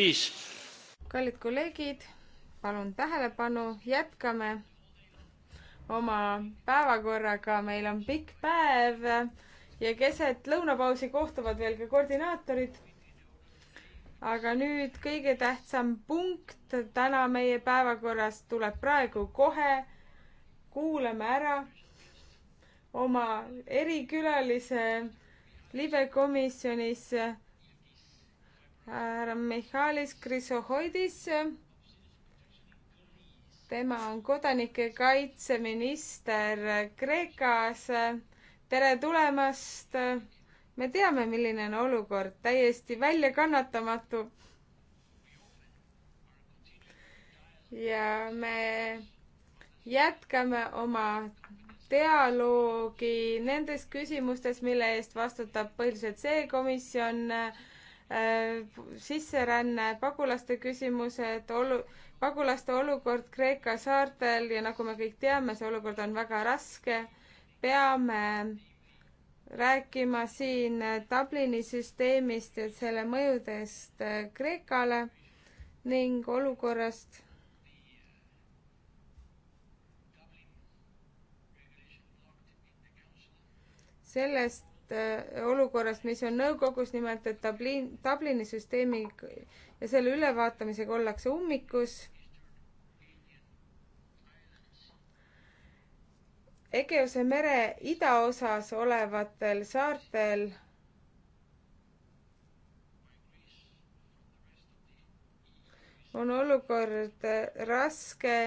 viis. kallid kolleegid, palun tähelepanu, jätkame oma päevakorraga, meil on pikk päev ja keset lõunapausi kohtuvad veel ka koordinaatorid. aga nüüd kõige tähtsam punkt täna meie päevakorras tuleb praegu kohe. kuulame ära oma erikülalise libekomisjonis härra Mihhalis Krisohoidis. tema on kodanike kaitseminister Kreekas. tere tulemast. me teame, milline on olukord, täiesti väljakannatamatu. ja me jätkame oma dialoogi nendes küsimustes, mille eest vastutab põhiliselt see komisjon äh, sisseränne, pagulaste küsimused, olu-, pagulaste olukord Kreeka saartel ja nagu me kõik teame, see olukord on väga raske. peame rääkima siin Dublini süsteemist ja selle mõjudest Kreekale ning olukorrast sellest, Äh, olukorrast, mis on nõukogus, nimelt et Dublin, Dublini süsteemi ja selle ülevaatamisega ollakse ummikus. Egeuse mere idaosas olevatel saartel on olukord äh, raske,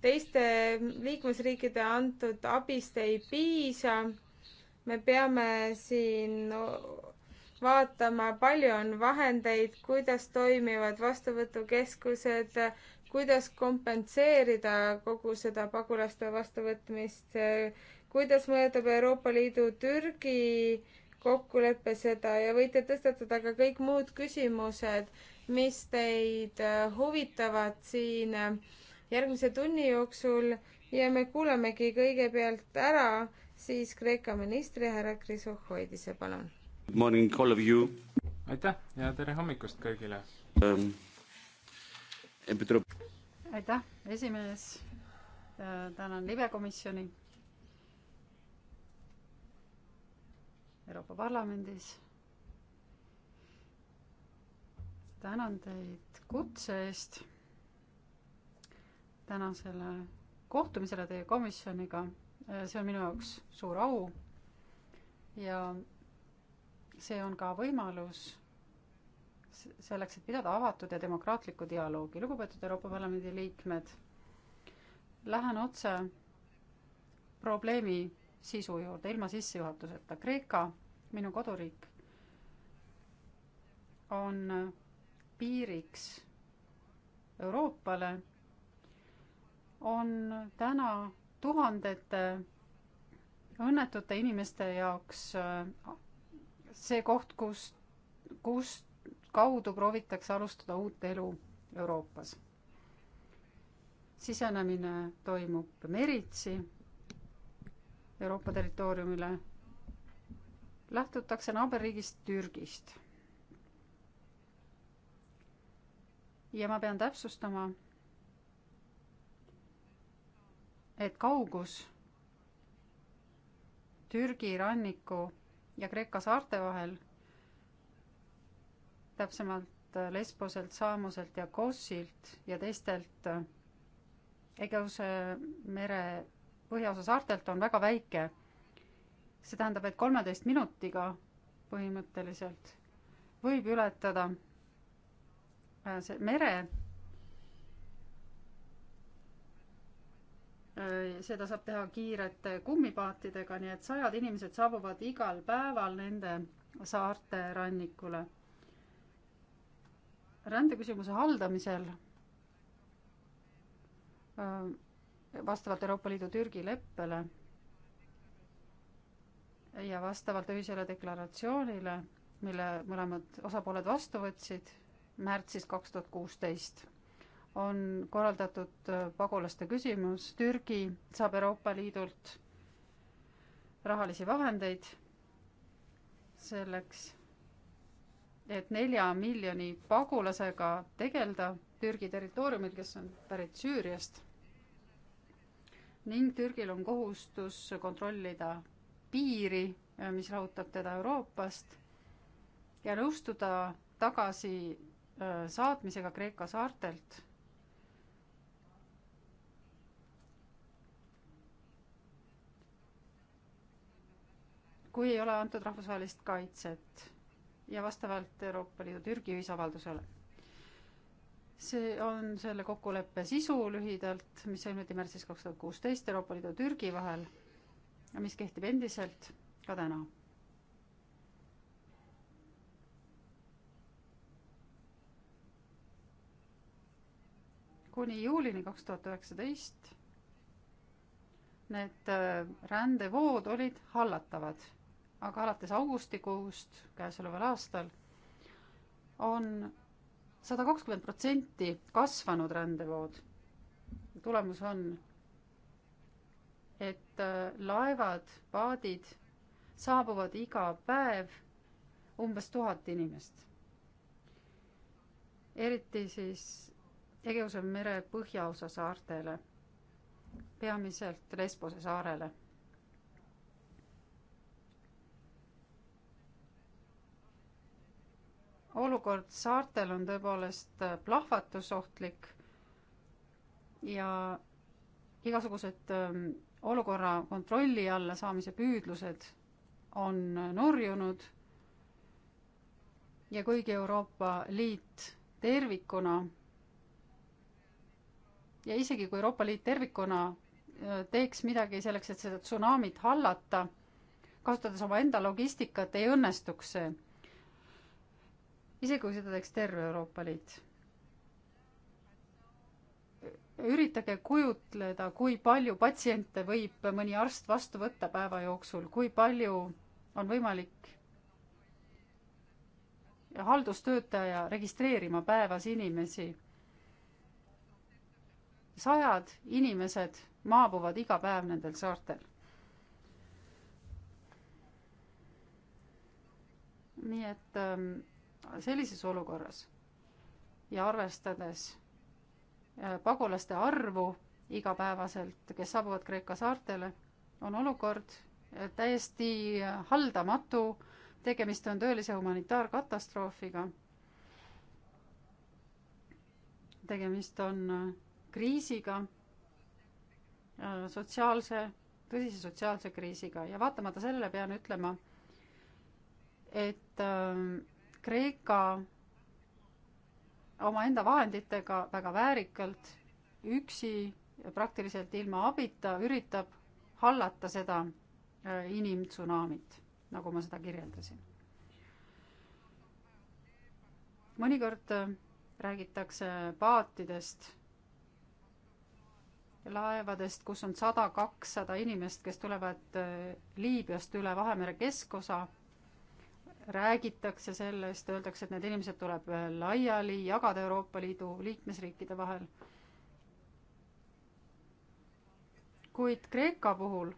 teiste liikmesriikide antud abist ei piisa me peame siin vaatama, palju on vahendeid, kuidas toimivad vastuvõtukeskused, kuidas kompenseerida kogu seda pagulaste vastuvõtmist, kuidas mõjutab Euroopa Liidu Türgi kokkulepe seda ja võite tõstatada ka kõik muud küsimused, mis teid äh, huvitavad siin äh, järgmise tunni jooksul ja me kuulamegi kõigepealt ära siis Kreeka ministri härra Krisohoidise, palun. aitäh ja tere hommikust kõigile um,! aitäh, esimees, äh, tänan libekomisjoni Euroopa Parlamendis. tänan teid kutse eest tänasele kohtumisele teie komisjoniga see on minu jaoks suur au ja see on ka võimalus selleks, et pidada avatud ja demokraatlikku dialoogi. lugupeetud Euroopa Parlamendi liikmed, lähen otse probleemi sisu juurde ilma sissejuhatuseta. Kreeka, minu koduriik, on piiriks Euroopale, on täna tuhandete õnnetute inimeste jaoks äh, see koht, kus, kus kaudu proovitakse alustada uut elu Euroopas. sisenemine toimub meritsi Euroopa territooriumile. lähtutakse naaberriigist Türgist. ja ma pean täpsustama et kaugus Türgi ranniku ja Kreeka saarte vahel, täpsemalt äh, Lesboselt, Saamoselt ja Kossilt ja teistelt äh, Egeuse mere põhjaosa saartelt on väga väike. see tähendab, et kolmeteist minutiga põhimõtteliselt võib ületada äh, see mere Äh, seda saab teha kiirete kummipaatidega, nii et sajad inimesed saabuvad igal päeval nende saarte rannikule. rändeküsimuse haldamisel äh, vastavalt Euroopa Liidu Türgi leppele ja vastavalt ühisele deklaratsioonile, mille mõlemad osapooled vastu võtsid märtsis kaks tuhat kuusteist on korraldatud äh, pagulaste küsimus, Türgi saab Euroopa Liidult rahalisi vahendeid selleks, et nelja miljoni pagulasega tegeleda Türgi territooriumil, kes on pärit Süüriast. ning Türgil on kohustus kontrollida piiri, äh, mis lahutab teda Euroopast ja nõustuda tagasi äh, saatmisega Kreeka saartelt kui ei ole antud rahvusvahelist kaitset ja vastavalt Euroopa Liidu Türgi ühisavaldusele. see on selle kokkuleppe sisu lühidalt, mis sõlmiti märtsis kaks tuhat kuusteist Euroopa Liidu Türgi vahel ja mis kehtib endiselt ka täna kuni juulini kaks tuhat üheksateist need äh, rändevood olid hallatavad aga alates augustikuust käesoleval aastal on sada kakskümmend protsenti kasvanud rändevood. tulemus on, et äh, laevad, paadid saabuvad iga päev umbes tuhat inimest. eriti siis Egeuse mere põhjaosa saartele, peamiselt Lesbose saarele olukord saartel on tõepoolest äh, plahvatusohtlik ja igasugused ähm, olukorra kontrolli alla saamise püüdlused on äh, nurjunud ja kuigi Euroopa Liit tervikuna ja isegi kui Euroopa Liit tervikuna äh, teeks midagi selleks, et seda tsunamit hallata, kasutades omaenda logistikat, ei õnnestuks see isegi kui seda teeks terve Euroopa Liit. üritage kujutleda, kui palju patsiente võib mõni arst vastu võtta päeva jooksul, kui palju on võimalik haldustöötaja registreerima päevas inimesi. sajad inimesed maabuvad iga päev nendel saartel. nii et ähm, sellises olukorras ja arvestades äh, pagulaste arvu igapäevaselt, kes saabuvad Kreeka saartele, on olukord äh, täiesti äh, haldamatu, tegemist on tõelise humanitaarkatastroofiga. tegemist on kriisiga, sotsiaalse, tõsise sotsiaalse kriisiga ja vaatamata sellele pean ütlema, et äh, Kreeka omaenda vahenditega väga väärikalt, üksi, praktiliselt ilma abita üritab hallata seda äh, inimtsunamit, nagu ma seda kirjeldasin. mõnikord äh, räägitakse paatidest, laevadest, kus on sada, kakssada inimest, kes tulevad äh, Liibüast üle Vahemere keskosa räägitakse sellest, öeldakse, et need inimesed tuleb äh, laiali jagada Euroopa Liidu liikmesriikide vahel. kuid Kreeka puhul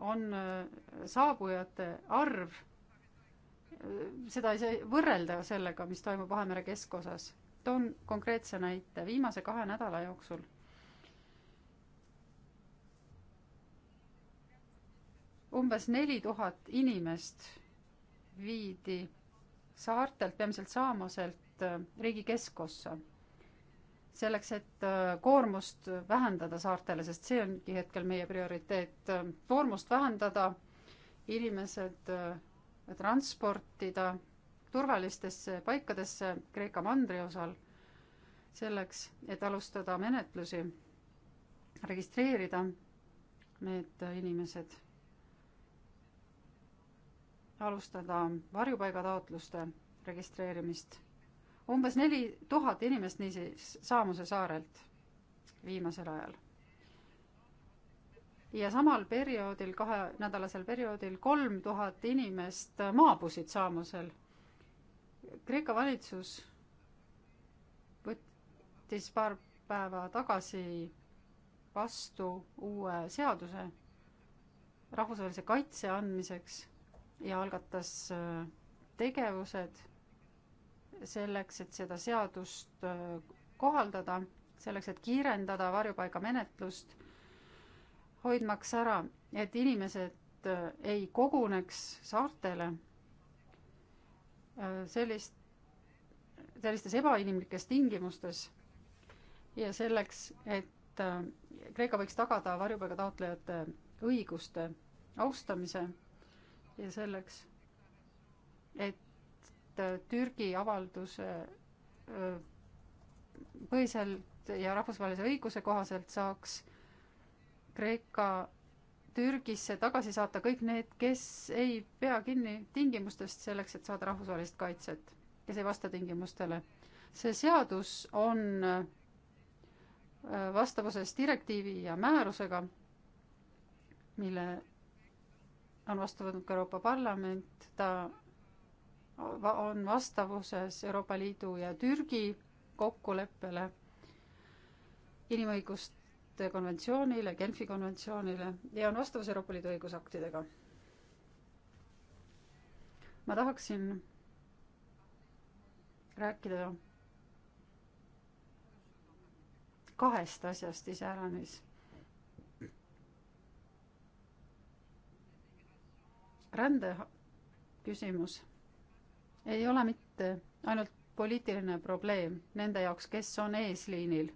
on äh, saabujate arv, äh, seda ei saa võrrelda sellega, mis toimub Vahemere keskosas. toon konkreetse näite, viimase kahe nädala jooksul umbes neli tuhat inimest viidi saartelt, peamiselt Saamoselt äh, riigi keskossa. selleks, et äh, koormust vähendada saartele, sest see ongi hetkel meie prioriteet, äh, koormust vähendada, inimesed transportida turvalistesse paikadesse Kreeka mandriosal, selleks, et alustada menetlusi, registreerida need inimesed alustada varjupaigataotluste registreerimist. umbes neli tuhat inimest niisiis Saamuse saarelt viimasel ajal. ja samal perioodil, kahenädalasel perioodil kolm tuhat inimest maabusid Saamusel. Kreeka valitsus võttis paar päeva tagasi vastu uue seaduse rahvusvahelise kaitse andmiseks ja algatas äh, tegevused selleks, et seda seadust äh, kohaldada, selleks, et kiirendada varjupaigamenetlust, hoidmaks ära, et inimesed äh, ei koguneks saartele sellist, sellistes ebainimlikes tingimustes ja selleks, et Kreeka võiks tagada varjupaiga taotlejate õiguste austamise ja selleks, et äh, Türgi avalduse äh, põhiselt ja rahvusvahelise õiguse kohaselt saaks Kreeka Türgisse tagasi saata kõik need, kes ei pea kinni tingimustest selleks, et saada rahvusvahelist kaitset, kes ei vasta tingimustele. see seadus on äh, vastavuses direktiivi ja määrusega, mille on vastu võtnud ka Euroopa Parlament, ta on vastavuses Euroopa Liidu ja Türgi kokkuleppele, inimõiguste konventsioonile, Genfi konventsioonile ja on vastavus Euroopa Liidu õigusaktidega. ma tahaksin rääkida kahest asjast iseäranis rände küsimus ei ole mitte ainult poliitiline probleem nende jaoks, kes on eesliinil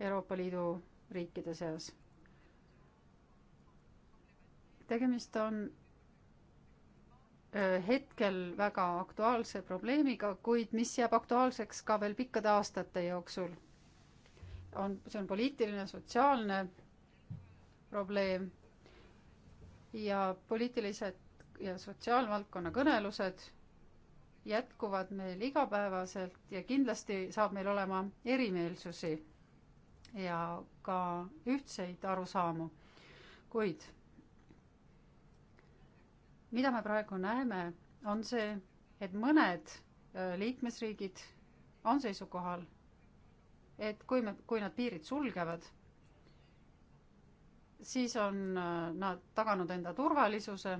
Euroopa Liidu riikide seas. tegemist on äh, hetkel väga aktuaalse probleemiga, kuid mis jääb aktuaalseks ka veel pikkade aastate jooksul. on, see on poliitiline, sotsiaalne probleem ja poliitilised ja sotsiaalvaldkonna kõnelused jätkuvad meil igapäevaselt ja kindlasti saab meil olema erimeelsusi ja ka ühtseid arusaamu. kuid mida me praegu näeme, on see, et mõned äh, liikmesriigid on seisukohal, et kui me, kui nad piirid sulgevad siis on äh, nad taganud enda turvalisuse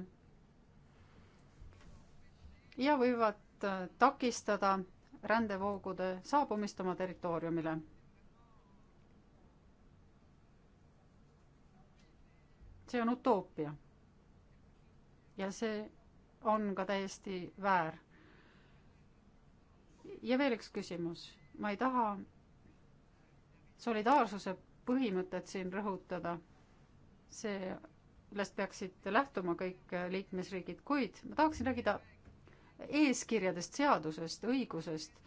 ja võivad äh, takistada rändevoogude saabumist oma territooriumile. see on utoopia. ja see on ka täiesti väär. ja veel üks küsimus. ma ei taha solidaarsuse põhimõtet siin rõhutada see, millest peaksid lähtuma kõik liikmesriigid, kuid ma tahaksin rääkida eeskirjadest, seadusest, õigusest.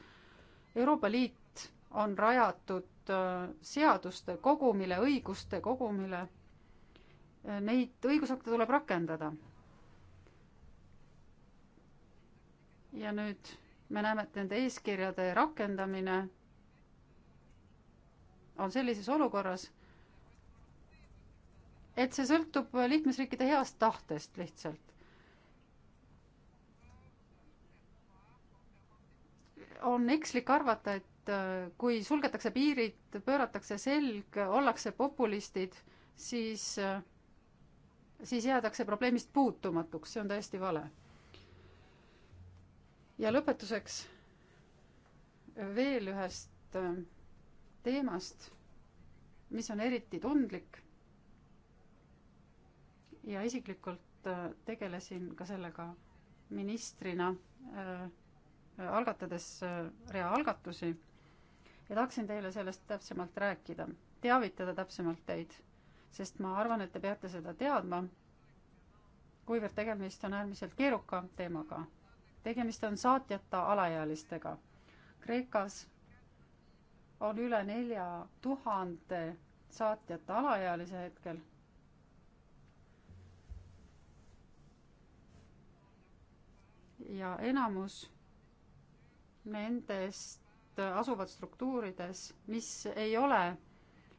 Euroopa Liit on rajatud äh, seaduste kogumile, õiguste kogumile. Äh, neid õigusakte tuleb rakendada. ja nüüd me näeme, et nende eeskirjade rakendamine on sellises olukorras et see sõltub liikmesriikide heast tahtest lihtsalt. on ekslik arvata, et äh, kui sulgetakse piirid, pööratakse selg, ollakse populistid, siis, äh, siis jäädakse probleemist puutumatuks, see on täiesti vale. ja lõpetuseks veel ühest äh, teemast, mis on eriti tundlik ja isiklikult äh, tegelesin ka sellega ministrina äh,, algatades äh, rea algatusi ja tahaksin teile sellest täpsemalt rääkida, teavitada täpsemalt teid, sest ma arvan, et te peate seda teadma, kuivõrd tegemist on äärmiselt keeruka teemaga. tegemist on saatjata alaealistega. Kreekas on üle nelja tuhande saatjata alaealise hetkel ja enamus nendest asuvad struktuurides, mis ei ole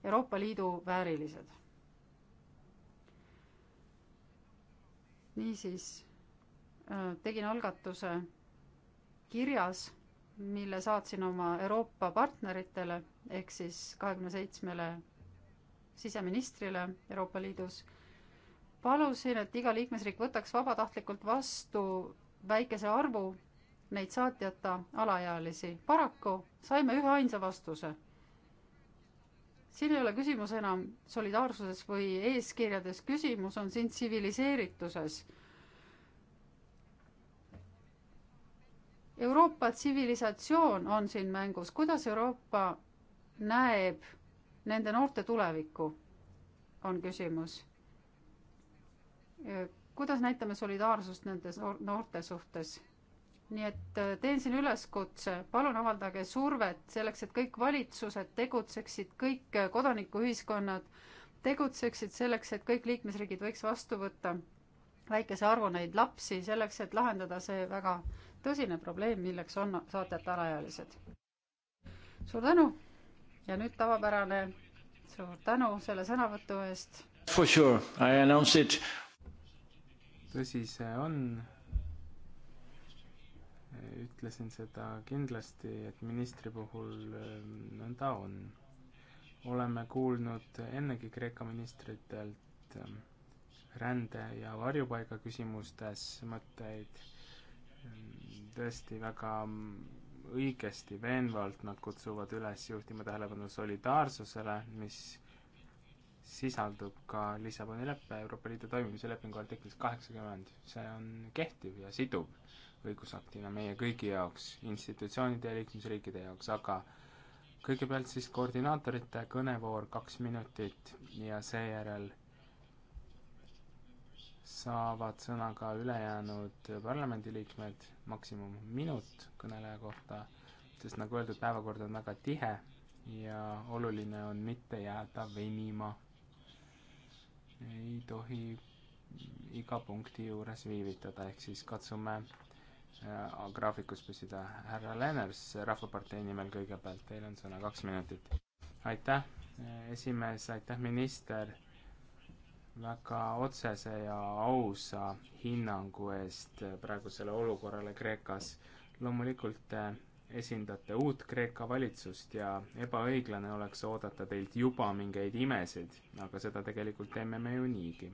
Euroopa Liidu väärilised. niisiis äh, tegin algatuse kirjas, mille saatsin oma Euroopa partneritele ehk siis kahekümne seitsmele siseministrile Euroopa Liidus palusin, et iga liikmesriik võtaks vabatahtlikult vastu väikese arvu neid saatjata alaealisi. paraku saime ühe ainsa vastuse. siin ei ole küsimus enam solidaarsuses või eeskirjades, küsimus on siin tsiviliseerituses. Euroopa tsivilisatsioon on siin mängus, kuidas Euroopa näeb nende noorte tulevikku, on küsimus kuidas näitame solidaarsust nende noorte suhtes? nii et äh, teen siin üleskutse, palun avaldage survet selleks, et kõik valitsused tegutseksid, kõik äh, kodanikuühiskonnad tegutseksid selleks, et kõik liikmesriigid võiks vastu võtta väikese arvu neid lapsi, selleks et lahendada see väga tõsine probleem, milleks on saatjate alaealised. suur tänu ja nüüd tavapärane suur tänu selle sõnavõtu eest. For sure, I announce it tõsi see on, ütlesin seda kindlasti, et ministri puhul ähm, nõnda on. oleme kuulnud ennegi Kreeka ministritelt ähm, rände ja varjupaiga küsimustes mõtteid ähm, tõesti väga mm, õigesti, veenvalt nad kutsuvad üles juhtima tähelepanu solidaarsusele, mis sisaldub ka Lissaboni leppe Euroopa Liidu toimimise lepingu artiklis kaheksakümmend. see on kehtiv ja siduv õigusaktina meie kõigi jaoks, institutsioonide ja liikmesriikide jaoks, aga kõigepealt siis koordinaatorite kõnevoor kaks minutit ja seejärel saavad sõna ka ülejäänud parlamendiliikmed, maksimum minut kõneleja kohta, sest nagu öeldud, päevakord on väga tihe ja oluline on mitte jääda venima ei tohi iga punkti juures viivitada, ehk siis katsume äh, graafikus püsida. härra Lenners Rahvapartei nimel kõigepealt, teil on sõna kaks minutit. aitäh, äh, esimees, aitäh, minister, väga otsese ja ausa hinnangu eest äh, praegusele olukorrale Kreekas. loomulikult äh, esindate uut Kreeka valitsust ja ebaõiglane oleks oodata teilt juba mingeid imesid, aga seda tegelikult teeme me ju niigi.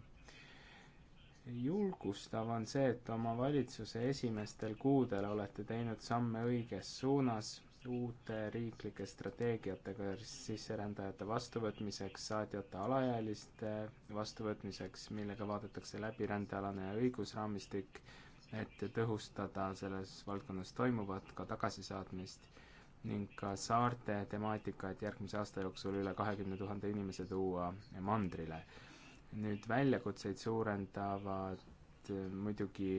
julgustav on see, et oma valitsuse esimestel kuudel olete teinud samme õiges suunas uute riiklike strateegiatega sisserändajate vastuvõtmiseks, saatjate alaealiste vastuvõtmiseks, millega vaadatakse läbi rändealane õigusraamistik et tõhustada selles valdkonnas toimuvat, ka tagasisaatmist ning ka saarte temaatika, et järgmise aasta jooksul üle kahekümne tuhande inimese tuua mandrile. nüüd väljakutseid suurendavad muidugi,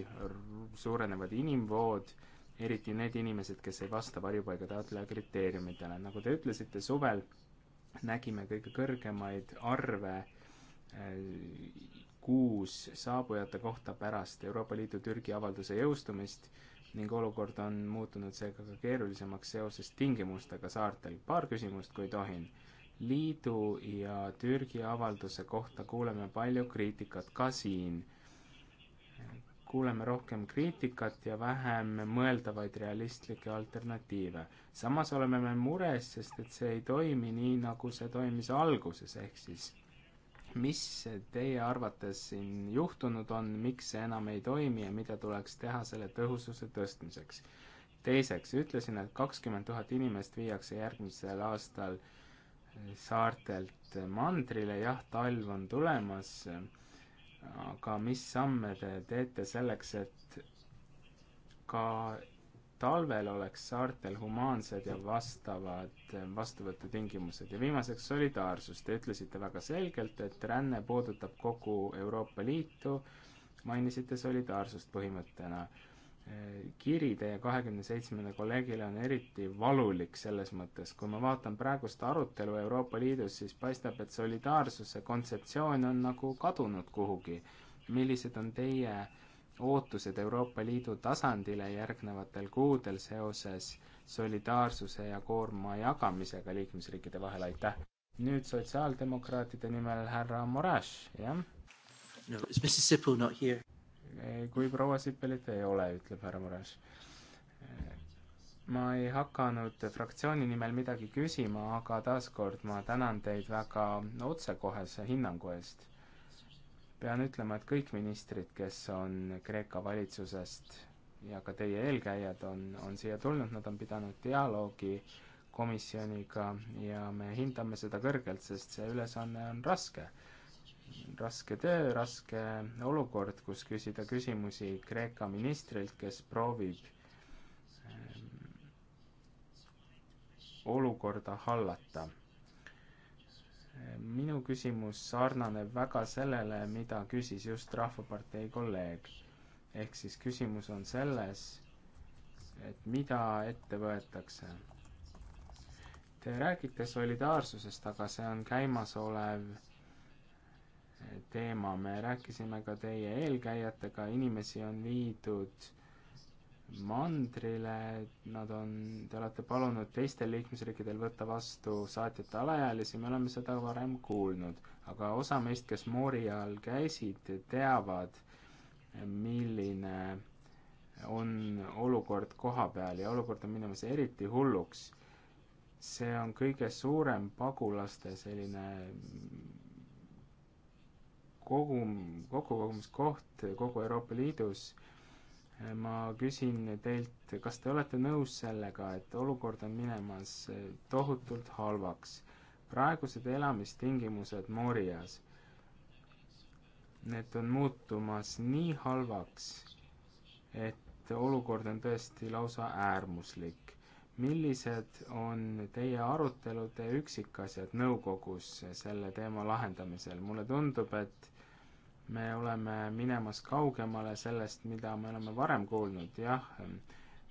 suurenevad inimvood, eriti need inimesed, kes ei vasta varjupaiga taotleja kriteeriumitele. nagu te ütlesite, suvel nägime kõige kõrgemaid arve kuus saabujate kohta pärast Euroopa Liidu Türgi avalduse jõustumist ning olukord on muutunud seega ka keerulisemaks seoses tingimustega saartel. paar küsimust, kui tohin. liidu ja Türgi avalduse kohta kuuleme palju kriitikat ka siin. kuuleme rohkem kriitikat ja vähem mõeldavaid realistlikke alternatiive. samas oleme me mures, sest et see ei toimi nii, nagu see toimis alguses, ehk siis mis teie arvates siin juhtunud on, miks see enam ei toimi ja mida tuleks teha selle tõhususe tõstmiseks? teiseks, ütlesin, et kakskümmend tuhat inimest viiakse järgmisel aastal eh, saartelt mandrile, jah, talv on tulemas, aga mis samme te teete selleks, et ka talvel oleks saartel humaansed ja vastavad vastuvõtutingimused. ja viimaseks solidaarsus. Te ütlesite väga selgelt, et ränne puudutab kogu Euroopa Liitu, mainisite solidaarsust põhimõttena. kiri teie kahekümne seitsmele kolleegile on eriti valulik selles mõttes, kui ma vaatan praegust arutelu Euroopa Liidus, siis paistab, et solidaarsuse kontseptsioon on nagu kadunud kuhugi. millised on teie äh, ootused Euroopa Liidu tasandile järgnevatel kuudel seoses solidaarsuse ja koorma jagamisega liikmesriikide vahel, aitäh! nüüd sotsiaaldemokraatide nimel härra Moraš, jah no,? kui proua Sippelit ei ole, ütleb härra Moraš. ma ei hakanud fraktsiooni nimel midagi küsima, aga taaskord ma tänan teid väga otsekohese hinnangu eest pean ütlema, et kõik ministrid, kes on Kreeka valitsusest ja ka teie eelkäijad on, on siia tulnud, nad on pidanud dialoogi komisjoniga ja me hindame seda kõrgelt, sest see ülesanne on raske. raske töö, raske olukord, kus küsida küsimusi Kreeka ministrilt, kes proovib ähm, olukorda hallata minu küsimus sarnaneb väga sellele, mida küsis just Rahvapartei kolleeg. ehk siis küsimus on selles, et mida ette võetakse. Te räägite solidaarsusest, aga see on käimasolev eh, teema, me rääkisime ka teie eelkäijatega, inimesi on viidud mandrile, nad on, te olete palunud teistel liikmesriikidel võtta vastu saatjate alaealisi, me oleme seda varem kuulnud, aga osa meist, kes Moori all käisid, teavad, milline on olukord koha peal ja olukord on minemas eriti hulluks. see on kõige suurem pagulaste selline kogum, kokkukogumiskoht kogu Euroopa Liidus ma küsin teilt, kas te olete nõus sellega, et olukord on minemas tohutult halvaks? praegused elamistingimused Morias, need on muutumas nii halvaks, et olukord on tõesti lausa äärmuslik. millised on teie arutelude üksikasjad nõukogus selle teema lahendamisel? mulle tundub, et me oleme minemas kaugemale sellest, mida me oleme varem kuulnud, jah,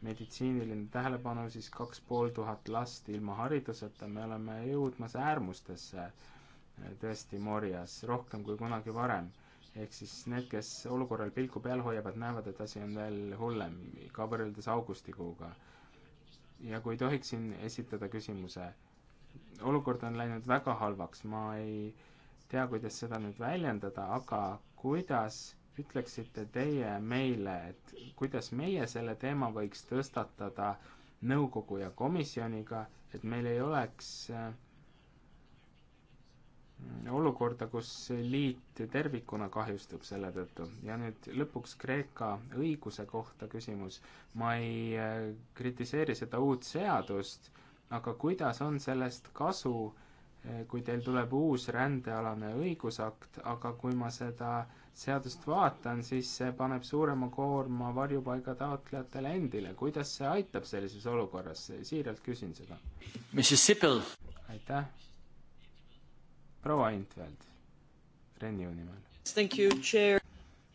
meditsiiniline tähelepanu, siis kaks pool tuhat last ilma hariduseta, me oleme jõudmas äärmustesse tõesti Morjas, rohkem kui kunagi varem. ehk siis need, kes olukorral pilku peal hoiavad, näevad, et asi on veel hullem, ka võrreldes augustikuuga. ja kui tohiksin esitada küsimuse, olukord on läinud väga halvaks, ma ei tea, kuidas seda nüüd väljendada, aga kuidas ütleksite teie meile, et kuidas meie selle teema võiks tõstatada nõukogu ja komisjoniga, et meil ei oleks äh, olukorda, kus liit tervikuna kahjustub selle tõttu. ja nüüd lõpuks Kreeka õiguse kohta küsimus. ma ei äh, kritiseeri seda uut seadust, aga kuidas on sellest kasu äh, Äh, kui teil tuleb uus rändealane õigusakt, aga kui ma seda seadust vaatan, siis see paneb suurema koorma varjupaiga taotlejatele endile. kuidas see aitab sellises olukorras, siiralt küsin seda. aitäh. proua Intveld, Renju nimel.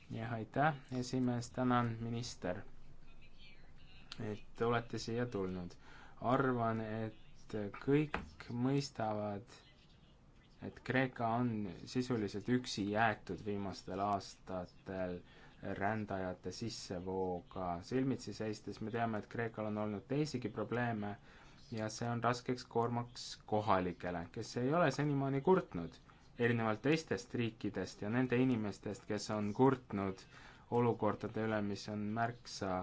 jah, aitäh, esimees, tänan, minister, et olete siia tulnud. arvan, et sest kõik mõistavad, et Kreeka on sisuliselt üksi jäetud viimastel aastatel rändajate sissevooga silmitsi seistes. me teame, et Kreekal on olnud teisigi probleeme ja see on raskeks koormaks kohalikele, kes ei ole senimaani kurtnud, erinevalt teistest riikidest ja nende inimestest, kes on kurtnud olukordade üle, mis on märksa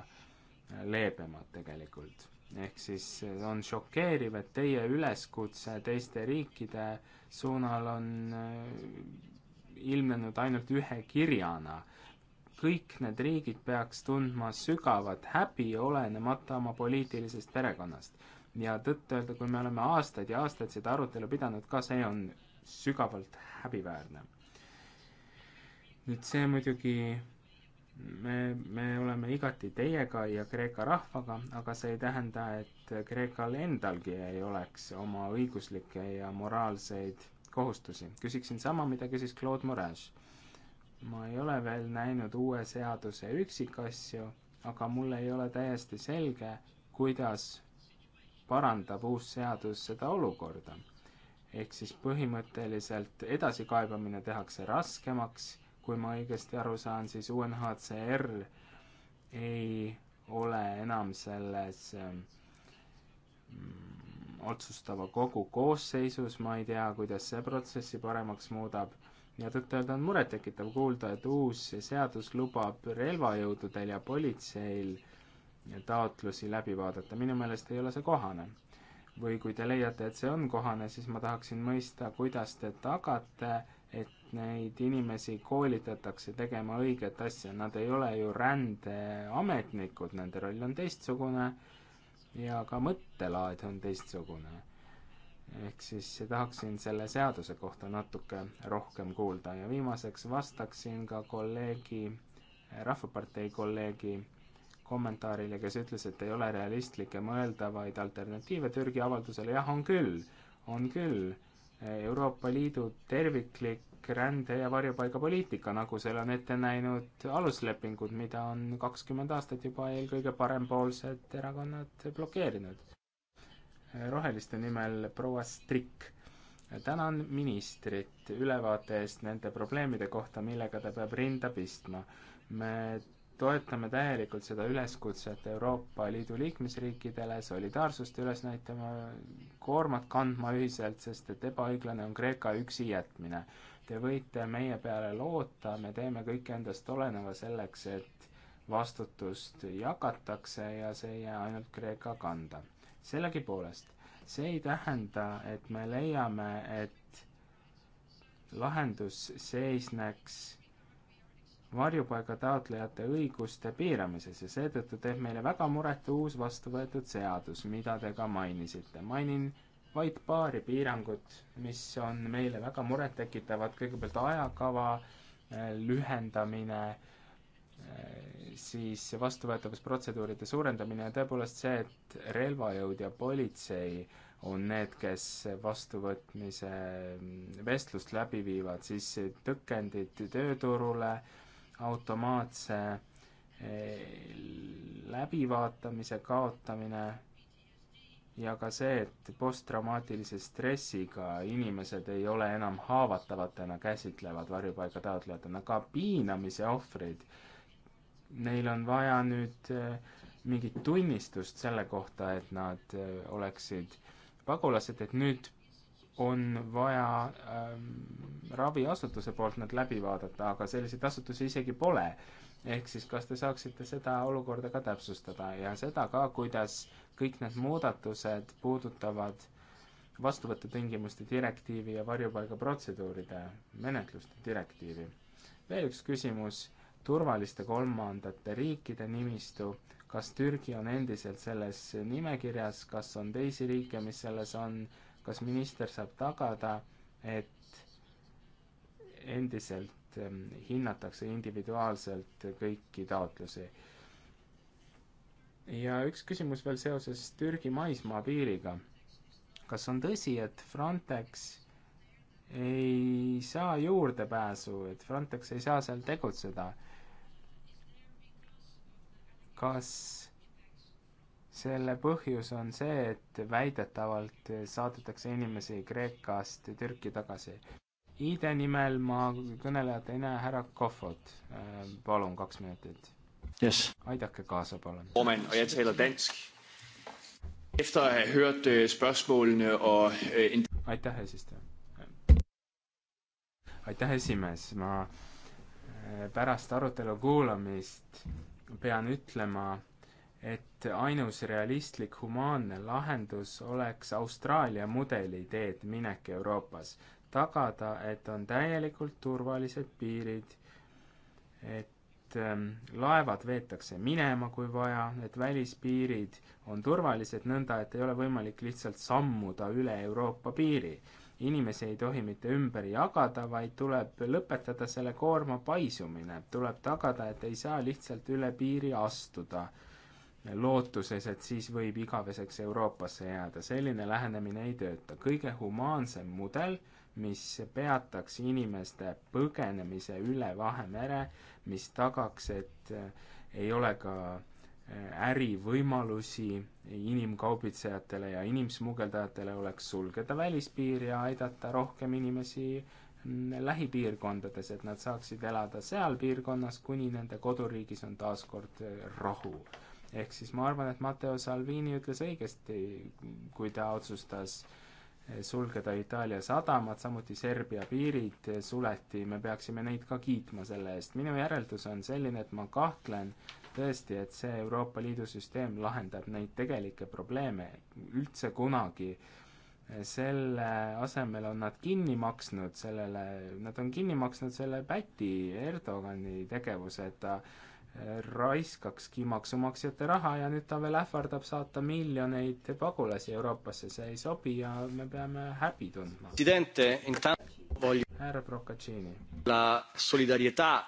leebemad tegelikult ehk siis on šokeeriv, et teie üleskutse teiste riikide suunal on äh, ilmnenud ainult ühe kirjana. kõik need riigid peaks tundma sügavat häbi, olenemata oma poliitilisest perekonnast. ja tõtt-öelda, kui me oleme aastaid ja aastaid seda arutelu pidanud ka, see on sügavalt häbiväärne. nüüd see muidugi me, me oleme igati teiega ja Kreeka rahvaga, aga see ei tähenda, et Kreekal endalgi ei oleks oma õiguslikke ja moraalseid kohustusi. küsiksin sama, mida küsis Claude Moraes. ma ei ole veel näinud uue seaduse üksikasju, aga mulle ei ole täiesti selge, kuidas parandab uus seadus seda olukorda. ehk siis põhimõtteliselt edasikaebamine tehakse raskemaks kui ma õigesti aru saan, siis UNHCR ei ole enam selles ähm, mm, otsustava kogu koosseisus, ma ei tea, kuidas see protsessi paremaks muudab, ja tõtt-öelda on murettekitav kuulda, et uus seadus lubab relvajõududel ja politseil taotlusi läbi vaadata, minu meelest ei ole see kohane. või kui te leiate, et see on kohane, siis ma tahaksin mõista, kuidas te tagate, et neid inimesi koolitatakse tegema õiget asja, nad ei ole ju rändeametnikud, nende roll on teistsugune ja ka mõttelaad on teistsugune. ehk siis tahaksin selle seaduse kohta natuke rohkem kuulda ja viimaseks vastaksin ka kolleegi, Rahvapartei kolleegi kommentaarile, kes ütles, et ei ole realistlik ja mõeldavaid alternatiive Türgi avaldusele, jah, on küll, on küll Euroopa Liidu terviklik rände- ja varjupaigapoliitika, nagu selle on ette näinud aluslepingud, mida on kakskümmend aastat juba eelkõige parempoolsed erakonnad blokeerinud. roheliste nimel proua Strik tänan ministrit ülevaate eest nende probleemide kohta, millega ta peab rinda pistma. me toetame täielikult seda üleskutset Euroopa Liidu liikmesriikidele solidaarsust üles näitama, koormat kandma ühiselt, sest et ebaõiglane on Kreeka üksi jätmine. Te võite meie peale loota, me teeme kõik endast oleneva selleks, et vastutust jagatakse ja see ei jää ainult Kreeka kanda. sellegipoolest, see ei tähenda, et me leiame, et lahendus seisneks varjupaiga taotlejate õiguste piiramises ja seetõttu teeb meile väga muret uus vastu võetud seadus, mida te ka mainisite. mainin vaid paari piirangut, mis on meile väga murettekitavad, kõigepealt ajakava äh, lühendamine, äh, siis vastuvõetavusprotseduuride suurendamine ja tõepoolest see, et relvajõud ja politsei on need, kes vastuvõtmise mm, vestlust läbi viivad, siis tõkendid tööturule äh,, automaatse eh, läbivaatamise kaotamine ja ka see, et posttraumaatilise stressiga inimesed ei ole enam haavatavatena käsitlevad varjupaiga taotlejatena, ka piinamise ohvrid. Neil on vaja nüüd eh, mingit tunnistust selle kohta, et nad eh, oleksid pagulased, et nüüd on vaja ähm, raviasutuse poolt nad läbi vaadata, aga selliseid asutusi isegi pole. ehk siis kas te saaksite seda olukorda ka täpsustada ja seda ka, kuidas kõik need muudatused puudutavad vastuvõtutingimuste direktiivi ja varjupaigaprotseduuride menetluste direktiivi. veel üks küsimus, turvaliste kolmandate riikide nimistu, kas Türgi on endiselt selles nimekirjas, kas on teisi riike, mis selles on, kas minister saab tagada, et endiselt ähm, hinnatakse individuaalselt kõiki taotlusi? ja üks küsimus veel seoses Türgi maismaapiiriga. kas on tõsi, et Frontex ei saa juurdepääsu, et Frontex ei saa seal tegutseda? kas selle põhjus on see, et väidetavalt saadetakse inimesi Kreekast Türki tagasi. ID nimel ma kõnelejat ei näe, härra Kohvot, äh, palun kaks minutit yes.. aidake kaasa, palun. jeg taler dansk. Efter at have hørt øh, spørgsmålene og... Øh, aitäh, eesistuja. aitäh, esimees, ma äh, pärast arutelu kuulamist pean ütlema, et ainus realistlik humaanne lahendus oleks Austraalia mudeli teed minek Euroopas, tagada, et on täielikult turvalised piirid, et ähm, laevad veetakse minema, kui vaja, et välispiirid on turvalised nõnda, et ei ole võimalik lihtsalt sammuda üle Euroopa piiri. inimesi ei tohi mitte ümber jagada, vaid tuleb lõpetada selle koorma paisumine, tuleb tagada, et ei saa lihtsalt üle piiri astuda lootuses, et siis võib igaveseks Euroopasse jääda. selline lähenemine ei tööta. kõige humaansem mudel, mis peataks inimeste põgenemise üle Vahemere, mis tagaks, et eh, ei ole ka eh, ärivõimalusi inimkaubitsejatele ja inimsmugeldajatele, oleks sulgeda välispiir ja aidata rohkem inimesi mm, lähipiirkondades, et nad saaksid elada seal piirkonnas, kuni nende koduriigis on taas kord eh, rahu ehk siis ma arvan, et Matteo Salvini ütles õigesti, kui ta otsustas eh, sulgeda Itaalia sadamad, samuti Serbia piirid eh, suleti, me peaksime neid ka kiitma selle eest. minu järeldus on selline, et ma kahtlen tõesti, et see Euroopa Liidu süsteem lahendab neid tegelikke probleeme üldse kunagi. Eh, selle asemel on nad kinni maksnud sellele, nad on kinni maksnud selle päti Erdogani tegevuse, et ta äh, raiskakski maksumaksjate raha ja nüüd ta veel ähvardab saata miljoneid pagulasi Euroopasse, see ei sobi ja me peame häbi tundma. härra Procaccini. La solidarietà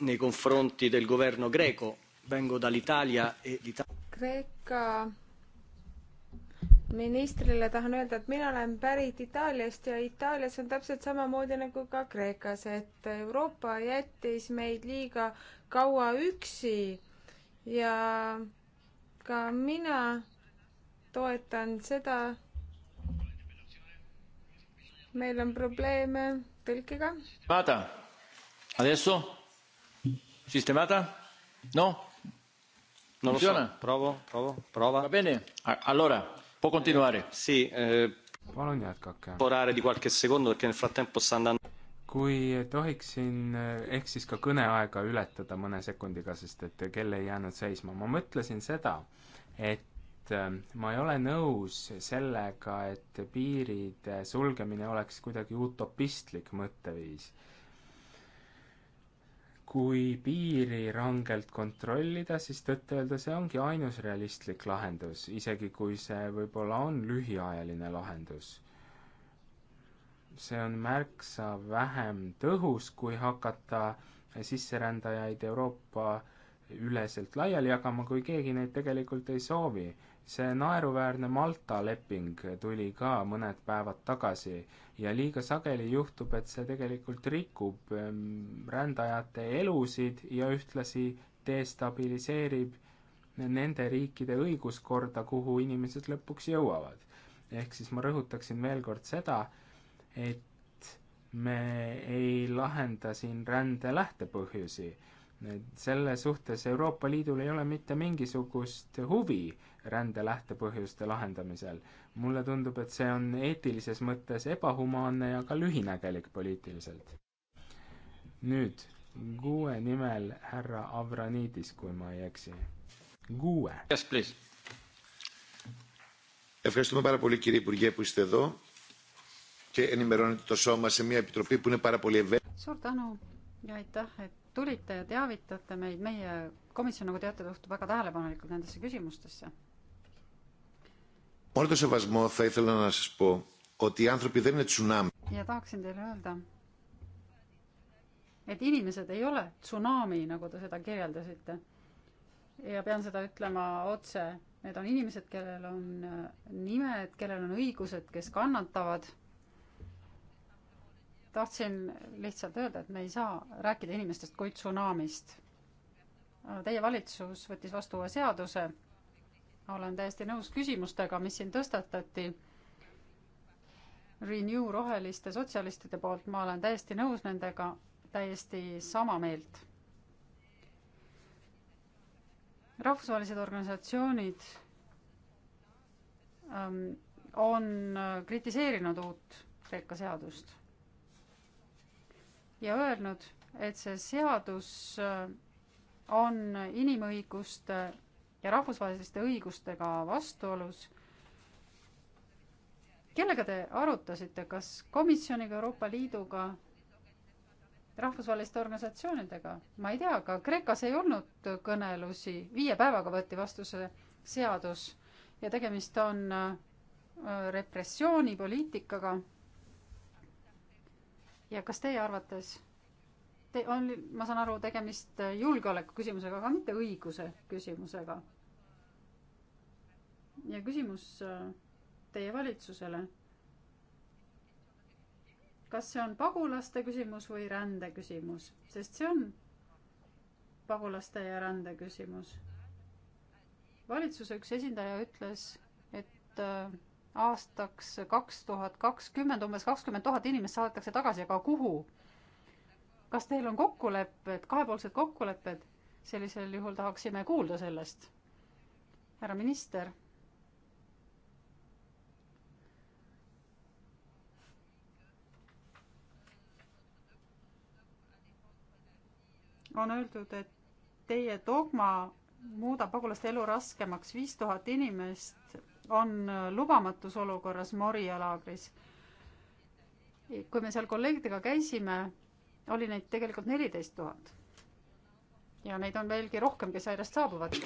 nei confronti del governo greco, vengo dall'Italia e l'Italia. Kreeka ministrile tahan öelda, et mina olen pärit Itaaliast ja Itaalias on täpselt samamoodi nagu ka Kreekas, et Euroopa jättis meid liiga kaua üksi ja ka mina toetan seda. meil on probleeme tõlkega. vaata, adesso, sistemata, noh. Non lo so, provo, provo, prova. Va bene, allora, può continuare. Sì, eh, Palun jätkake. Orare di qualche secondo perché nel frattempo sta andando kui tohiksin, ehk siis ka kõneaega ületada mõne sekundiga, sest et kell ei jäänud seisma, ma mõtlesin seda, et äh, ma ei ole nõus sellega, et piiride sulgemine oleks kuidagi utopistlik mõtteviis. kui piiri rangelt kontrollida, siis tõtt-öelda see ongi ainus realistlik lahendus, isegi kui see võib-olla on lühiajaline lahendus see on märksa vähem tõhus, kui hakata sisserändajaid Euroopa üleselt laiali jagama, kui keegi neid tegelikult ei soovi. see naeruväärne Malta leping tuli ka mõned päevad tagasi ja liiga sageli juhtub, et see tegelikult rikub ehm, rändajate elusid ja ühtlasi destabiliseerib nende riikide õiguskorda, kuhu inimesed lõpuks jõuavad. ehk siis ma rõhutaksin veel kord seda, et me ei lahenda siin rände lähtepõhjusi. selle suhtes Euroopa Liidul ei ole mitte mingisugust huvi rände lähtepõhjuste lahendamisel. mulle tundub, et see on eetilises mõttes ebahumaanne ja ka lühinägelik poliitiliselt. nüüd Gue nimel härra Avranidis, kui ma ei eksi. Gue. Yes, please. Ευχαριστούμε πάρα πολύ κύριε Υπουργέ που είστε εδώ και ενημερώνετε το σώμα σε μια επιτροπή που είναι πάρα πολύ ευαίσθητη. Suur tänu ja aitäh, et tulite ja teavitate meid. Meie komisjon, nagu teate, suhtub väga tähelepanelikult nendesse küsimustesse. Μόνο το σεβασμό θα ήθελα να σας πω ότι οι άνθρωποι δεν είναι τσουνάμι. Ja tahaksin teile öelda, et inimesed ei ole tsunami, nagu te seda kirjeldasite. ja pean seda ütlema otse, need on inimesed, kellel on nimed, kellel on õigused, kes kannatavad tahtsin lihtsalt öelda, et me ei saa rääkida inimestest kui tsunamist. Teie valitsus võttis vastu uue seaduse, olen täiesti nõus küsimustega, mis siin tõstatati. Renew roheliste sotsialistide poolt, ma olen täiesti nõus nendega, täiesti sama meelt. rahvusvahelised organisatsioonid ähm, on äh, kritiseerinud uut Kreeka seadust ja öelnud, et see seadus äh, on inimõiguste ja rahvusvaheliste õigustega vastuolus. kellega te arutasite, kas komisjoniga, Euroopa Liiduga, rahvusvaheliste organisatsioonidega? ma ei tea, aga Kreekas ei olnud kõnelusi, viie päevaga võeti vastu see seadus ja tegemist on äh, repressioonipoliitikaga ja kas teie arvates te, on, ma saan aru, tegemist julgeoleku küsimusega, aga mitte õiguse küsimusega. ja küsimus äh, teie valitsusele. kas see on pagulaste küsimus või rände küsimus, sest see on pagulaste ja rände küsimus. valitsuse üks esindaja ütles, et äh, aastaks kaks tuhat kakskümmend umbes kakskümmend tuhat inimest saadetakse tagasi, aga kuhu? kas teil on kokkulepped, kahepoolsed kokkulepped? sellisel juhul tahaksime kuulda sellest. härra minister. on öeldud, et teie dogma muudab pagulaste elu raskemaks, viis tuhat inimest on äh, lubamatus olukorras Moria laagris. kui me seal kolleegidega käisime, oli neid tegelikult neliteist tuhat. ja neid on veelgi rohkem, kes järjest saabuvad.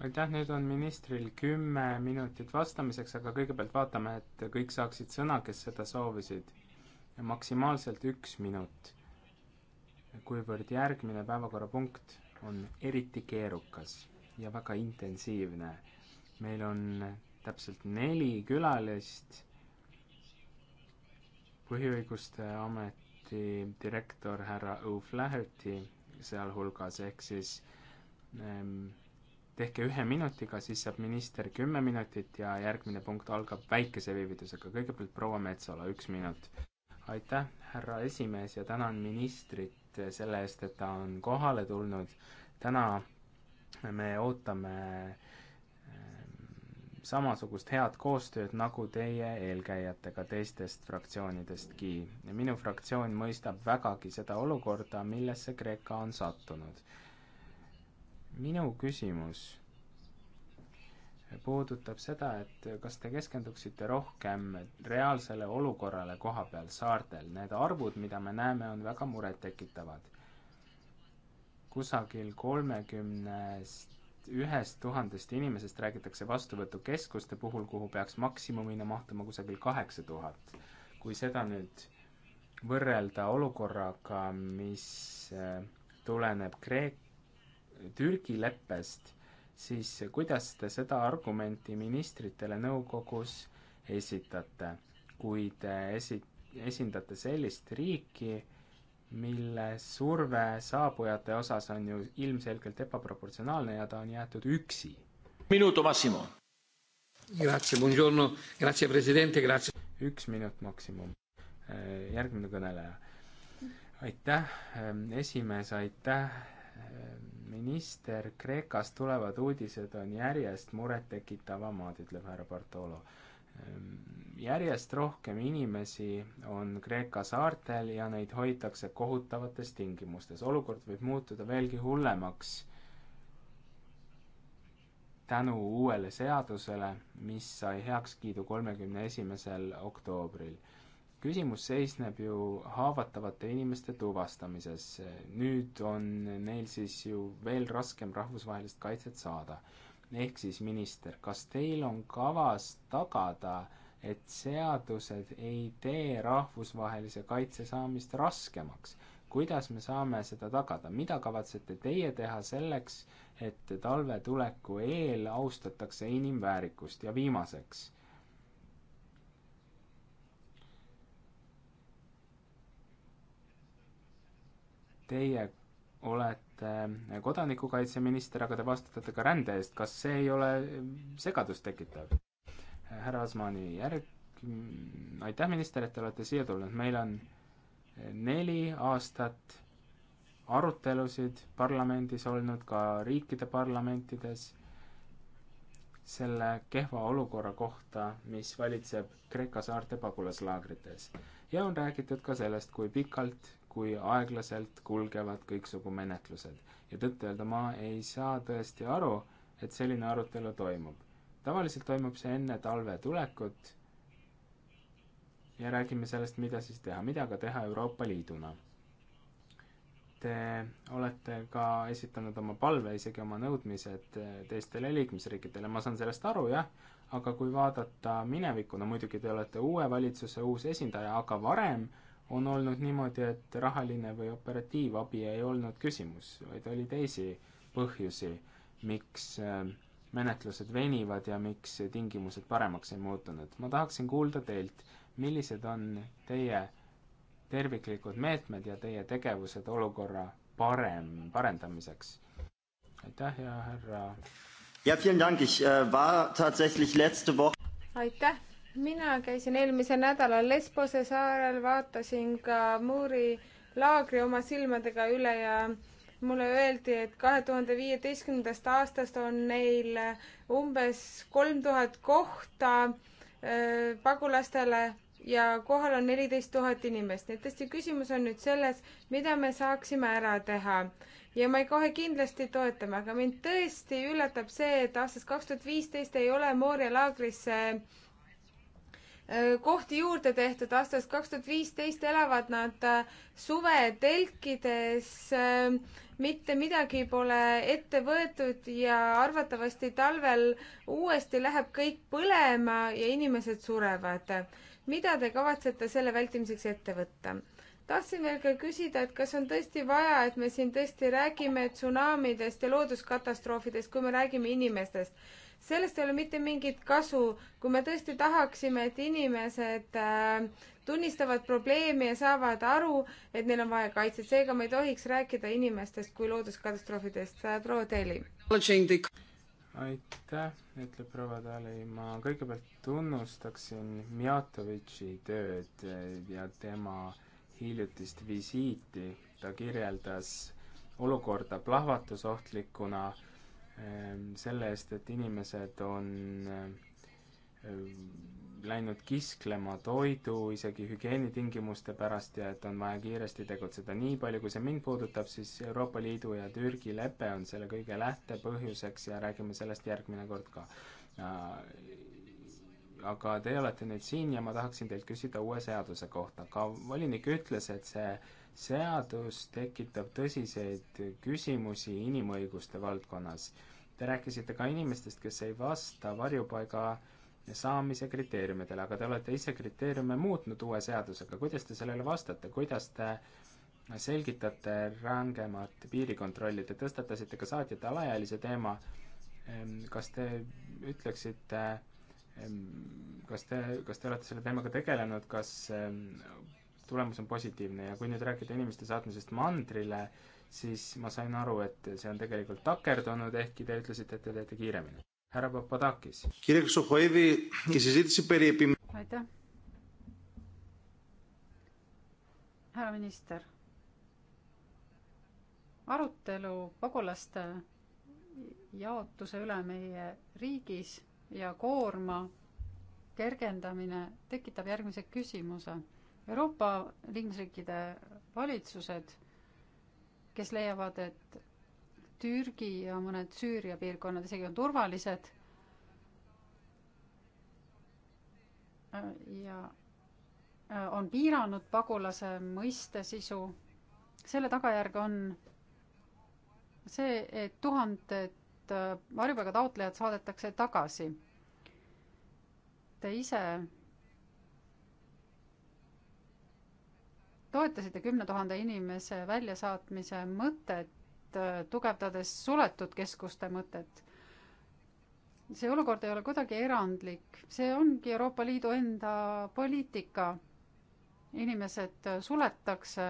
aitäh, nüüd on ministril kümme minutit vastamiseks, aga kõigepealt vaatame, et kõik saaksid sõna, kes seda soovisid. maksimaalselt üks minut, kuivõrd järgmine päevakorrapunkt on eriti keerukas ja väga intensiivne meil on täpselt neli külalist, põhiõiguste ameti direktor härra O'Flaherty sealhulgas, ehk siis ähm, tehke ühe minutiga, siis saab minister kümme minutit ja järgmine punkt algab väikese viivitusega, kõigepealt proua Metsola, üks minut. aitäh, härra esimees, ja tänan ministrit selle eest, et ta on kohale tulnud, täna me ootame äh, samasugust head koostööd nagu teie eelkäijatega teistest fraktsioonidestki. minu fraktsioon mõistab vägagi seda olukorda, millesse Kreeka on sattunud. minu küsimus puudutab seda, et kas te keskenduksite rohkem reaalsele olukorrale koha peal saartel. Need arvud, mida me näeme, on väga murettekitavad. kusagil kolmekümnest ühest tuhandest inimesest räägitakse vastuvõtukeskuste puhul, kuhu peaks maksimumina mahtuma kusagil kaheksa tuhat. kui seda nüüd võrrelda olukorraga, mis äh, tuleneb Kreek-, Türgi leppest, siis kuidas te seda argumenti ministritele nõukogus esitate, kui te esi-, esindate sellist riiki, mille surve saabujate osas on ju ilmselgelt ebaproportsionaalne ja ta on jäetud üksi. minuto massimo. Grazie, buongiorno, grazie presidente, grazie. üks minut maksimum. Äh, järgmine kõneleja. aitäh, ähm, esimees, aitäh, ähm, minister, Kreekast tulevad uudised on järjest murettekitavamad, ütleb härra Bartolo Ehm, järjest rohkem inimesi on Kreeka saartel ja neid hoitakse kohutavates tingimustes. olukord võib muutuda veelgi hullemaks tänu uuele seadusele, mis sai heakskiidu kolmekümne esimesel oktoobril. küsimus seisneb ju haavatavate inimeste tuvastamises. nüüd on neil siis ju veel raskem rahvusvahelist kaitset saada ehk siis minister, kas teil on kavas tagada, et seadused ei tee rahvusvahelise kaitse saamist raskemaks? kuidas me saame seda tagada, mida kavatsete teie teha selleks, et talve tuleku eel austatakse inimväärikust ja viimaseks? Teie olete äh, kodanikukaitseminister, aga te vastutate ka rände eest, kas see ei ole äh, segadust tekitav? härra Asmani järg, mm, aitäh, minister, et te olete siia tulnud, meil on äh, neli aastat arutelusid parlamendis olnud, ka riikide parlamentides, selle kehva olukorra kohta, mis valitseb Kreeka saarte pagulaslaagrites. ja on räägitud ka sellest, kui pikalt kui aeglaselt kulgevad kõiksugu menetlused. ja tõtt-öelda ma ei saa tõesti aru, et selline arutelu toimub. tavaliselt toimub see enne talve tulekut ja räägime sellest, mida siis teha, mida ka teha Euroopa Liiduna. Te olete ka esitanud oma palve, isegi oma nõudmised teistele liikmesriikidele, ma saan sellest aru, jah, aga kui vaadata minevikku, no muidugi te olete uue valitsuse uus esindaja, aga varem äh, on olnud niimoodi, et rahaline või operatiivabi ei olnud küsimus, vaid oli teisi põhjusi, miks äh, menetlused venivad ja miks tingimused paremaks ei muutunud. ma tahaksin kuulda teilt, millised on teie terviklikud meetmed ja teie tegevused olukorra parem, parendamiseks? aitäh ja härra. Äh, aitäh mina käisin eelmisel nädalal Lesbose saarel, vaatasin ka Muuri laagri oma silmadega üle ja mulle öeldi, et kahe tuhande viieteistkümnendast aastast on neil umbes kolm tuhat kohta äh, pagulastele ja kohal on neliteist tuhat inimest. nii et tõesti küsimus on nüüd selles, mida me saaksime ära teha. ja ma kohe kindlasti toetame, aga mind tõesti üllatab see, et aastast kaks tuhat viisteist ei ole Moorja laagrisse äh, Äh, kohti juurde tehtud, aastast kaks tuhat viisteist elavad nad äh, suvetelkides, ähm, mitte midagi pole ette võetud ja arvatavasti talvel uuesti läheb kõik põlema ja inimesed surevad. mida te kavatsete selle vältimiseks ette võtta? tahtsin veel ka küsida, et kas on tõesti vaja, et me siin tõesti räägime tsunamidest ja looduskatastroofidest, kui me räägime inimestest sellest ei ole mitte mingit kasu, kui me tõesti tahaksime, et inimesed äh, tunnistavad probleemi ja saavad aru, et neil on vaja kaitset, seega me ei tohiks rääkida inimestest kui looduskatastroofidest. Äh, proua Teeli. aitäh, ütleb proua Tali. ma kõigepealt tunnustaksin Mjatovitši tööd ja tema hiljutist visiiti. ta kirjeldas olukorda plahvatusohtlikuna Ehm, selle eest, et inimesed on ehm, läinud kisklema toidu, isegi hügieenitingimuste pärast ja et on vaja kiiresti tegutseda. nii palju, kui see mind puudutab, siis Euroopa Liidu ja Türgi lepe on selle kõige lähtepõhjuseks ja räägime sellest järgmine kord ka. aga teie olete nüüd siin ja ma tahaksin teilt küsida uue seaduse kohta. ka volinik ütles, et see äh, seadus tekitab tõsiseid küsimusi inimõiguste valdkonnas. Te rääkisite ka inimestest, kes ei vasta varjupaiga saamise kriteeriumidele, aga te olete ise kriteeriume muutnud uue seadusega, kuidas te sellele vastate, kuidas te selgitate rangemat piirikontrolli, te tõstatasite ka saatjate alaealise teema, ehm, kas te ütleksite, ehm, kas te, kas te olete selle teemaga tegelenud, kas ehm, tulemus on positiivne ja kui nüüd rääkida inimeste saatmisest mandrile, siis ma sain aru, et see on tegelikult takerdunud, ehkki te ütlesite, et te teete kiiremini. härra Papadakis. aitäh. härra minister. arutelu pagulaste jaotuse üle meie riigis ja koorma kergendamine tekitab järgmise küsimuse Euroopa liikmesriikide valitsused, kes leiavad, et Türgi ja mõned Süüria piirkonnad isegi on turvalised äh, ja äh, on piiranud pagulase mõiste sisu. selle tagajärg on see, et tuhanded äh, varjupaiga taotlejad saadetakse tagasi. Te ise toetasite kümne tuhande inimese väljasaatmise mõtet, äh, tugevdades suletud keskuste mõtet. see olukord ei ole kuidagi erandlik, see ongi Euroopa Liidu enda poliitika. inimesed suletakse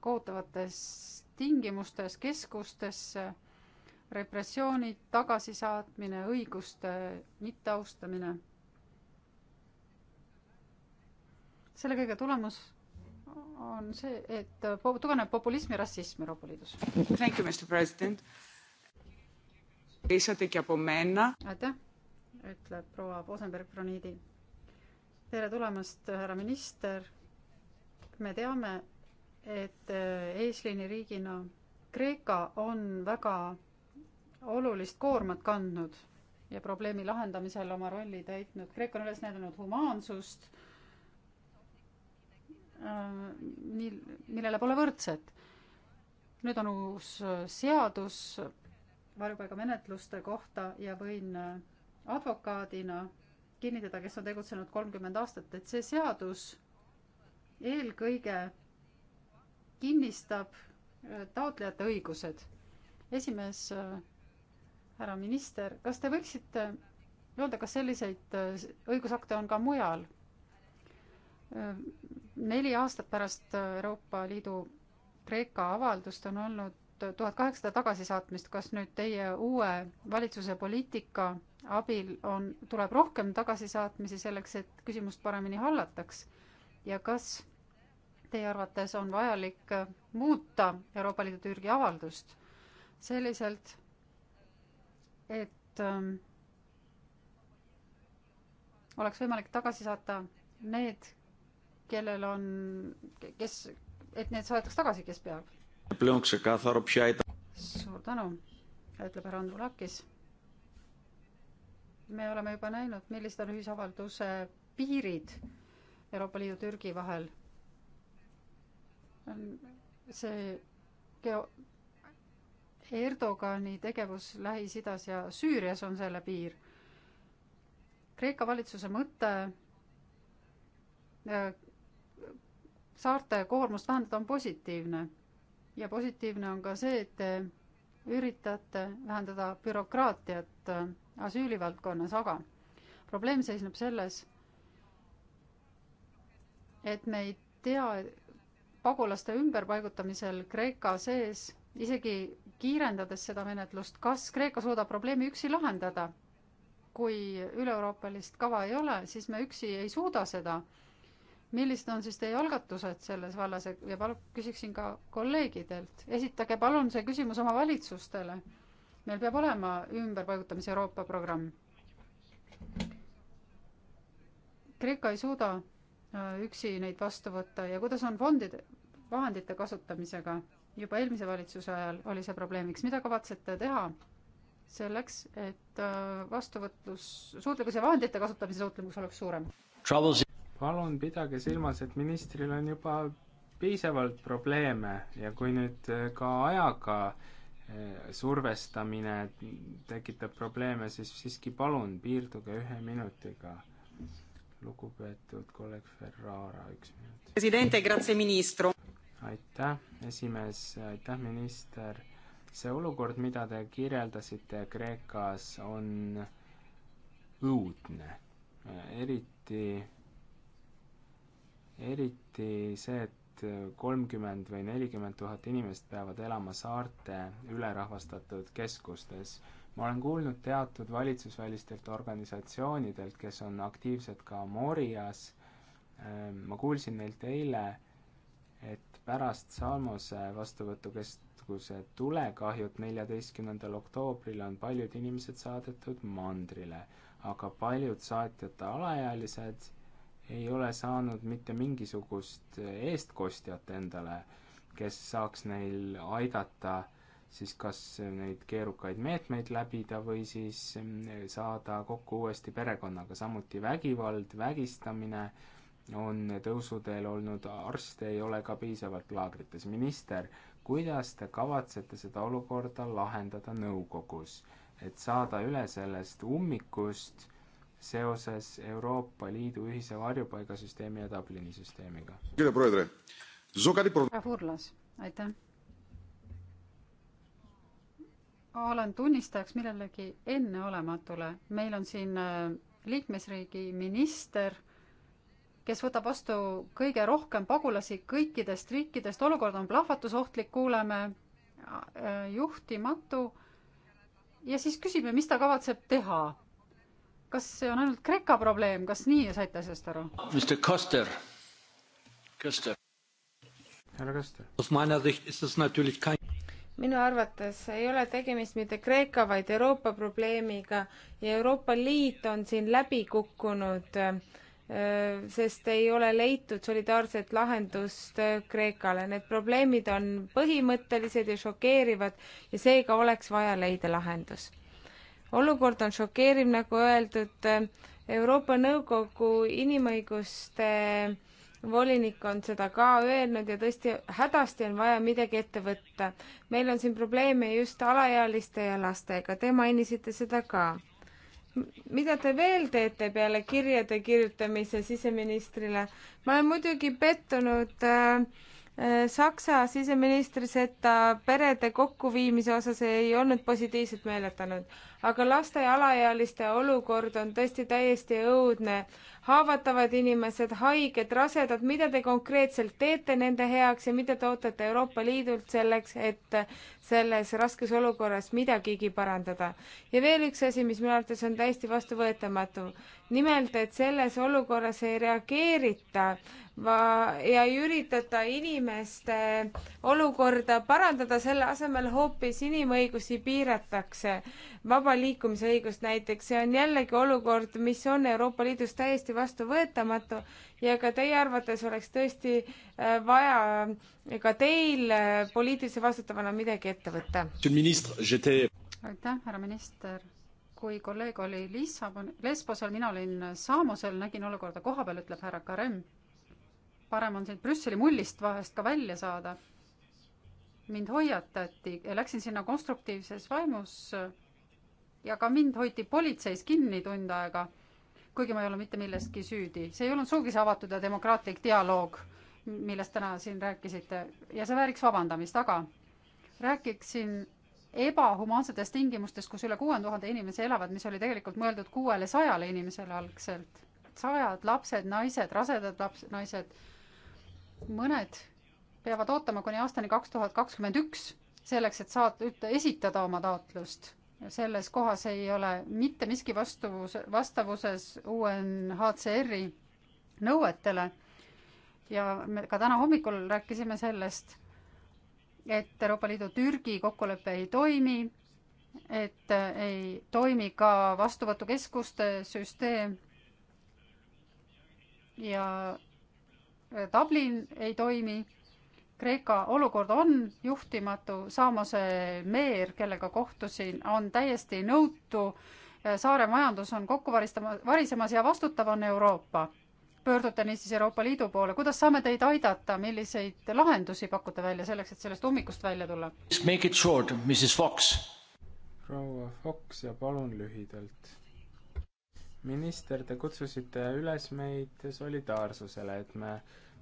kohutavates tingimustes keskustesse, repressioonid, tagasisaatmine, õiguste mitteaustamine. selle kõige tulemus on see, et tugeneb populism ja rassism Euroopa Liidus. aitäh, ütleb proua Posenberg-Broniidi. tere tulemast, härra minister. me teame, et äh, eesliini riigina Kreeka on väga olulist koormat kandnud ja probleemi lahendamisel oma rolli täitnud. Kreeka on üles näidanud humaansust mil-, äh, millele pole võrdset. nüüd on uus äh, seadus varjupaigamenetluste kohta ja võin äh, advokaadina kinnitada, kes on tegutsenud kolmkümmend aastat, et see seadus eelkõige kinnistab taotlejate õigused. esimees, härra minister, kas te võiksite öelda, kas selliseid õigusakte on ka mujal? neli aastat pärast Euroopa Liidu Kreeka avaldust on olnud tuhat kaheksasada tagasisaatmist, kas nüüd teie uue valitsuse poliitika abil on, tuleb rohkem tagasisaatmisi selleks, et küsimust paremini hallataks ja kas teie arvates on vajalik muuta Euroopa Liidu Türgi avaldust selliselt, et ähm, oleks võimalik tagasi saata need, kellel on, kes, et need saadetaks tagasi, kes peab. suur tänu, ütleb härra Andrulakis. me oleme juba näinud, millised on ühisavalduse piirid Euroopa Liidu, Türgi vahel. see geo-, Erdogani tegevus Lähis-Idas ja Süürias on selle piir. Kreeka valitsuse mõte saarte koormust vähendada on positiivne. ja positiivne on ka see, et te üritate vähendada bürokraatiat äh, asüülivaldkonnas, aga probleem seisneb selles, et me ei tea pagulaste ümberpaigutamisel Kreeka sees, isegi kiirendades seda menetlust, kas Kreeka suudab probleemi üksi lahendada. kui üle-euroopalist kava ei ole, siis me üksi ei suuda seda millised on siis teie algatused selles vallas ja palun, küsiksin ka kolleegidelt, esitage palun see küsimus oma valitsustele. meil peab olema ümberpaigutamise Euroopa programm. Kreeka ei suuda äh, üksi neid vastu võtta ja kuidas on fondide, vahendite kasutamisega? juba eelmise valitsuse ajal oli see probleemiks, mida kavatsete teha selleks, et äh, vastuvõtlus, suutlikkus ja vahendite kasutamise suutlikkus oleks suurem? Troubles palun pidage silmas, et ministril on juba piisavalt probleeme ja kui nüüd äh, ka ajaga äh, survestamine tekitab probleeme, siis siiski palun piirduge ühe minutiga. lugupeetud kolleeg Ferrara, üks minut. presidente, grazie ministro. aitäh, esimees, aitäh, minister. see olukord, mida te kirjeldasite Kreekas, on õudne, eriti eriti see, et kolmkümmend või nelikümmend tuhat inimest peavad elama saarte ülerahvastatud keskustes. ma olen kuulnud teatud valitsusvälistelt organisatsioonidelt, kes on aktiivsed ka Morias, ehm, ma kuulsin neilt eile, et pärast Salmose vastuvõtukeskuse tulekahjut neljateistkümnendal oktoobril on paljud inimesed saadetud mandrile, aga paljud saatjata alaealised ei ole saanud mitte mingisugust eestkostjat endale, kes saaks neil aidata siis kas neid keerukaid meetmeid läbida või siis mm, saada kokku uuesti perekonnaga, samuti vägivald, vägistamine on tõusuteel olnud, arste ei ole ka piisavalt laagrites. minister, kuidas te kavatsete seda olukorda lahendada nõukogus, et saada üle sellest ummikust seoses Euroopa Liidu ühise varjupaigasüsteemi ja Dublini süsteemiga. Furlas, aitäh. olen tunnistajaks millelegi enneolematule. meil on siin äh, liikmesriigi minister, kes võtab vastu kõige rohkem pagulasi kõikidest riikidest, olukord on plahvatusohtlik, kuuleme äh, juhtimatu ja siis küsime, mis ta kavatseb teha kas see on ainult Kreeka probleem, kas nii saite asjast aru? Mr Koster, Koster. härra Koster. minu arvates ei ole tegemist mitte Kreeka, vaid Euroopa probleemiga ja Euroopa Liit on siin läbi kukkunud, sest ei ole leitud solidaarset lahendust Kreekale. Need probleemid on põhimõttelised ja šokeerivad ja seega oleks vaja leida lahendus olukord on šokeeriv, nagu öeldud, Euroopa Nõukogu inimõiguste volinik on seda ka öelnud ja tõesti hädasti on vaja midagi ette võtta. meil on siin probleeme just alaealiste ja lastega, te mainisite seda ka. mida te veel teete peale kirjade kirjutamise siseministrile? ma olen muidugi pettunud äh, Äh, Saksa siseminister seda perede kokkuviimise osas ei olnud positiivselt meeletanud, aga laste ja alaealiste olukord on tõesti täiesti õudne haavatavad inimesed, haiged, rasedad, mida te konkreetselt teete nende heaks ja mida te ootate Euroopa Liidult selleks, et selles raskes olukorras midagigi parandada. ja veel üks asi, mis minu arvates on täiesti vastuvõetamatu. nimelt, et selles olukorras ei reageerita va- ja ei üritata inimeste olukorda parandada, selle asemel hoopis inimõigusi piiratakse. vaba liikumise õigust näiteks, see on jällegi olukord, mis on Euroopa Liidus täiesti täiesti vastuvõetamatu ja ka teie arvates oleks tõesti äh, vaja äh, ka teil äh, poliitilise vastutavana midagi ette võtta? aitäh, härra minister. kui kolleeg oli Lissabon, Lesbosel, mina olin Saamosel, nägin olukorda koha peal, ütleb härra Karem. parem on siin Brüsseli mullist vahest ka välja saada mind hoiatati ja läksin sinna konstruktiivses vaimus ja ka mind hoiti politseis kinni tund aega kuigi ma ei ole mitte milleski süüdi. see ei olnud sugugi see avatud ja demokraatlik dialoog, millest täna siin rääkisite ja see vääriks vabandamist, aga rääkiksin ebahumaansetes tingimustes, kus üle kuue tuhande inimese elavad, mis oli tegelikult mõeldud kuuele sajale inimesele algselt. sajad lapsed, naised, rasedad laps-, naised, mõned peavad ootama kuni aastani kaks tuhat kakskümmend üks selleks, et saata, esitada oma taotlust selles kohas ei ole mitte miski vastuvus, vastavuses UNHCR-i nõuetele. ja me ka täna hommikul rääkisime sellest, et Euroopa Liidu Türgi kokkulepe ei toimi, et ei toimi ka vastuvõtukeskuste süsteem ja Dublin ei toimi Kreeka olukord on juhtimatu, Saamose eh, meer, kellega kohtusin, on täiesti nõutu, eh, saare majandus on kokku varistama, varisemas ja vastutav on Euroopa. pöördute niisiis Euroopa Liidu poole, kuidas saame teid aidata, milliseid lahendusi pakute välja selleks, et sellest ummikust välja tulla? Make it short, Mrs Fox. proua Fox ja palun lühidalt minister, te kutsusite üles meid solidaarsusele, et me äh,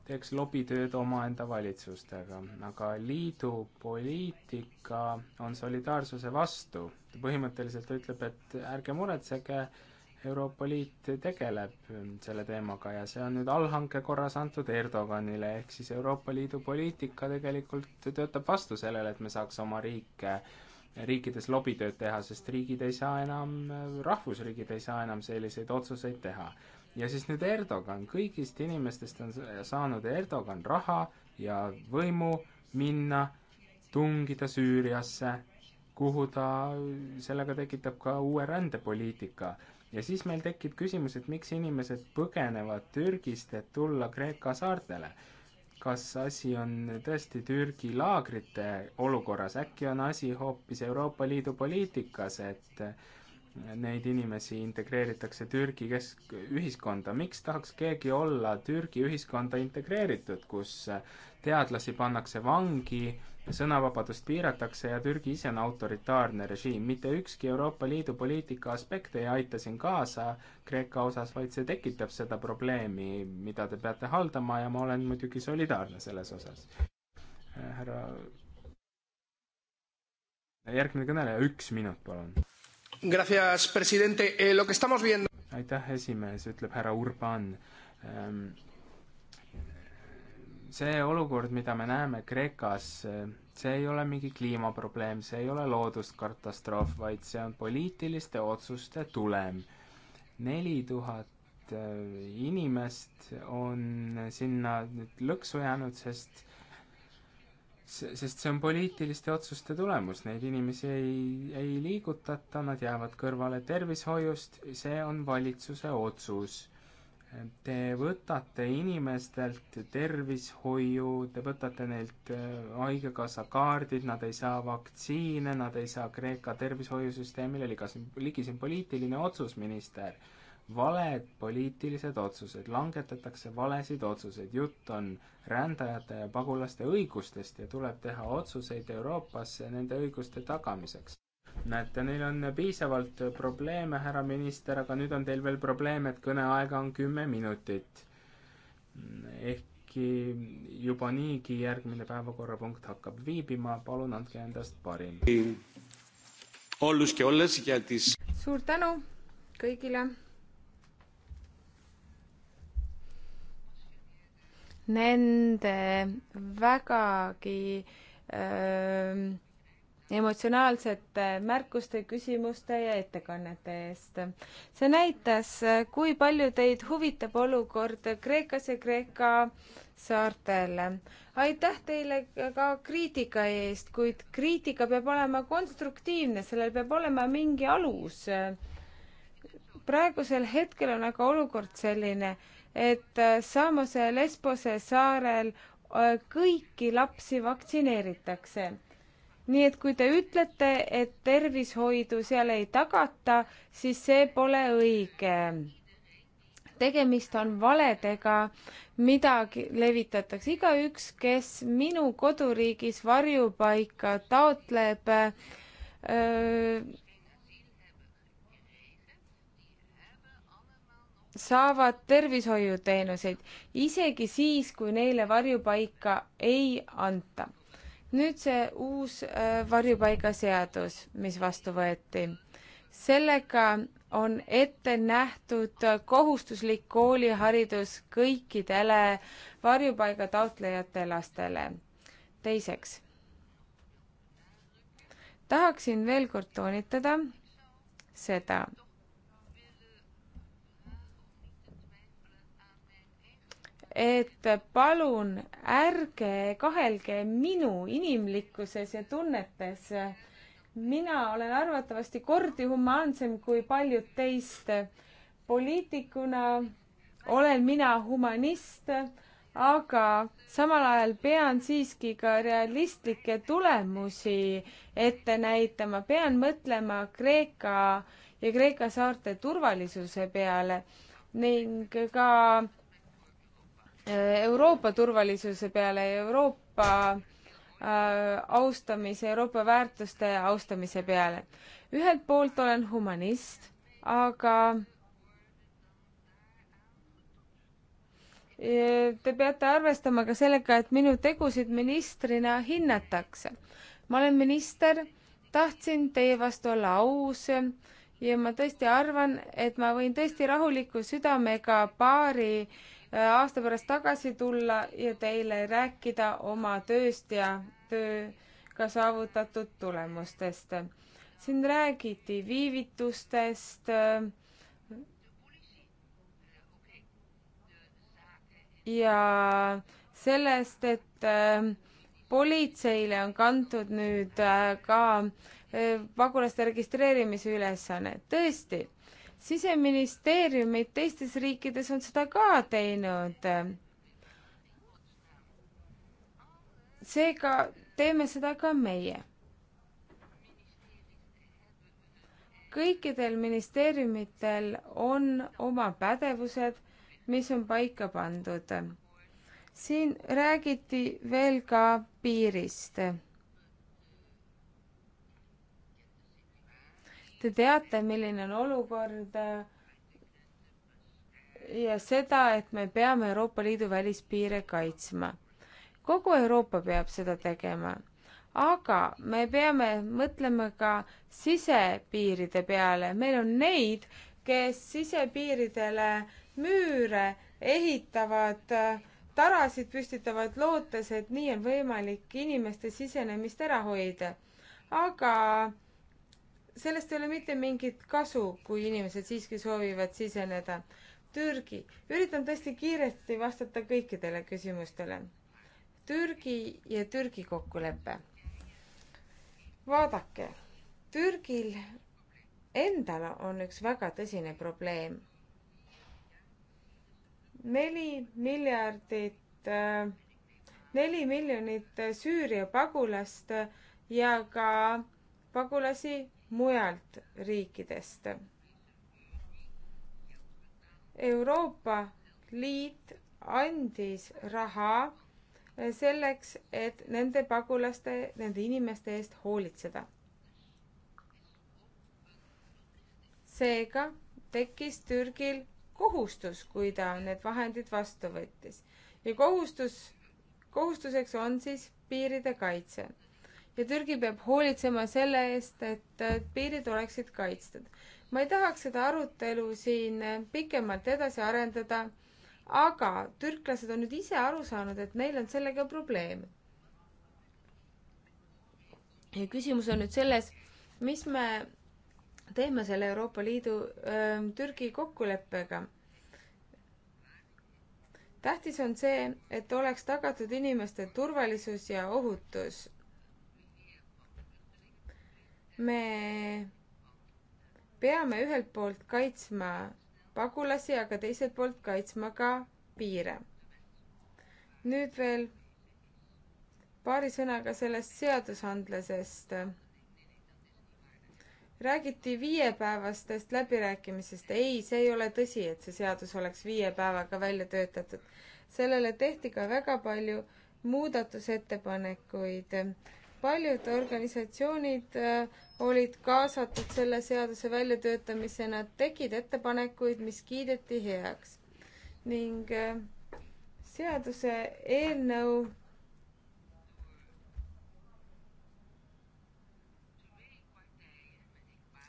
teeks lobitööd omaenda valitsustega, aga liidu poliitika on solidaarsuse vastu. ta põhimõtteliselt ütleb, et ärge muretsege, Euroopa Liit tegeleb selle teemaga ja see on nüüd allhanke korras antud Erdoganile, ehk siis Euroopa Liidu poliitika tegelikult töötab vastu sellele, et me saaks oma riike, riikides lobitööd teha, sest riigid ei saa enam, rahvusriigid ei saa enam selliseid otsuseid teha ja siis nüüd Erdogan, kõigist inimestest on saanud Erdogan raha ja võimu minna, tungida Süüriasse, kuhu ta sellega tekitab ka uue rändepoliitika. ja siis meil tekib küsimus, et miks inimesed põgenevad Türgist, et tulla Kreeka saartele. kas asi on tõesti Türgi laagrite olukorras, äkki on asi hoopis Euroopa Liidu poliitikas, et neid inimesi integreeritakse Türgi kesk-, ühiskonda, miks tahaks keegi olla Türgi ühiskonda integreeritud, kus teadlasi pannakse vangi, sõnavabadust piiratakse ja Türgi ise on autoritaarne režiim, mitte ükski Euroopa Liidu poliitika aspekt ei aita siin kaasa Kreeka osas, vaid see tekitab seda probleemi, mida te peate haldama ja ma olen muidugi solidaarne selles osas. härra järgmine kõneleja, üks minut, palun Eh, aitäh, esimees, ütleb härra Urban. Ehm, see olukord, mida me näeme Kreekas, eh, see ei ole mingi kliimaprobleem, see ei ole looduskatastroof, vaid see on poliitiliste otsuste tulem. neli tuhat eh, inimest on sinna nüüd lõksu jäänud, sest sest see on poliitiliste otsuste tulemus, neid inimesi ei, ei liigutata, nad jäävad kõrvale tervishoiust, see on valitsuse otsus. Te võtate inimestelt tervishoiu, te võtate neilt äh, Haigekassa kaardid, nad ei saa vaktsiine, nad ei saa Kreeka tervishoiusüsteemile ligi, see on poliitiline otsus, minister valed poliitilised otsused, langetatakse valesid otsuseid, jutt on rändajate ja pagulaste õigustest ja tuleb teha otsuseid Euroopas nende õiguste tagamiseks. näete, neil on piisavalt probleeme, härra minister, aga nüüd on teil veel probleem, et kõneaega on kümme minutit. ehkki juba niigi järgmine päevakorrapunkt hakkab viibima, palun andke endast parim. suur tänu kõigile nende vägagi öö, ähm, emotsionaalsete märkuste, küsimuste ja ettekannete eest. see näitas, kui palju teid huvitab olukord Kreekas ja Kreeka saartel. aitäh teile ka kriitika eest, kuid kriitika peab olema konstruktiivne, sellel peab olema mingi alus. praegusel hetkel on aga olukord selline et äh, Samose Lesbose saarel äh, kõiki lapsi vaktsineeritakse. nii et kui te ütlete, et tervishoidu seal ei tagata, siis see pole õige. tegemist on valedega, mida levitatakse. igaüks, kes minu koduriigis varjupaika taotleb öö, äh, saavad tervishoiuteenuseid, isegi siis, kui neile varjupaika ei anta. nüüd see uus äh, varjupaigaseadus, mis vastu võeti, sellega on ette nähtud kohustuslik kooliharidus kõikidele varjupaiga taotlejate lastele. teiseks, tahaksin veel kord toonitada seda, et palun ärge kahelge minu inimlikkuses ja tunnetes. mina olen arvatavasti kordi humaansem kui paljud teist. poliitikuna olen mina humanist, aga samal ajal pean siiski ka realistlikke tulemusi ette näitama, pean mõtlema Kreeka ja Kreeka saarte turvalisuse peale ning ka Euroopa turvalisuse peale, Euroopa äh, austamise, Euroopa väärtuste austamise peale. ühelt poolt olen humanist, aga te peate arvestama ka sellega, et minu tegusid ministrina hinnatakse. ma olen minister, tahtsin teie vastu olla aus ja ma tõesti arvan, et ma võin tõesti rahuliku südamega paari äh, aasta pärast tagasi tulla ja teile rääkida oma tööst ja tööga saavutatud tulemustest. siin räägiti viivitustest ja sellest, et äh, politseile on kantud nüüd äh, ka äh, pagulaste registreerimise ülesanne. tõesti, siseministeeriumid teistes riikides on seda ka teinud. seega teeme seda ka meie. kõikidel ministeeriumitel on oma pädevused, mis on paika pandud. siin räägiti veel ka piirist Te teate, milline on olukord ja seda, et me peame Euroopa Liidu välispiire kaitsma. kogu Euroopa peab seda tegema, aga me peame mõtlema ka sisepiiride peale, meil on neid, kes sisepiiridele müüre ehitavad, tarasid püstitavad, lootes, et nii on võimalik inimeste sisenemist ära hoida. aga sellest ei ole mitte mingit kasu, kui inimesed siiski soovivad siseneda. Türgi, üritan tõesti kiiresti vastata kõikidele küsimustele. Türgi ja Türgi kokkulepe. vaadake, Türgil endal on üks väga tõsine probleem. neli miljardit, äh, neli miljonit Süüria pagulast ja ka pagulasi mujalt riikidest. Euroopa Liit andis raha selleks, et nende pagulaste, nende inimeste eest hoolitseda. seega tekkis Türgil kohustus, kui ta need vahendid vastu võttis ja kohustus, kohustuseks on siis piiride kaitse ja Türgi peab hoolitsema selle eest, et piirid oleksid kaitstud. ma ei tahaks seda arutelu siin pikemalt edasi arendada, aga türklased on nüüd ise aru saanud, et neil on sellega probleem. ja küsimus on nüüd selles, mis me teeme selle Euroopa Liidu öö, ähm, Türgi kokkuleppega tähtis on see, et oleks tagatud inimeste turvalisus ja ohutus me peame ühelt poolt kaitsma pagulasi, aga teiselt poolt kaitsma ka piire. nüüd veel paari sõnaga sellest seadusandlusest. räägiti viiepäevastest läbirääkimisest. ei, see ei ole tõsi, et see seadus oleks viie päevaga välja töötatud. sellele tehti ka väga palju muudatusettepanekuid paljud organisatsioonid äh, olid kaasatud selle seaduse väljatöötamisse, nad tegid ettepanekuid, mis kiideti heaks. ning äh, seaduse eelnõu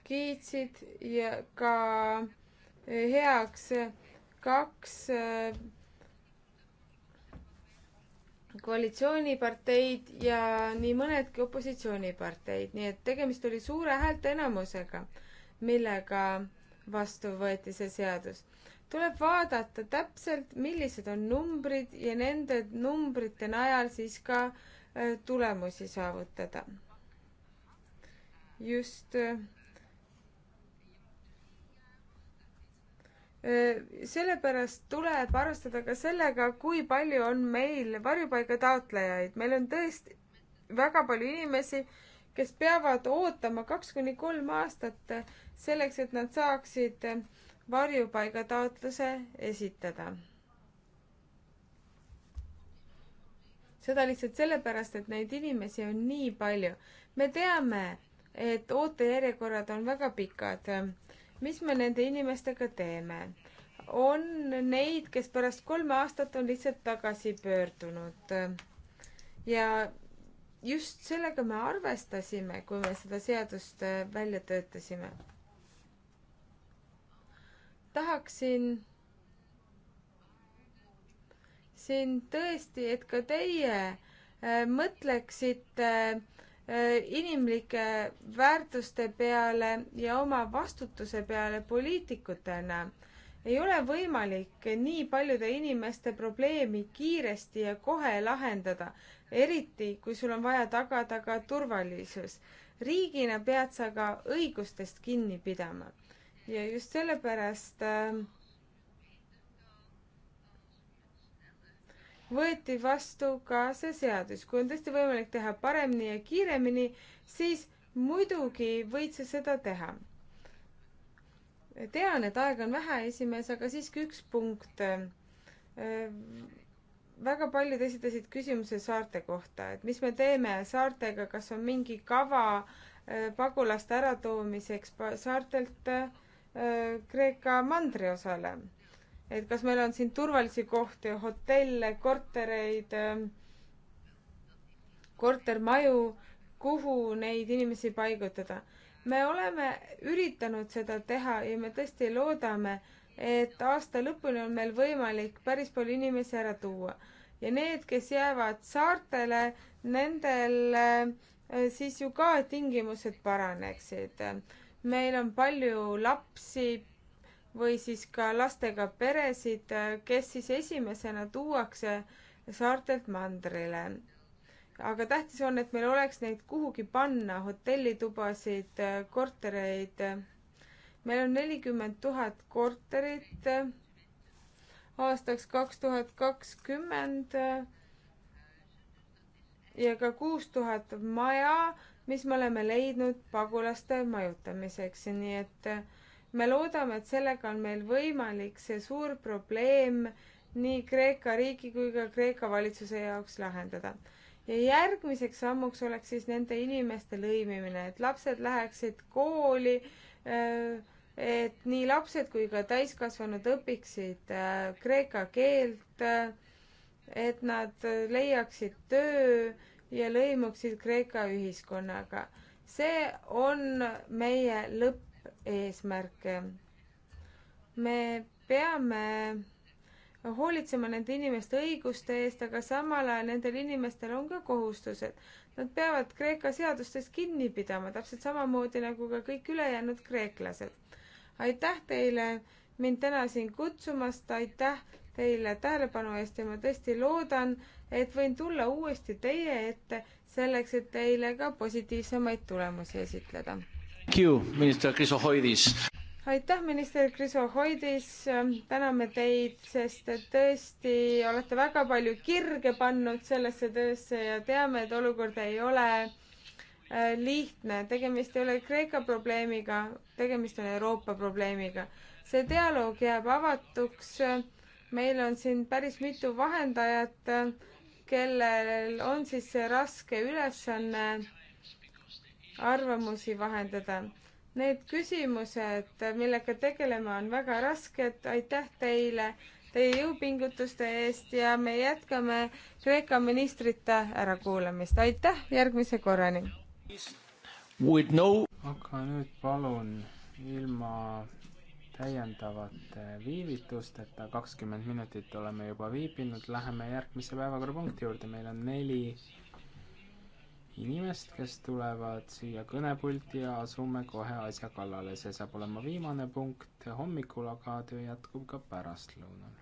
kiitsid ja ka äh, heaks kaks koalitsiooniparteid ja nii mõnedki opositsiooniparteid, nii et tegemist oli suure häälteenamusega, millega vastu võeti see seadus. tuleb vaadata täpselt, millised on numbrid ja nende numbrite najal siis ka äh, tulemusi saavutada. just äh, Äh, sellepärast tuleb arvestada ka sellega, kui palju on meil varjupaiga taotlejaid. meil on tõesti väga palju inimesi, kes peavad ootama kaks kuni kolm aastat selleks, et nad saaksid varjupaiga taotluse esitada. seda lihtsalt sellepärast, et neid inimesi on nii palju. me teame, et ootejärjekorrad on väga pikad mis me nende inimestega teeme? on neid, kes pärast kolme aastat on lihtsalt tagasi pöördunud. ja just sellega me arvestasime, kui me seda seadust äh, välja töötasime. tahaksin siin tõesti, et ka teie äh, mõtleksite äh, Äh, inimlike väärtuste peale ja oma vastutuse peale poliitikutena. ei ole võimalik nii paljude inimeste probleemi kiiresti ja kohe lahendada, eriti kui sul on vaja tagada ka turvalisus. riigina pead sa ka õigustest kinni pidama. ja just sellepärast äh, võeti vastu ka see seadus. kui on tõesti võimalik teha paremini ja kiiremini, siis muidugi võid sa seda teha. tean, et aega on vähe, esimees, aga siiski üks punkt. Äh, väga paljud esitasid küsimuse saarte kohta, et mis me teeme saartega, kas on mingi kava äh, pagulaste äratoomiseks saartelt äh, Kreeka mandriosale et kas meil on siin turvalisi kohti, hotelle, kortereid, ähm, kortermaju, kuhu neid inimesi paigutada. me oleme üritanud seda teha ja me tõesti loodame, et aasta lõpuni on meil võimalik päris palju inimesi ära tuua. ja need, kes jäävad saartele, nendel äh, siis ju ka tingimused paraneksid. meil on palju lapsi, või siis ka lastega peresid, kes siis esimesena tuuakse saartelt mandrile. aga tähtis on, et meil oleks neid kuhugi panna, hotellitubasid, kortereid. meil on nelikümmend tuhat korterit aastaks kaks tuhat kakskümmend ja ka kuus tuhat maja, mis me oleme leidnud pagulaste majutamiseks, nii et äh, me loodame, et sellega on meil võimalik see suur probleem nii Kreeka riigi kui ka Kreeka valitsuse jaoks lahendada. ja järgmiseks sammuks oleks siis nende inimeste lõimimine, et lapsed läheksid kooli, äh, et nii lapsed kui ka täiskasvanud õpiksid äh, kreeka keelt, äh, et nad leiaksid töö ja lõimuksid Kreeka ühiskonnaga. see on meie lõpp eesmärke. me peame hoolitsema nende inimeste õiguste eest, aga samal ajal nendel inimestel on ka kohustused. Nad peavad Kreeka seadustest kinni pidama, täpselt samamoodi nagu ka kõik ülejäänud kreeklased. aitäh teile mind täna siin kutsumast, aitäh teile tähelepanu eest ja ma tõesti loodan, et võin tulla uuesti teie ette selleks, et teile ka positiivsemaid tulemusi esitleda aitäh, minister Krisohoidis, täname teid, sest te tõesti olete väga palju kirge pannud sellesse töösse ja teame, et olukord ei ole äh, lihtne, tegemist ei ole Kreeka probleemiga, tegemist on Euroopa probleemiga. see dialoog jääb avatuks, meil on siin päris mitu vahendajat, kellel on siis see raske ülesanne arvamusi vahendada. Need küsimused, millega tegelema, on väga rasked, aitäh teile teie jõupingutuste eest ja me jätkame Kreeka ministrite ärakuulamist. aitäh, järgmise korrani! No... aga nüüd palun ilma täiendavate viivitusteta, kakskümmend minutit oleme juba viibinud, läheme järgmise päevakorrapunkti juurde, meil on neli inimest, kes tulevad siia kõnepulti ja asume kohe asja kallale. see saab olema viimane punkt hommikul, aga töö jätkub ka pärastlõunal.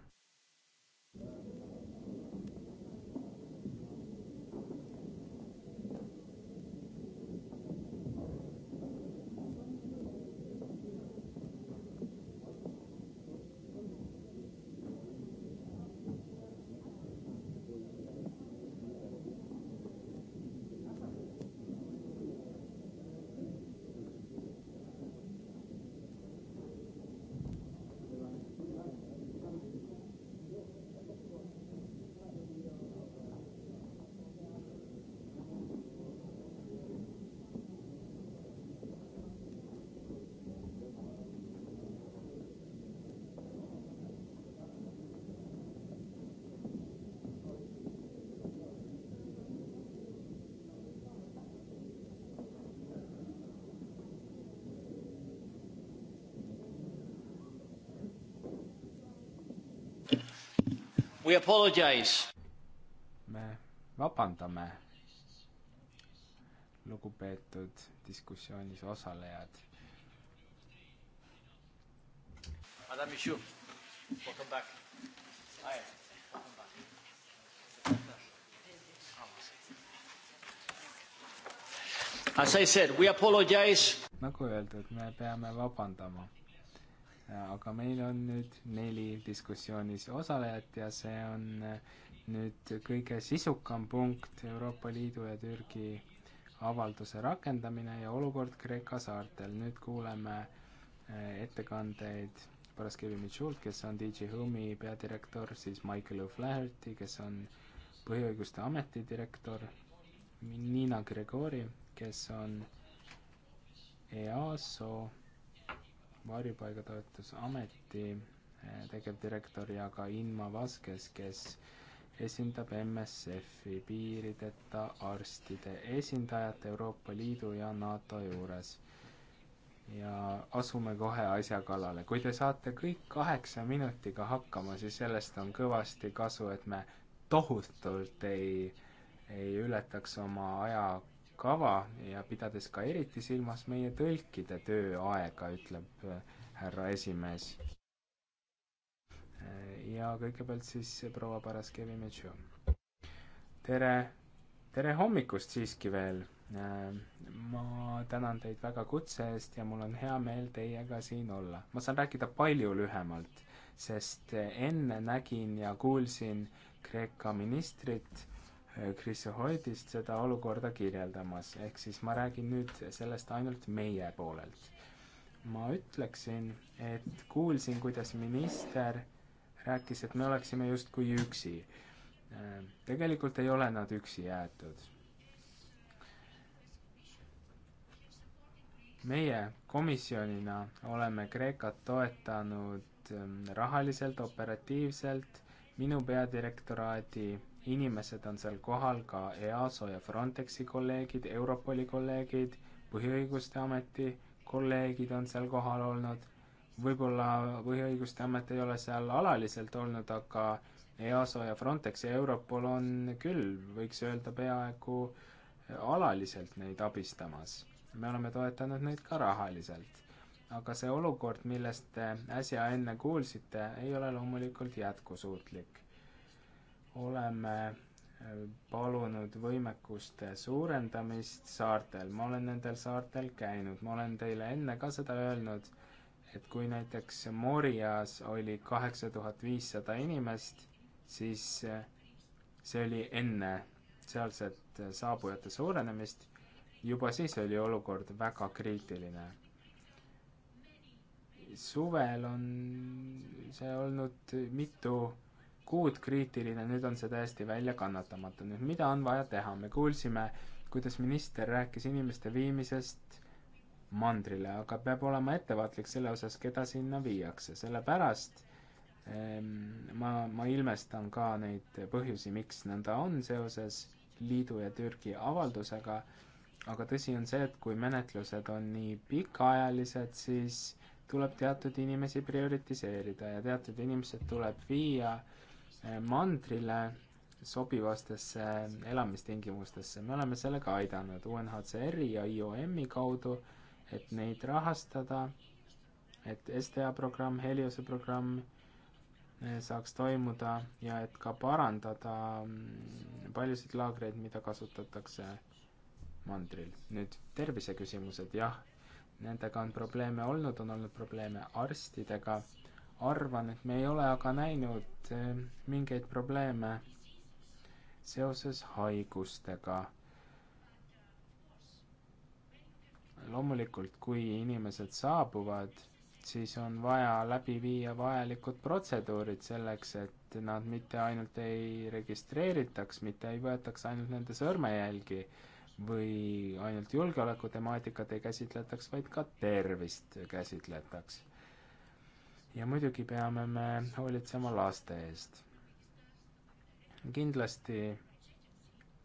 We apologize. me vabandame, lugupeetud diskussioonis osalejad. Madame Michaud, welcome back. Hi. As I said, we apologize. nagu öeldud, me peame vabandama aga meil on nüüd neli diskussioonis osalejat ja see on äh, nüüd kõige sisukam punkt Euroopa Liidu ja Türgi avalduse rakendamine ja olukord Kreeka saartel. nüüd kuuleme äh, ettekandeid Paraskevi Mitchult, kes on DJ Home'i peadirektor, siis Michael O'Flaherty, kes on Põhiõiguste Ameti direktor, Nina Gregori, kes on EASO varjupaigatoetusameti eh, tegevdirektor ja ka Inma Vaskes, kes esindab MSF-i piirideta arstide esindajat Euroopa Liidu ja NATO juures. ja asume kohe asja kallale. kui te saate kõik kaheksa minutiga hakkama, siis sellest on kõvasti kasu, et me tohutult ei, ei ületaks oma aja kava ja pidades ka eriti silmas meie tõlkide tööaega, ütleb äh, härra esimees. Äh, ja kõigepealt siis proua Paraskevi Metšo. tere, tere hommikust siiski veel. Äh, ma tänan teid väga kutse eest ja mul on hea meel teiega siin olla. ma saan rääkida palju lühemalt, sest enne nägin ja kuulsin Kreeka ministrit Äh, Chrysohoidist seda olukorda kirjeldamas, ehk siis ma räägin nüüd sellest ainult meie poolelt. ma ütleksin, et kuulsin, kuidas minister rääkis, et me oleksime justkui üksi. Äh, tegelikult ei ole nad üksi jäetud. meie komisjonina oleme Kreekat toetanud ähm, rahaliselt, operatiivselt, minu peadirektoraadi inimesed on seal kohal, ka EASO ja Frontexi kolleegid, Europoli kolleegid, Põhiõiguste Ameti kolleegid on seal kohal olnud, võib-olla Põhiõiguste Amet ei ole seal alaliselt olnud, aga EASO ja Frontex ja Europol on küll, võiks öelda, peaaegu alaliselt neid abistamas. me oleme toetanud neid ka rahaliselt. aga see olukord, millest te äsja enne kuulsite, ei ole loomulikult jätkusuutlik oleme äh, palunud võimekuste suurendamist saartel, ma olen nendel saartel käinud, ma olen teile enne ka seda öelnud, et kui näiteks Morias oli kaheksa tuhat viissada inimest, siis äh, see oli enne sealset äh, saabujate suurenemist, juba siis oli olukord väga kriitiline. suvel on see olnud mitu kuud kriitiline, nüüd on see täiesti välja kannatamatu. nüüd mida on vaja teha, me kuulsime, kuidas minister rääkis inimeste viimisest mandrile, aga peab olema ettevaatlik selle osas, keda sinna viiakse, sellepärast ehm, ma, ma ilmestan ka neid põhjusi, miks nõnda on seoses liidu ja Türgi avaldusega, aga tõsi on see, et kui menetlused on nii pikaajalised, siis tuleb teatud inimesi prioritiseerida ja teatud inimesed tuleb viia äh, mandrile sobivastesse elamistingimustesse. me oleme sellega aidanud UNHCR-i ja IOM-i kaudu, et neid rahastada, et STA programm, Heliose programm eh, saaks toimuda ja et ka parandada mm, paljusid laagreid, mida kasutatakse mandril. nüüd terviseküsimused, jah, nendega on probleeme olnud, on olnud probleeme arstidega arvan, et me ei ole aga näinud eh, mingeid probleeme seoses haigustega. loomulikult, kui inimesed saabuvad, siis on vaja läbi viia vajalikud protseduurid selleks, et nad mitte ainult ei registreeritaks, mitte ei võetaks ainult nende sõrmejälgi või ainult julgeolekutemaatikat ei käsitletaks, vaid ka tervist käsitletaks ja muidugi peame me hoolitsema laste eest. kindlasti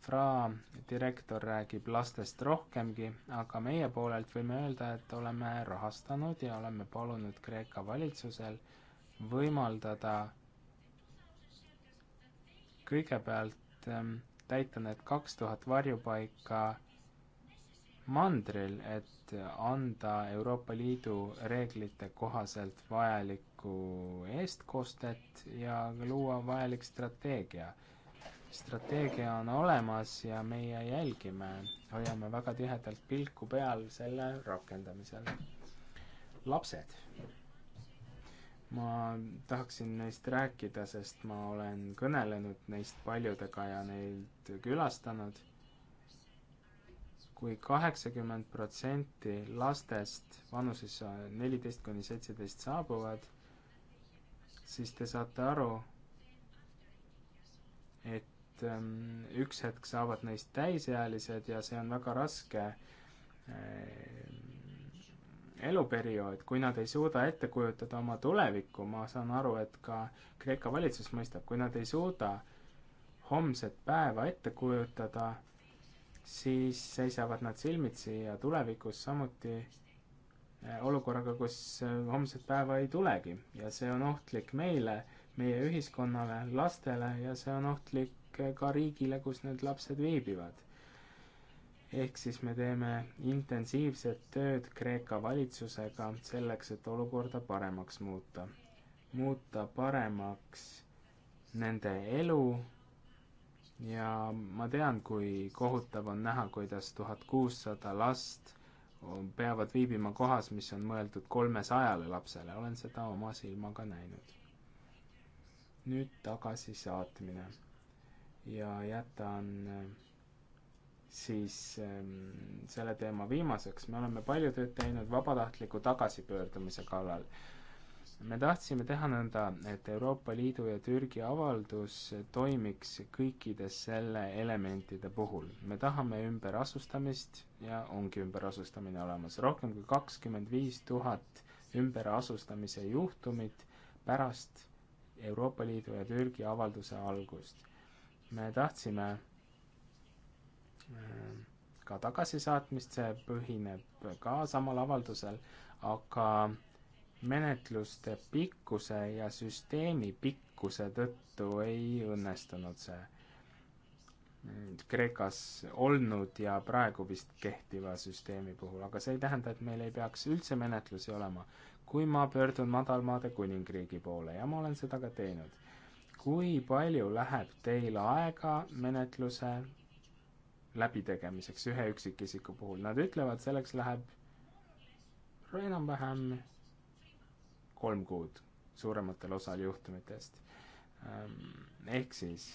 FRA direktor räägib lastest rohkemgi, aga meie poolelt võime öelda, et oleme rahastanud ja oleme palunud Kreeka valitsusel võimaldada kõigepealt ähm, täita need kaks tuhat varjupaika mandril, et anda Euroopa Liidu reeglite kohaselt vajalikku eestkostet ja luua vajalik strateegia. strateegia on olemas ja meie jälgime, hoiame väga tihedalt pilku peal selle rakendamisel. lapsed. ma tahaksin neist rääkida, sest ma olen kõnelenud neist paljudega ja neid külastanud kui kaheksakümmend protsenti lastest vanuses neliteist kuni seitseteist saabuvad, siis te saate aru, et ähm, üks hetk saavad neist täisealised ja see on väga raske ähm, eluperiood, kui nad ei suuda ette kujutada oma tulevikku, ma saan aru, et ka Kreeka valitsus mõistab, kui nad ei suuda homset päeva ette kujutada siis seisavad nad silmitsi ja tulevikus samuti eh, olukorraga, kus eh, homset päeva ei tulegi ja see on ohtlik meile, meie ühiskonnale, lastele ja see on ohtlik eh, ka riigile, kus need lapsed viibivad. ehk siis me teeme intensiivset tööd Kreeka valitsusega selleks, et olukorda paremaks muuta. muuta paremaks nende elu ja ma tean, kui kohutav on näha, kuidas tuhat kuussada last peavad viibima kohas, mis on mõeldud kolmesajale lapsele, olen seda oma silmaga näinud. nüüd tagasisaatmine ja jätan eh, siis ähm, selle teema viimaseks, me oleme palju tööd teinud vabatahtliku tagasipöördumise kallal me tahtsime teha nõnda, et Euroopa Liidu ja Türgi avaldus toimiks kõikide selle elementide puhul. me tahame ümberasustamist ja ongi ümberasustamine olemas. rohkem kui kakskümmend viis tuhat ümberasustamise juhtumit pärast Euroopa Liidu ja Türgi avalduse algust. me tahtsime äh, ka tagasisaatmist, see põhineb ka samal avaldusel, aga menetluste pikkuse ja süsteemi pikkuse tõttu ei õnnestunud see Kreekas olnud ja praegu vist kehtiva süsteemi puhul, aga see ei tähenda, et meil ei peaks üldse menetlusi olema. kui ma pöördun Madalmaade kuningriigi poole ja ma olen seda ka teinud, kui palju läheb teil aega menetluse läbitegemiseks ühe üksikisiku puhul, nad ütlevad, selleks läheb enam-vähem kolm kuud suurematel osal juhtumitest. Ähm, ehk siis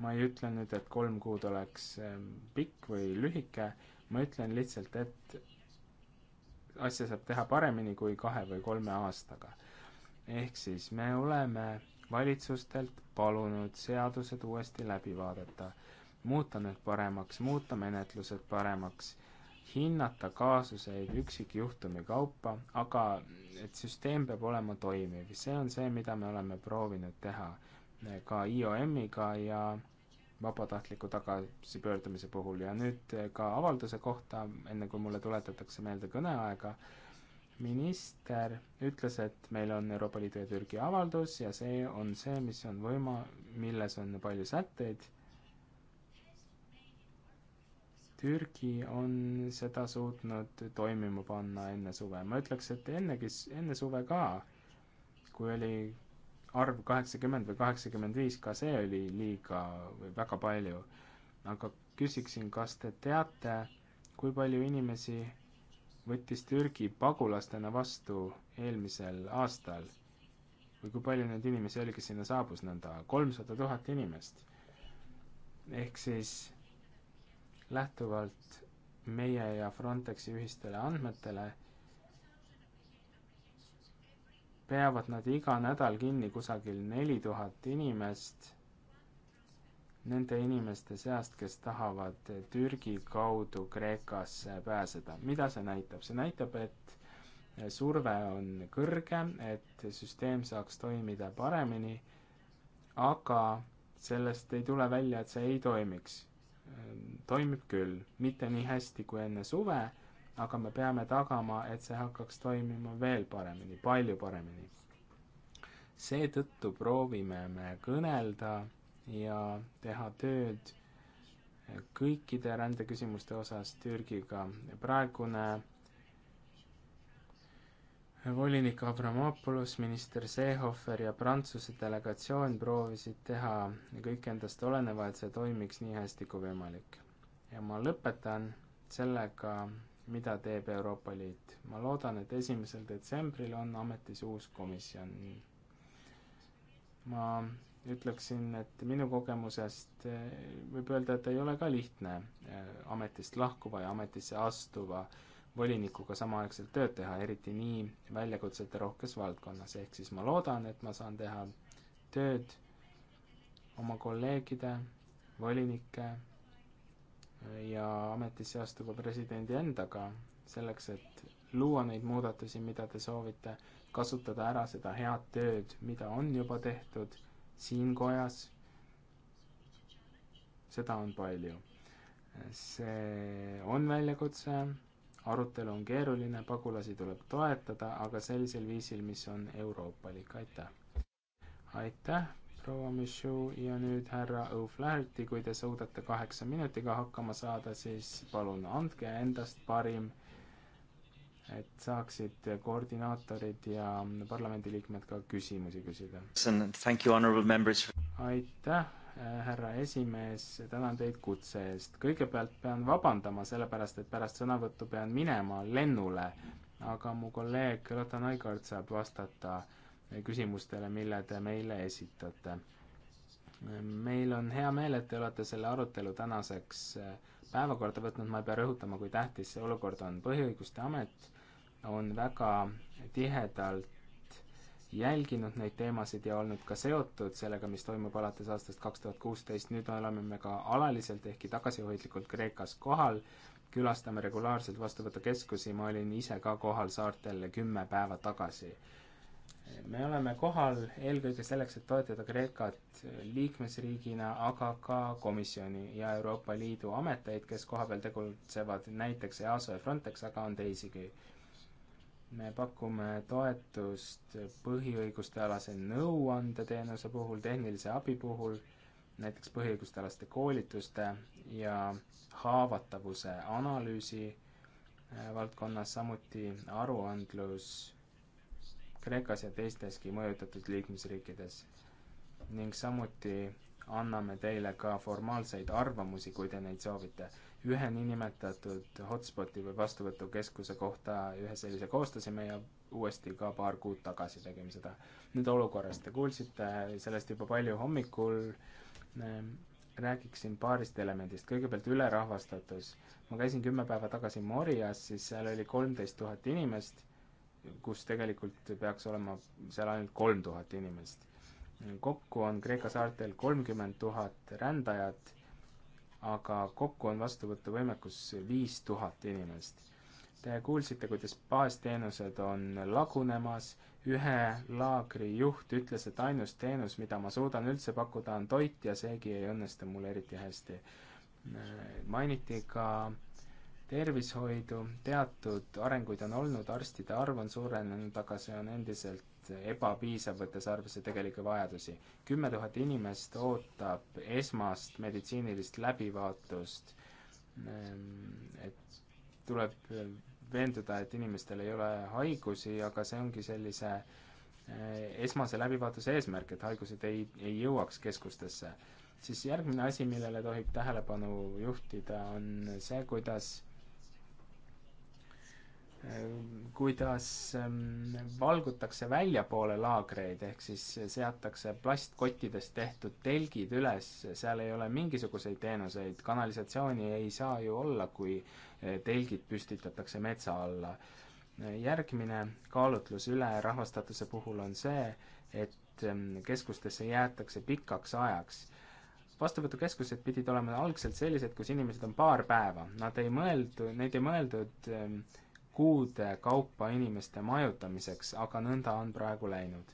ma ei ütle nüüd, et kolm kuud oleks ähm, pikk või lühike, ma ütlen lihtsalt, et asja saab teha paremini kui kahe või kolme aastaga. ehk siis me oleme valitsustelt palunud seadused uuesti läbi vaadata, muuta need paremaks, muuta menetlused paremaks hinnata kaasuseid üksikjuhtumi kaupa, aga et süsteem peab olema toimiv, see on see, mida me oleme proovinud teha ka IOM-iga ja vabatahtliku tagasipöördumise puhul ja nüüd ka avalduse kohta, enne kui mulle tuletatakse meelde kõneaega, minister ütles, et meil on Euroopa Liidu ja Türgi avaldus ja see on see, mis on võima-, milles on palju sätteid Türgi on seda suutnud toimima panna enne suve. ma ütleks, et ennegi, enne suve ka, kui oli arv kaheksakümmend või kaheksakümmend viis, ka see oli liiga või väga palju. aga küsiksin, kas te teate, kui palju inimesi võttis Türgi pagulastena vastu eelmisel aastal või kui palju neid inimesi oli, kes sinna saabus nõnda, kolmsada tuhat inimest. ehk siis lähtuvalt meie ja Frontexi ühistele andmetele peavad nad iga nädal kinni kusagil neli tuhat inimest, nende inimeste seast, kes tahavad Türgi kaudu Kreekasse pääseda. mida see näitab? see näitab, et surve on kõrge, et süsteem saaks toimida paremini, aga sellest ei tule välja, et see ei toimiks Ehm, toimib küll, mitte nii hästi kui enne suve, aga me peame tagama, et see hakkaks toimima veel paremini, palju paremini. seetõttu proovime me kõnelda ja teha tööd kõikide rändeküsimuste osas Türgiga. praegune volinik Avramopoulos, minister Seehofer ja Prantsuse delegatsioon proovisid teha kõik endast oleneva, et see toimiks nii hästi kui võimalik. ja ma lõpetan sellega, mida teeb Euroopa Liit. ma loodan, et esimesel detsembril on ametis uus komisjon. ma ütleksin, et minu kogemusest eh, võib öelda, et ei ole ka lihtne eh, ametist lahkuva ja ametisse astuva äh, volinikuga samaaegselt tööd teha, eriti nii väljakutsete rohkes valdkonnas, ehk siis ma loodan, et ma saan teha tööd oma kolleegide, volinike ja ametisse astuva presidendi endaga, selleks et luua neid muudatusi, mida te soovite, kasutada ära seda head tööd, mida on juba tehtud siin kojas, seda on palju. see on väljakutse arutelu on keeruline, pagulasi tuleb toetada, aga sellisel viisil, mis on euroopalik, aitäh. aitäh, proua Michu ja nüüd härra O'Flaherty, kui te suudate kaheksa minutiga hakkama saada, siis palun andke endast parim, et saaksid koordinaatorid ja parlamendiliikmed ka küsimusi küsida. aitäh Äh, härra esimees, tänan teid kutse eest. kõigepealt pean vabandama, sellepärast et pärast sõnavõttu pean minema lennule, aga mu kolleeg Lotta Naikord saab vastata äh, küsimustele, mille te meile esitate. meil on hea meel, et te olete selle arutelu tänaseks äh, päevakorda võtnud, ma ei pea rõhutama, kui tähtis see olukord on. põhiõiguste amet on väga tihedalt jälginud neid teemasid ja olnud ka seotud sellega, mis toimub alates aastast kaks tuhat kuusteist, nüüd oleme me ka alaliselt, ehkki tagasihoidlikult Kreekas kohal, külastame regulaarselt vastuvõtukeskusi, ma olin ise ka kohal saartel kümme päeva tagasi. me oleme kohal eelkõige selleks, et toetada Kreekat liikmesriigina, aga ka komisjoni ja Euroopa Liidu ameteid, kes kohapeal tegutsevad, näiteks EASO ja Frontex, aga on teisigi me pakume toetust põhiõigustealase nõuandeteenuse puhul, tehnilise abi puhul, näiteks põhiõigustealaste koolituste ja haavatavuse analüüsi äh, valdkonnas, samuti aruandlus Kreekas ja teisteski mõjutatud liikmesriikides. ning samuti anname teile ka formaalseid arvamusi, kui te neid soovite ühe niinimetatud hotspoti või vastuvõtukeskuse kohta ühe sellise koostasime ja uuesti ka paar kuud tagasi tegime seda. nüüd olukorrast te kuulsite sellest juba palju hommikul, räägiksin paarist elemendist, kõigepealt ülerahvastatus. ma käisin kümme päeva tagasi Morias, siis seal oli kolmteist tuhat inimest, kus tegelikult peaks olema seal ainult kolm tuhat inimest. kokku on Kreeka saartel kolmkümmend tuhat rändajat aga kokku on vastuvõtuvõimekus viis tuhat inimest. Te kuulsite, kuidas baasteenused on lagunemas, ühe laagri juht ütles, et ainus teenus, mida ma suudan üldse pakkuda, on toit ja seegi ei õnnestu mul eriti hästi. mainiti ka tervishoidu, teatud arenguid on olnud, arstide arv on suurenenud, aga see on endiselt ebapiisav, võttes arvesse tegelikke vajadusi. kümme tuhat inimest ootab esmast meditsiinilist läbivaatust, et tuleb veenduda, et inimestel ei ole haigusi, aga see ongi sellise eh, esmase läbivaatuse eesmärk, et haigused ei, ei jõuaks keskustesse. siis järgmine asi, millele tohib tähelepanu juhtida, on see, kuidas kuidas ähm, valgutakse väljapoole laagreid, ehk siis seatakse plastkottidest tehtud telgid üles, seal ei ole mingisuguseid teenuseid, kanalisatsiooni ei saa ju olla, kui äh, telgid püstitatakse metsa alla. järgmine kaalutlus ülerahvastatuse puhul on see, et ähm, keskustesse jäetakse pikaks ajaks vastuvõtukeskused pidid olema algselt sellised, kus inimesed on paar päeva, nad ei mõeldu, neid ei mõeldud ähm, kuude kaupa inimeste majutamiseks, aga nõnda on praegu läinud.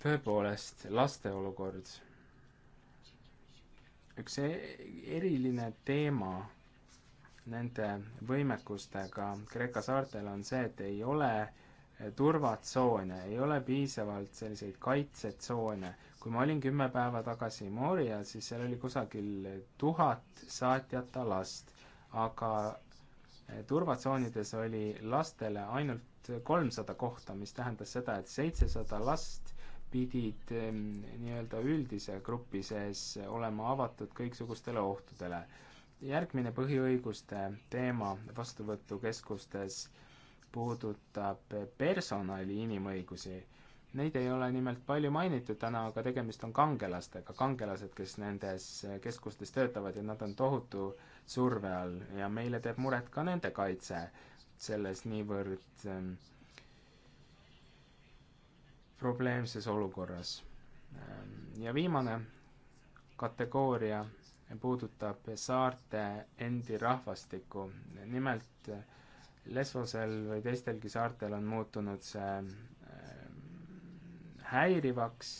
tõepoolest, laste olukord. üks e-, eriline teema nende võimekustega Kreeka saartel on see, et ei ole turvatsoone, ei ole piisavalt selliseid kaitsetsoone. kui ma olin kümme päeva tagasi Moorial, siis seal oli kusagil tuhat saatjata last, aga turvatsoonides oli lastele ainult kolmsada kohta, mis tähendas seda, et seitsesada last pidid ehm, nii-öelda üldise grupi sees olema avatud kõiksugustele ohtudele. järgmine põhiõiguste teema vastuvõtukeskustes puudutab personali inimõigusi. Neid ei ole nimelt palju mainitud täna, aga tegemist on kangelastega, kangelased, kes nendes keskustes töötavad ja nad on tohutu äh, surve all ja meile teeb muret ka nende kaitse selles niivõrd ähm, probleemses olukorras ähm,. ja viimane kategooria puudutab saarte endi rahvastikku, nimelt äh, Lesvosel või teistelgi saartel on muutunud see ähm, häirivaks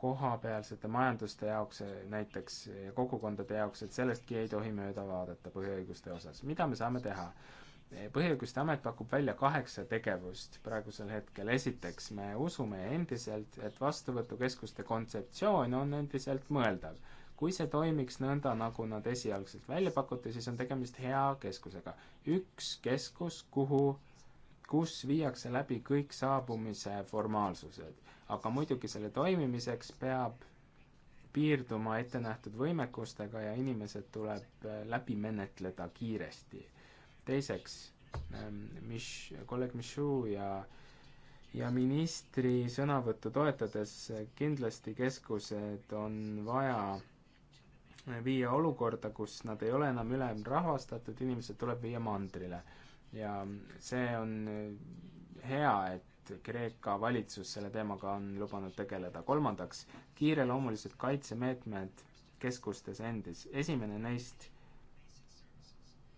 kohapealsete majanduste jaoks näiteks ja kogukondade jaoks, et sellestki ei tohi mööda vaadata põhiõiguste osas. mida me saame teha? põhiõiguste amet pakub välja kaheksa tegevust praegusel hetkel. esiteks, me usume endiselt, et vastuvõtukeskuste kontseptsioon on endiselt mõeldav. kui see toimiks nõnda, nagu nad esialgselt välja pakuti, siis on tegemist hea keskusega. üks keskus, kuhu kus viiakse läbi kõik saabumise formaalsused. aga muidugi selle toimimiseks peab piirduma ettenähtud võimekustega ja inimesed tuleb äh, läbi menetleda kiiresti. teiseks, ähm, mis, kolleeg Michu ja ja ministri sõnavõttu toetades äh, kindlasti keskused on vaja äh, viia olukorda, kus nad ei ole enam ülemrahvastatud, inimesed tuleb viia mandrile ja see on äh, hea, et Kreeka valitsus selle teemaga on lubanud tegeleda. kolmandaks, kiireloomulised kaitsemeetmed keskustes endis. esimene neist,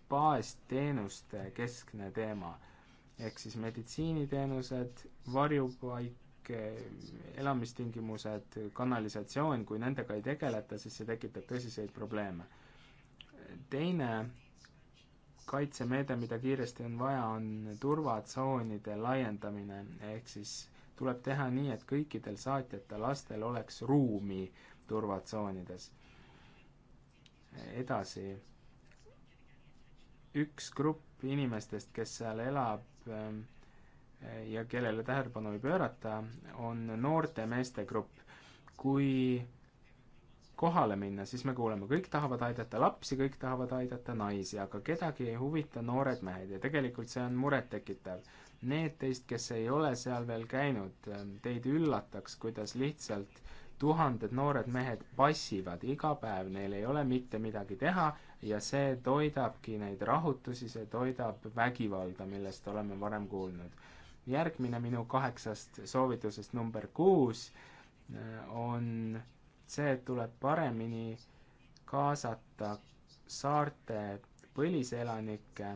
baasteenuste keskne teema, ehk siis meditsiiniteenused, varjupaik, elamistingimused, kanalisatsioon, kui nendega ei tegeleta, siis see tekitab tõsiseid probleeme. teine kaitsemeede, mida kiiresti on vaja, on turvatsoonide laiendamine, ehk siis tuleb teha nii, et kõikidel saatjate lastel oleks ruumi turvatsoonides. edasi, üks grupp inimestest, kes seal elab ähm, ja kellele tähelepanu ei pöörata, on noorte meeste grupp. kui kohale minna, siis me kuuleme, kõik tahavad aidata lapsi, kõik tahavad aidata naisi, aga kedagi ei huvita noored mehed ja tegelikult see on murettekitav. Need teist, kes ei ole seal veel käinud, teid üllataks, kuidas lihtsalt tuhanded noored mehed passivad iga päev, neil ei ole mitte midagi teha ja see toidabki neid rahutusi, see toidab vägivalda, millest oleme varem kuulnud. järgmine minu kaheksast soovitusest number kuus äh, on see tuleb paremini kaasata saarte põliselanikke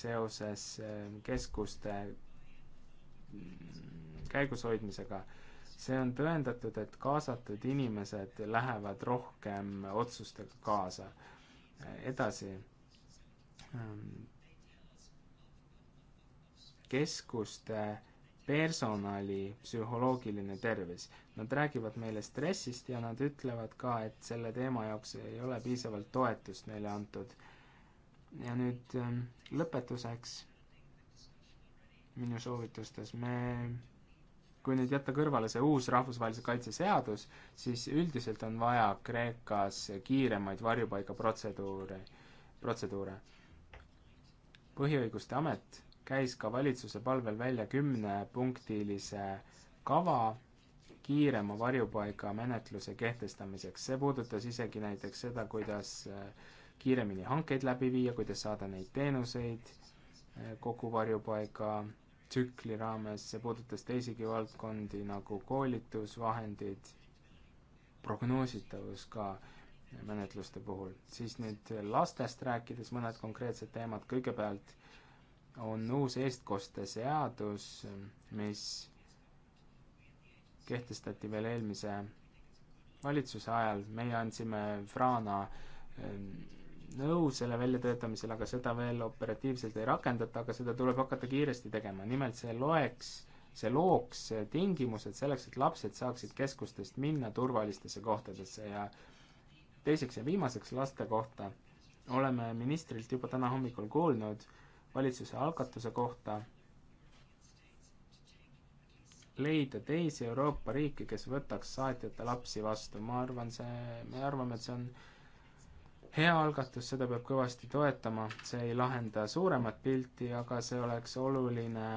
seoses eh, keskuste mm, käigushoidmisega. see on tõendatud, et kaasatud inimesed lähevad rohkem otsustega kaasa. Eh, edasi. Mm. keskuste personali psühholoogiline tervis, Nad räägivad meile stressist ja nad ütlevad ka, et selle teema jaoks ei ole piisavalt toetust neile antud. ja nüüd ähm, lõpetuseks minu soovitustes, me kui nüüd jätta kõrvale see uus rahvusvahelise kaitse seadus, siis üldiselt on vaja Kreekas kiiremaid varjupaigaprotseduure, protseduure. põhiõiguste amet käis ka valitsuse palvel välja kümnepunktilise kava kiirema varjupaigamenetluse kehtestamiseks, see puudutas isegi näiteks seda, kuidas äh, kiiremini hankeid läbi viia, kuidas saada neid teenuseid äh, kogu varjupaiga tsükli raames, see puudutas teisigi valdkondi nagu koolitus, vahendid, prognoositavus ka menetluste puhul. siis nüüd lastest rääkides mõned konkreetsed teemad, kõigepealt on uus eestkoste seadus, mis kehtestati veel eelmise valitsuse ajal, meie andsime Frana ehm, nõu selle väljatöötamisel, aga seda veel operatiivselt ei rakendata, aga seda tuleb hakata kiiresti tegema, nimelt see loeks, see looks tingimused selleks, et lapsed saaksid keskustest minna turvalistesse kohtadesse ja teiseks ja viimaseks laste kohta oleme ministrilt juba täna hommikul kuulnud valitsuse algatuse kohta leida teisi Euroopa riike, kes võtaks saatjate lapsi vastu, ma arvan, see, me arvame, et see on hea algatus, seda peab kõvasti toetama, see ei lahenda suuremat pilti, aga see oleks oluline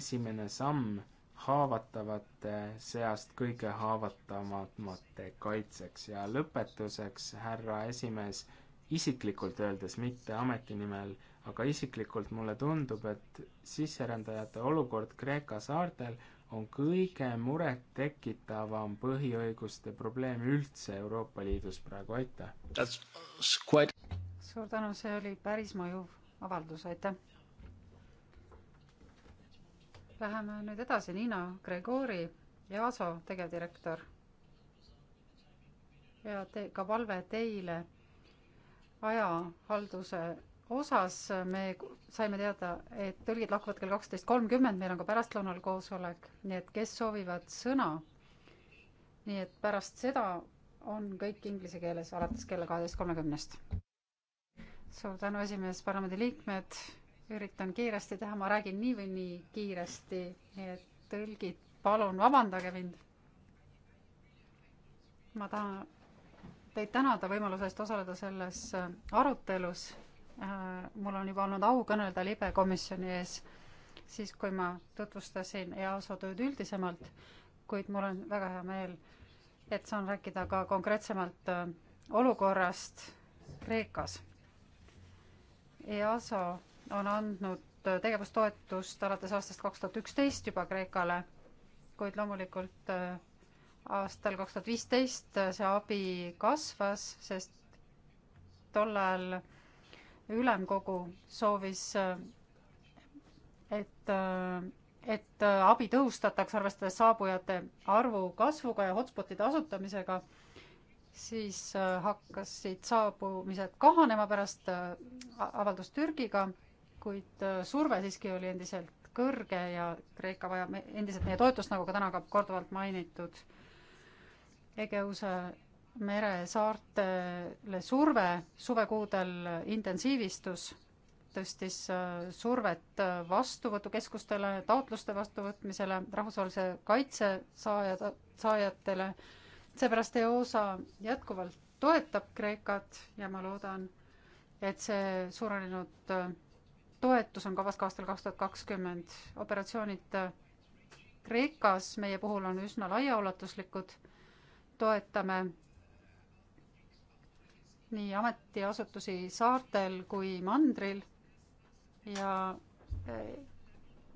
esimene samm haavatavate seast kõige haavatavamate kaitseks ja lõpetuseks, härra esimees, isiklikult öeldes, mitte ameti nimel aga isiklikult mulle tundub, et sisserändajate olukord Kreeka saartel on kõige murettekitavam põhiõiguste probleem üldse Euroopa Liidus praegu, aitäh! Quite... suur tänu, see oli päris mõjuv avaldus, aitäh! Läheme nüüd edasi, Niina Gregori, EASO tegevdirektor. ja te, ka palve teile ajahalduse osas me saime teada, et tõlgid lahkuvad kell kaksteist kolmkümmend, meil on ka pärastlõunal koosolek, nii et kes soovivad sõna, nii et pärast seda on kõik inglise keeles alates kella kaheteist kolmekümnest. suur tänu, esimees, parlamendiliikmed, üritan kiiresti teha, ma räägin nii või nii kiiresti, nii et tõlgid, palun vabandage mind. ma tahan teid tänada võimaluse eest osaleda selles arutelus Äh, mul on juba olnud au kõnelda libe komisjoni ees, siis kui ma tutvustasin EASO tööd üldisemalt, kuid mul on väga hea meel, et saan rääkida ka konkreetsemalt äh, olukorrast Kreekas. EASO on andnud äh, tegevustoetust alates aastast kaks tuhat üksteist juba Kreekale, kuid loomulikult aastal kaks tuhat viisteist see abi kasvas, sest tol ajal ülemkogu soovis, äh, et, äh, et äh, abi tõhustataks, arvestades saabujate arvu kasvuga ja hotspotide asutamisega, siis hakkasid saabumised kahanema pärast avaldust Türgiga, kuid surve siiski oli endiselt kõrge ja Kreeka vajab endiselt meie toetust, nagu ka täna ka korduvalt mainitud. Egeuse meresaartele surve suvekuudel intensiivistus, tõstis äh, survet äh, vastuvõtukeskustele, taotluste vastuvõtmisele, rahvusvahelise kaitse saajad, saajatele. seepärast EOSA jätkuvalt toetab Kreekat ja ma loodan, et see suurenenud äh, toetus on kavas ka aastal kaks tuhat kakskümmend. operatsioonid Kreekas meie puhul on üsna laiaulatuslikud, toetame nii ametiasutusi saartel kui mandril ja e,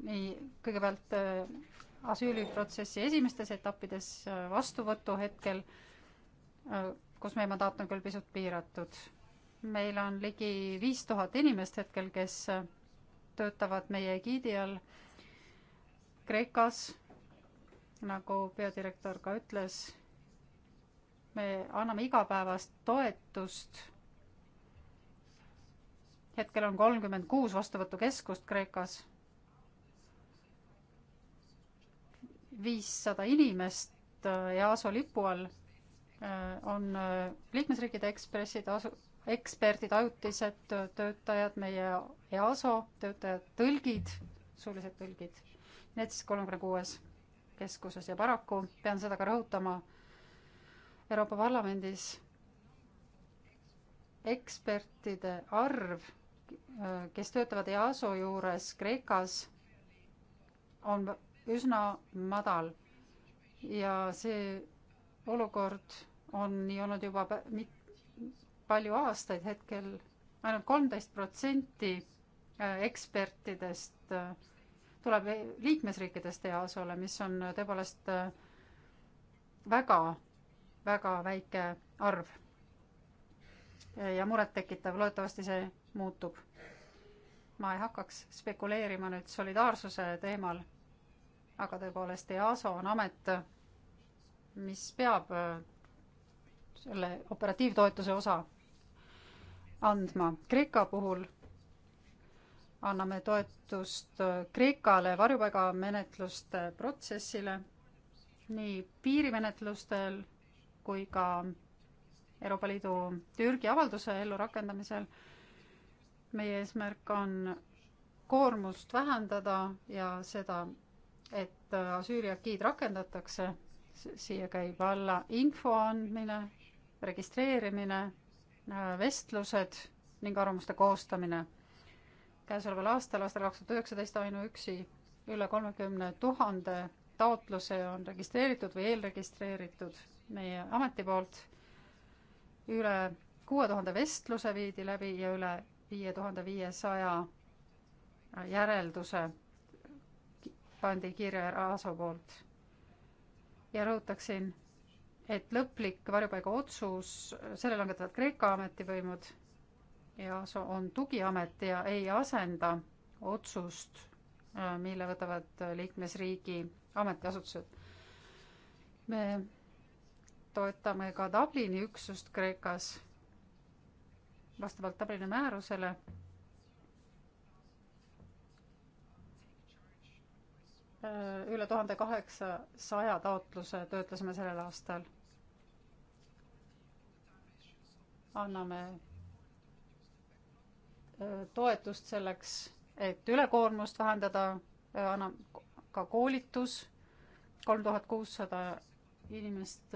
nii kõigepealt e, asüüliprotsessi esimestes etappides e, vastuvõtu hetkel, kus meie mandaat on küll pisut piiratud. meil on ligi viis tuhat inimest hetkel, kes töötavad meie egiidi all Kreekas, nagu peadirektor ka ütles me anname igapäevast toetust. hetkel on kolmkümmend kuus vastuvõtukeskust Kreekas. viissada inimest äh, EASO lipu all äh, on äh, liikmesriikide ekspressid, eksperdid, ajutised töötajad, meie EASO töötajad, tõlgid, suulised tõlgid. Need siis kolmekümne kuues keskuses ja paraku pean seda ka rõhutama Euroopa Parlamendis ekspertide arv, kes töötavad EASO juures Kreekas, on üsna madal. ja see olukord on nii olnud juba mit-, palju aastaid, hetkel ainult kolmteist protsenti äh, ekspertidest äh, tuleb liikmesriikidest EASO-le, mis on tõepoolest äh, väga väga väike arv. ja murettekitav, loodetavasti see muutub. ma ei hakkaks spekuleerima nüüd solidaarsuse teemal, aga tõepoolest EASO on amet, mis peab äh, selle operatiivtoetuse osa andma. Kreeka puhul anname toetust äh, Kreekale varjupaigamenetluste protsessile, nii piirimenetlustel kui ka Euroopa Liidu Türgi avalduse ellurakendamisel. meie eesmärk on koormust vähendada ja seda, et Asüüria akiid rakendatakse, siia käib alla info andmine, registreerimine, vestlused ning arvamuste koostamine. käesoleval aastal, aastal kaks tuhat üheksateist ainuüksi üle kolmekümne tuhande taotluse on registreeritud või eelregistreeritud meie ameti poolt. üle kuue tuhande vestluse viidi läbi ja üle viie tuhande viiesaja järelduse pandi kirja Aaso poolt. ja rõhutaksin, et lõplik varjupaiga otsus, selle langetavad Kreeka ametivõimud ja Aaso on tugiamet ja ei asenda otsust, äh, mille võtavad liikmesriigi ametiasutused. me toetame ka Dublini üksust Kreekas vastavalt Dublini määrusele. Äh, üle tuhande kaheksasaja taotluse töötasime sellel aastal. anname äh, toetust selleks, et ülekoormust vähendada, äh, annab ka koolitus kolm tuhat kuussada inimest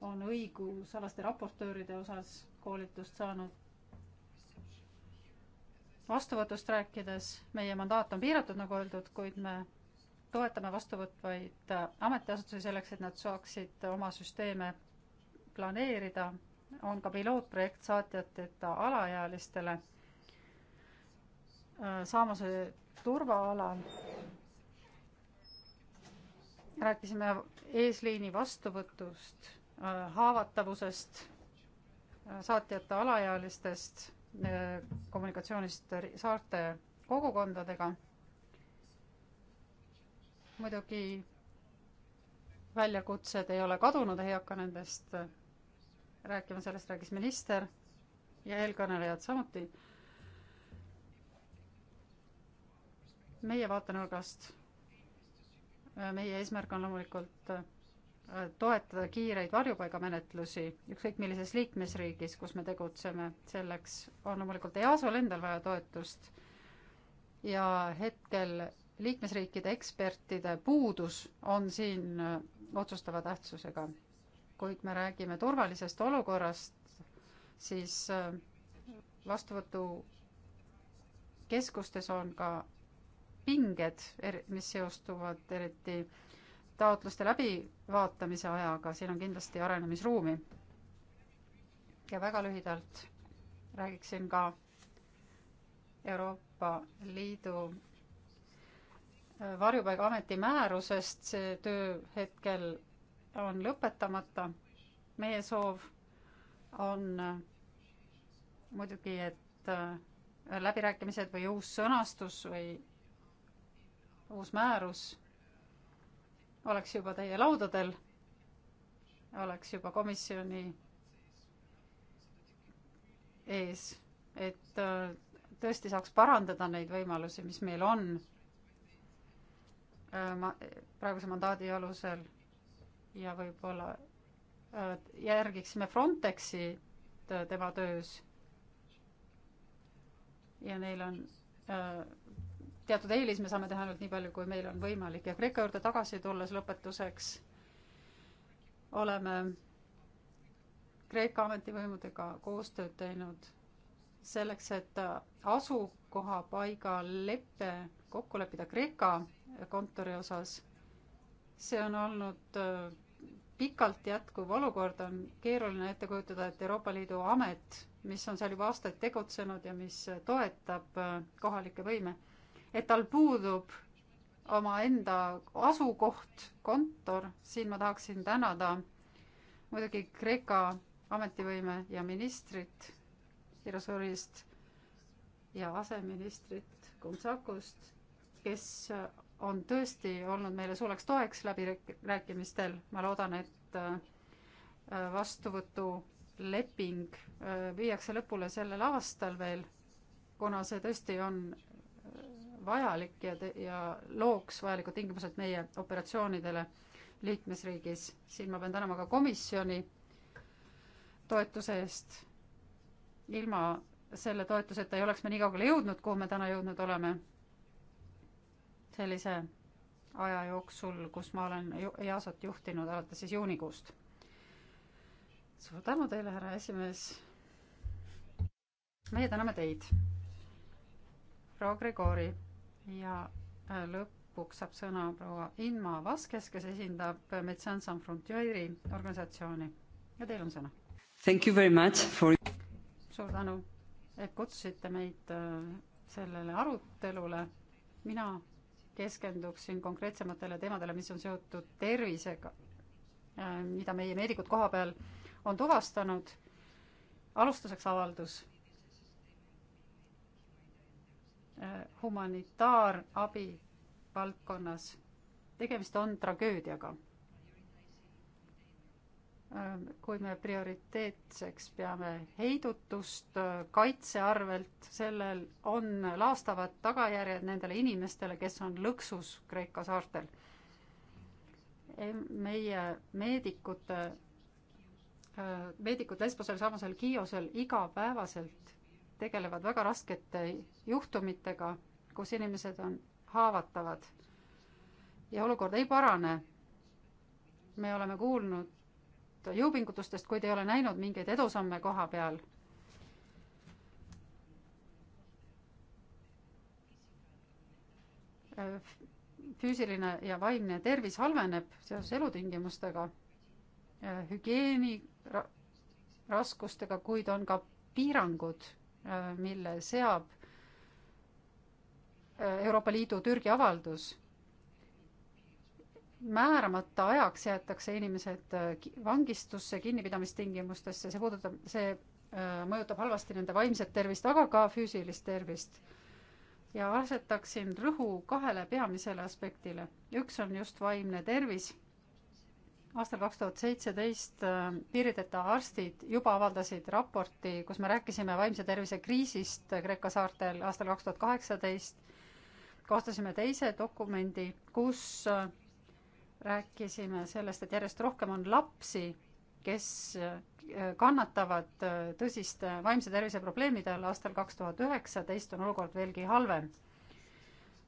on õigusalaste raportööride osas koolitust saanud. vastuvõtust rääkides, meie mandaat on piiratud, nagu öeldud, kuid me toetame vastuvõtvaid ametiasutusi selleks, et nad saaksid oma süsteeme planeerida. on ka pilootprojekt saatjateta alaealistele äh, Saamose turvaalal. rääkisime eesliini vastuvõtust Äh, haavatavusest, äh, saatjate alaealistest, äh, kommunikatsioonist saarte kogukondadega. muidugi väljakutsed ei ole kadunud, ei hakka nendest rääkima, sellest rääkis minister ja eelkõnelejad samuti. meie vaatenurgast, meie eesmärk on loomulikult toetada kiireid varjupaigamenetlusi ükskõik millises liikmesriigis, kus me tegutseme. selleks on loomulikult EASO-l endal vaja toetust ja hetkel liikmesriikide ekspertide puudus on siin äh, otsustava tähtsusega. kuid me räägime turvalisest olukorrast, siis äh, vastuvõtukeskustes on ka pinged, er-, mis seostuvad eriti taotluste läbivaatamise ajaga, siin on kindlasti arenemisruumi. ja väga lühidalt räägiksin ka Euroopa Liidu äh, varjupaigaameti määrusest, see töö hetkel on lõpetamata. meie soov on äh, muidugi, et äh, läbirääkimised või uus sõnastus või uus määrus oleks juba teie laudadel, oleks juba komisjoni ees, et äh, tõesti saaks parandada neid võimalusi, mis meil on äh, ma-, praeguse mandaadi alusel ja võib-olla äh, järgiksime Frontexi tema töös ja neil on äh, teatud eelis, me saame teha ainult nii palju, kui meil on võimalik ja Kreeka juurde tagasi tulles lõpetuseks oleme Kreeka ametivõimudega koostööd teinud selleks, et asukohapaiga lepe kokku leppida Kreeka kontori osas. see on olnud äh, pikalt jätkuv olukord, on keeruline ette kujutada, et Euroopa Liidu amet, mis on seal juba aastaid tegutsenud ja mis toetab äh, kohalikke võime et tal puudub omaenda asukoht, kontor, siin ma tahaksin tänada muidugi Kreeka ametivõime ja ministrit Hirosorist ja aseministrit Kumtsakust, kes on tõesti olnud meile suureks toeks läbirääkimistel, ma loodan, et äh, vastuvõtuleping äh, viiakse lõpule sellel aastal veel, kuna see tõesti on vajalik ja, ja looks vajalikud tingimused meie operatsioonidele liikmesriigis. siin ma pean tänama ka komisjoni toetuse eest. ilma selle toetuseta ei oleks me nii kaugele jõudnud, kuhu me täna jõudnud oleme. sellise aja jooksul, kus ma olen EASO-t juhtinud alates siis juunikuust. suur tänu teile, härra esimees. meie täname teid. proua Grigori ja äh, lõpuks saab sõna proua Inma Vaskes, kes esindab äh, Metsan San Frontieri organisatsiooni ja teil on sõna. Thank you very much for suur tänu, et kutsusite meid äh, sellele arutelule. mina keskenduksin konkreetsematele teemadele, mis on seotud tervisega, mida meie meedikud koha peal on tuvastanud. alustuseks avaldus Äh, humanitaarabi valdkonnas. tegemist on tragöödiaga. Ähm, kui me prioriteetseks peame heidutust äh, kaitse arvelt, sellel on laastavad tagajärjed nendele inimestele, kes on lõksus Kreeka saartel. meie meedikute, äh, meedikud Lesbosel, Samosel, Kiosel igapäevaselt tegelevad väga raskete juhtumitega, kus inimesed on haavatavad ja olukord ei parane. me oleme kuulnud jõupingutustest, kuid ei ole näinud mingeid edusamme koha peal. füüsiline ja vaimne tervis halveneb seoses elutingimustega, hügieeni raskustega, kuid on ka piirangud Äh, mille seab äh, Euroopa Liidu Türgi avaldus. määramata ajaks jäetakse inimesed äh, vangistusse, kinnipidamistingimustesse, see puudutab, see mõjutab halvasti nende vaimset tervist, aga ka füüsilist tervist. ja asetaksin rõhu kahele peamisele aspektile. üks on just vaimne tervis aastal kaks tuhat seitseteist äh, Piirideta arstid juba avaldasid raporti, kus me rääkisime vaimse tervise kriisist Kreeka saartel aastal kaks tuhat kaheksateist. koostasime teise dokumendi, kus äh, rääkisime sellest, et järjest rohkem on lapsi, kes äh, kannatavad tõsiste vaimse tervise probleemide all. aastal kaks tuhat üheksateist on olukord veelgi halvem.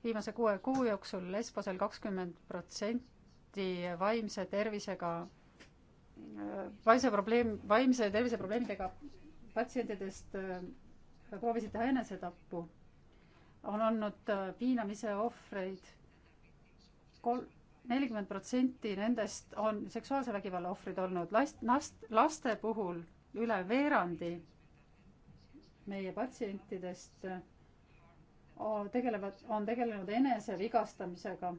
viimase kuue kuu jooksul Lesbosel kakskümmend protsenti samuti vaimse tervisega, vaimse probleem, vaimse tervise probleemidega patsientidest äh, proovisid teha enesetappu. on olnud äh, piinamise ohvreid. kolm, nelikümmend protsenti nendest on seksuaalse vägivalla ohvrid olnud. last, last, laste puhul üle veerandi meie patsientidest äh, tegelevad, on tegelenud enesevigastamisega.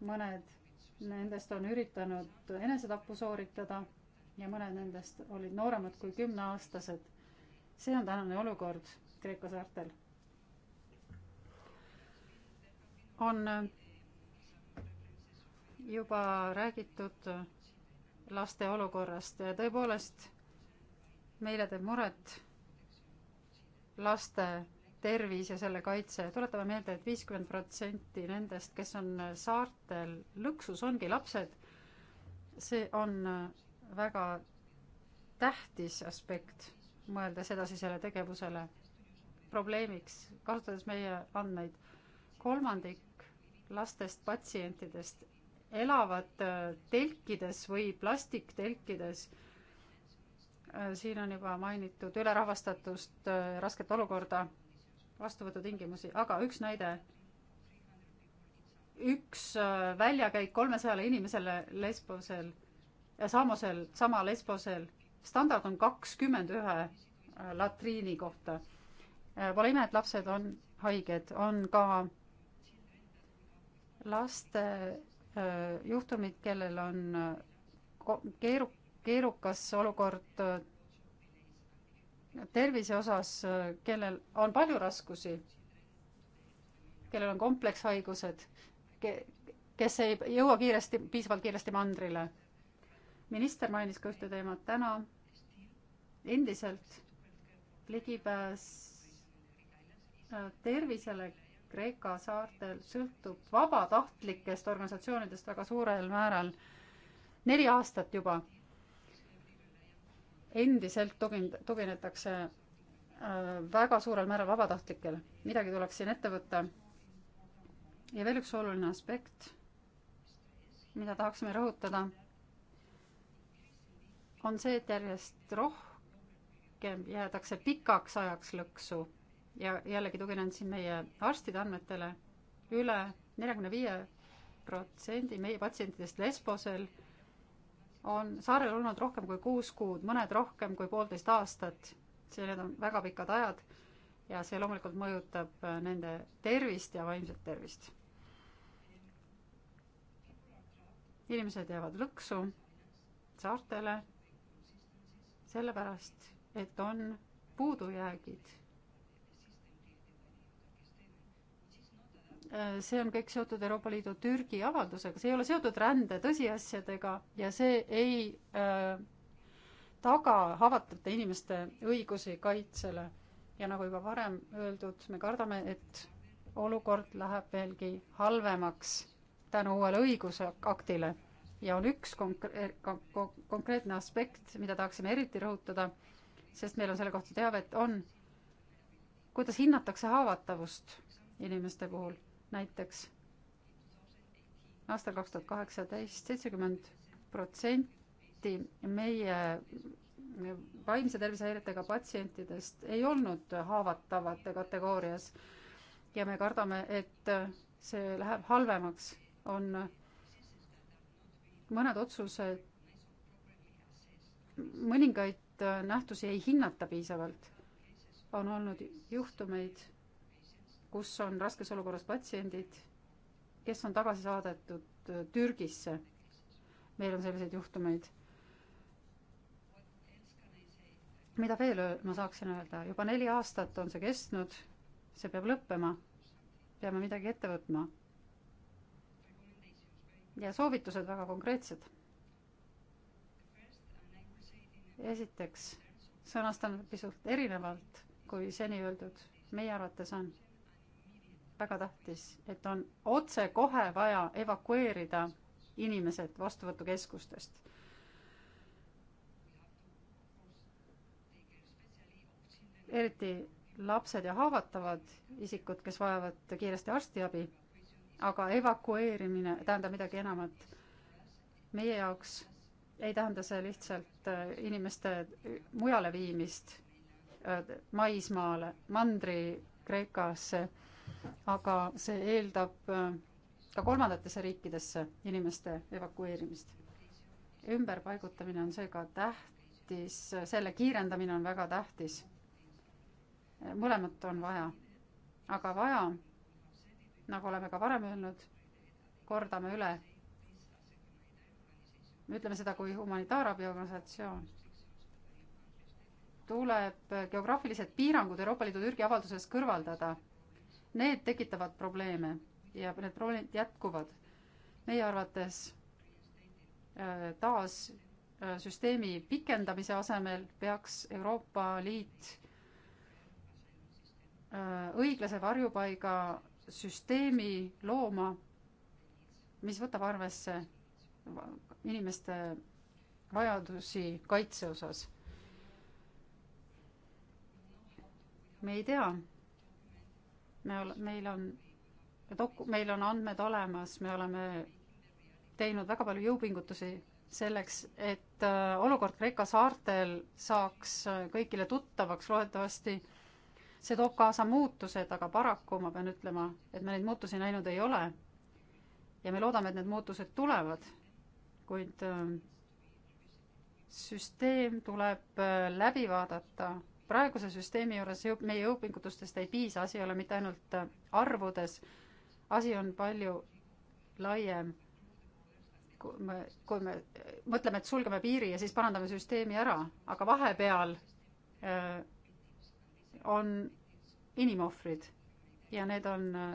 mõned Nendest on üritanud enesetappu sooritada ja mõned nendest olid nooremad kui kümneaastased. see on tänane olukord Kreeka saartel. on juba räägitud laste olukorrast ja tõepoolest meile teeb muret laste tervis ja selle kaitse. tuletame meelde et, et viiskümmend protsenti nendest, kes on saartel lõksus, ongi lapsed. see on väga tähtis aspekt, mõeldes edasisele tegevusele probleemiks, kasutades meie andmeid. kolmandik lastest patsientidest elavad äh, telkides või plastiktelkides äh, siin on juba mainitud ülerahvastatust, äh, rasket olukorda vastuvõtutingimusi, aga üks näide. üks äh, väljakäik kolmesajale inimesele Lesbosel ja Samosel, sama Lesbosel, standard on kakskümmend ühe äh, latriini kohta. Äh, pole ime, et lapsed on haiged, on ka laste juhtumid, kellel on keeru-, keerukas olukord tervise osas, kellel on palju raskusi, kellel on komplekshaigused, kes ei jõua kiiresti, piisavalt kiiresti mandrile. minister mainis ka ühte teemat täna. endiselt ligipääs äh, tervisele Kreeka saartel sõltub vabatahtlikest organisatsioonidest väga suurel määral. neli aastat juba endiselt tugin-, tuginetakse äh, väga suurel määral vabatahtlikele. midagi tuleks siin ette võtta. ja veel üks oluline aspekt, mida tahaksime rõhutada, on see, et järjest rohkem jäädakse pikaks ajaks lõksu ja jällegi tuginen siin meie arstide andmetele üle, üle neljakümne viie protsendi meie patsientidest Lesbosel on saarel olnud rohkem kui kuus kuud, mõned rohkem kui poolteist aastat. see, need on väga pikad ajad ja see loomulikult mõjutab äh, nende tervist ja vaimset tervist. inimesed jäävad lõksu saartele sellepärast, et on puudujäägid see on kõik seotud Euroopa Liidu Türgi avaldusega, see ei ole seotud rände tõsiasjadega ja see ei äh, taga haavatavate inimeste õigusi kaitsele. ja nagu juba varem öeldud, me kardame, et olukord läheb veelgi halvemaks tänu uuele õigusaktile ja on üks konkre-, er, konkreetne aspekt, mida tahaksime eriti rõhutada, sest meil on selle kohta teavet, on kuidas hinnatakse haavatavust inimeste puhul näiteks aastal kaks tuhat kaheksateist seitsekümmend protsenti meie vaimse tervise häiretega patsientidest ei olnud haavatavate kategoorias ja me kardame, et see läheb halvemaks, on mõned otsused, mõningaid nähtusi ei hinnata piisavalt. on olnud juhtumeid kus on raskes olukorras patsiendid, kes on tagasi saadetud äh, Türgisse. meil on selliseid juhtumeid. mida veel ma saaksin öelda, juba neli aastat on see kestnud, see peab lõppema, peame midagi ette võtma. ja soovitused väga konkreetsed. esiteks, sõnastan pisut erinevalt, kui seni öeldud, meie arvates on väga tähtis, et on otsekohe vaja evakueerida inimesed vastuvõtukeskustest. eriti lapsed ja haavatavad isikud, kes vajavad kiiresti arstiabi, aga evakueerimine tähendab midagi enamat. meie jaoks ei tähenda see lihtsalt äh, inimeste äh, mujale viimist äh, maismaale, mandri Kreekasse aga see eeldab äh, ka kolmandatesse riikidesse inimeste evakueerimist. ümberpaigutamine on seega tähtis, selle kiirendamine on väga tähtis. mõlemat on vaja, aga vaja, nagu oleme ka varem öelnud, kordame üle, ütleme seda kui humanitaarabiorganisatsioon tuleb geograafilised piirangud Euroopa Liidu Türgi avalduses kõrvaldada need tekitavad probleeme ja need probleemid jätkuvad. meie arvates äh, taas äh, süsteemi pikendamise asemel peaks Euroopa Liit äh, õiglase varjupaiga süsteemi looma, mis võtab arvesse inimeste vajadusi kaitse osas. me ei tea, me ol-, meil on dok-, meil on andmed olemas, me oleme teinud väga palju jõupingutusi selleks, et äh, olukord Kreeka saartel saaks äh, kõigile tuttavaks, loodetavasti see toob kaasa muutused, aga paraku ma pean ütlema, et me neid muutusi näinud ei ole. ja me loodame, et need muutused tulevad, kuid äh, süsteem tuleb läbi vaadata praeguse süsteemi juures jõu-, meie jõupingutustest ei piisa, asi ei ole mitte ainult äh, arvudes, asi on palju laiem. kui me, kui me mõtleme, et sulgeme piiri ja siis parandame süsteemi ära, aga vahepeal äh, on inimohvrid ja need on äh,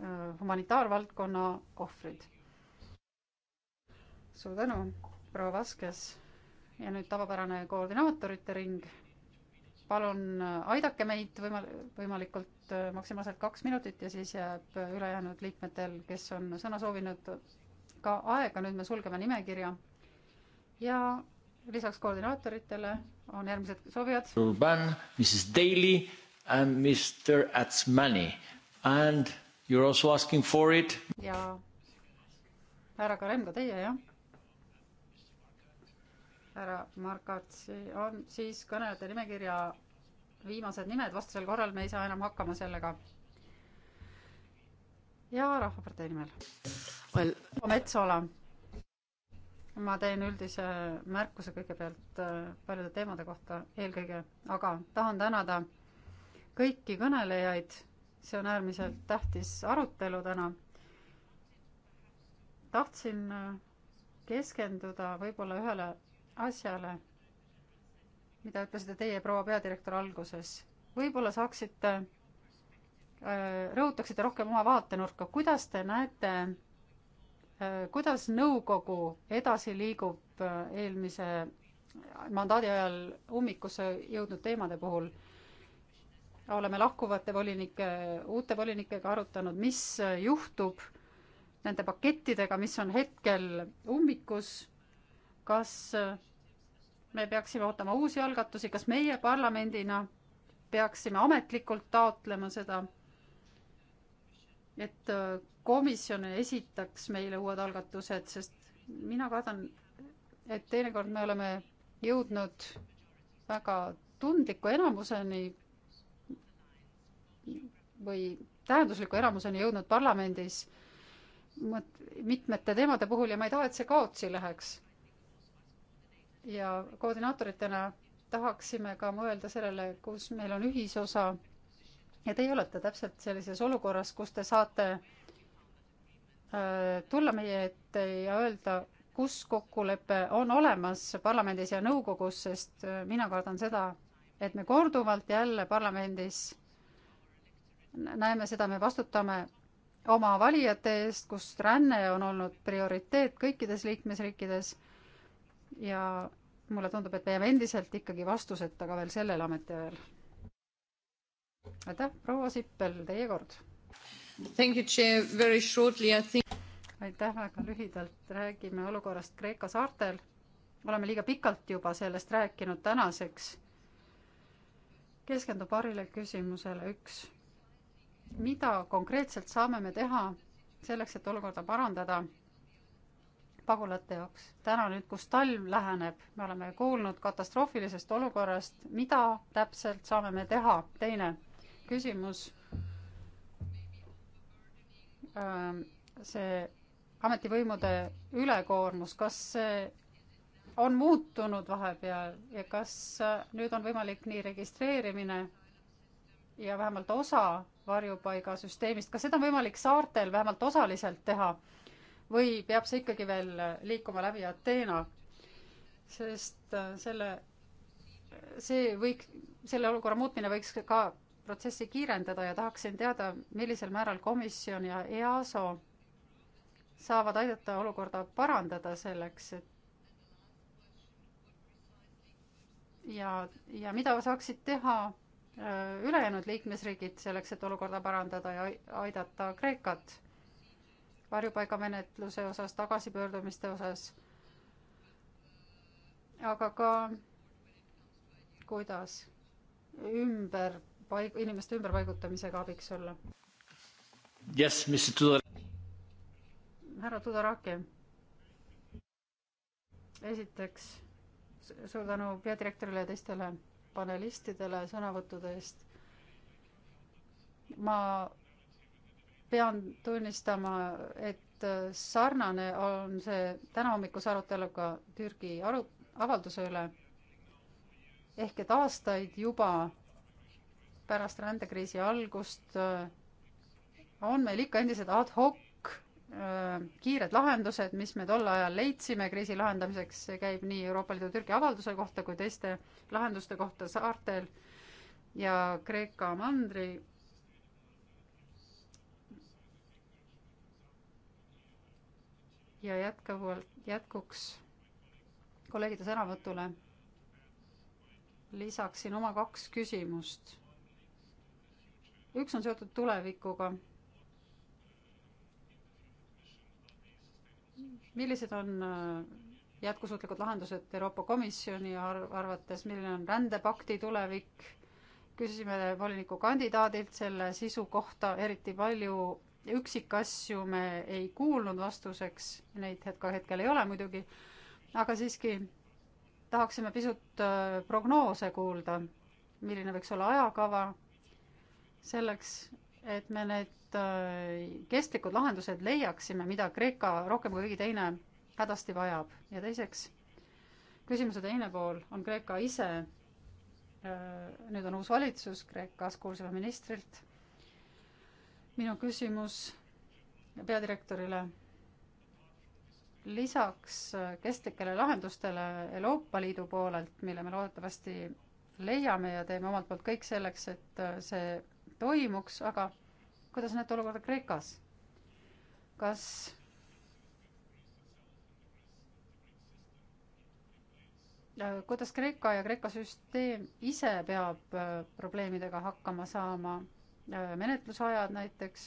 äh humanitaarvaldkonna ohvrid. suur tänu, proua Vaskes ja nüüd tavapärane koordinaatorite ring. palun äh, aidake meid võimal-, võimalikult äh, maksimaalselt kaks minutit ja siis jääb ülejäänud liikmetel, kes on sõna soovinud, ka aega, nüüd me sulgeme nimekirja. ja lisaks koordinaatoritele on järgmised soovijad. Urban, Mrs Daly and Mr Atsmani and you are also asking for it. ja härra Karem, ka teie, jah? härra Markatsi, on siis kõnelejate nimekirja viimased nimed, vastasel korral me ei saa enam hakkama sellega. ja Rahvapartei nimel well.. Metsola. ma teen üldise märkuse kõigepealt äh, paljude teemade kohta eelkõige, aga tahan tänada kõiki kõnelejaid, see on äärmiselt tähtis arutelu täna. tahtsin äh, keskenduda võib-olla ühele asjale, mida ütlesite teie, proua peadirektor, alguses. võib-olla saaksite, äh, rõhutaksite rohkem oma vaatenurka, kuidas te näete, äh, kuidas nõukogu edasi liigub äh, eelmise mandaadi ajal ummikusse jõudnud teemade puhul? oleme lahkuvate volinike, uute volinikega arutanud, mis juhtub nende pakettidega, mis on hetkel ummikus kas me peaksime ootama uusi algatusi, kas meie parlamendina peaksime ametlikult taotlema seda, et komisjon esitaks meile uued algatused, sest mina kardan, et teinekord me oleme jõudnud väga tundliku enamuseni või tähendusliku enamuseni jõudnud parlamendis mitmete teemade puhul ja ma ei taha, et see kaotsi läheks ja koordinaatoritena tahaksime ka mõelda sellele, kus meil on ühisosa ja teie olete täpselt sellises olukorras, kus te saate äh, tulla meie ette ja öelda, kus kokkulepe on olemas parlamendis ja nõukogus, sest äh, mina kardan seda, et me korduvalt jälle parlamendis näeme seda, me vastutame oma valijate eest, kus ränne on olnud prioriteet kõikides liikmesriikides ja mulle tundub, et me jääme endiselt ikkagi vastuseta ka veel sellel ametiajal. aitäh, proua Sippel, teie kord. aitäh, väga lühidalt räägime olukorrast Kreeka saartel. oleme liiga pikalt juba sellest rääkinud tänaseks. keskendun paarile küsimusele, üks. mida konkreetselt saame me teha selleks, et olukorda parandada pagulaste jaoks. täna nüüd, kus talv läheneb, me oleme kuulnud katastroofilisest olukorrast, mida täpselt saame me teha? teine küsimus. Ähm, see ametivõimude ülekoormus, kas see on muutunud vahepeal ja kas äh, nüüd on võimalik nii registreerimine ja vähemalt osa varjupaigasüsteemist, kas seda on võimalik saartel vähemalt osaliselt teha? või peab see ikkagi veel liikuma läbi Ateena? sest äh, selle, see võiks, selle olukorra muutmine võiks ka protsessi kiirendada ja tahaksin teada, millisel määral komisjon ja EASO saavad aidata olukorda parandada selleks, et ja, ja mida saaksid teha äh, ülejäänud liikmesriigid selleks, et olukorda parandada ja aidata Kreekat varjupaigamenetluse osas, tagasipöördumiste osas, aga ka kuidas ümber paig-, inimeste ümberpaigutamisega abiks olla. Yes, Mr Tudor. härra Tudoraki. esiteks suur tänu peadirektorile ja teistele panelistidele sõnavõttude eest. ma pean tunnistama, et äh, sarnane on see tänahommikuse aruteluga Türgi aru, avalduse üle. ehk et aastaid juba pärast rändekriisi algust äh, on meil ikka endised ad hoc äh, kiired lahendused, mis me tol ajal leidsime kriisi lahendamiseks, see käib nii Euroopa Liidu Türgi avalduse kohta kui teiste lahenduste kohta saartel ja Kreeka mandri ja jätkuvalt, jätkuks kolleegide sõnavõtule lisaksin oma kaks küsimust. üks on seotud tulevikuga. millised on äh, jätkusuutlikud lahendused Euroopa Komisjoni arvates, milline on rändepakti tulevik? küsisime volinikukandidaadilt selle sisu kohta eriti palju üksikasju me ei kuulnud vastuseks, neid ka hetkel ei ole muidugi, aga siiski tahaksime pisut äh, prognoose kuulda, milline võiks olla ajakava selleks, et me need äh, kestlikud lahendused leiaksime, mida Kreeka rohkem kui keegi teine hädasti vajab. ja teiseks, küsimuse teine pool on Kreeka ise. Äh, nüüd on uus valitsus Kreekas, kuulsime ministrilt minu küsimus peadirektorile. lisaks kestlikele lahendustele Euroopa Liidu poolelt, mille me loodetavasti leiame ja teeme omalt poolt kõik selleks, et see toimuks, aga kuidas näete olukorda Kreekas? kas kuidas Kreeka ja Kreeka süsteem ise peab probleemidega hakkama saama? Äh, menetlusajad näiteks,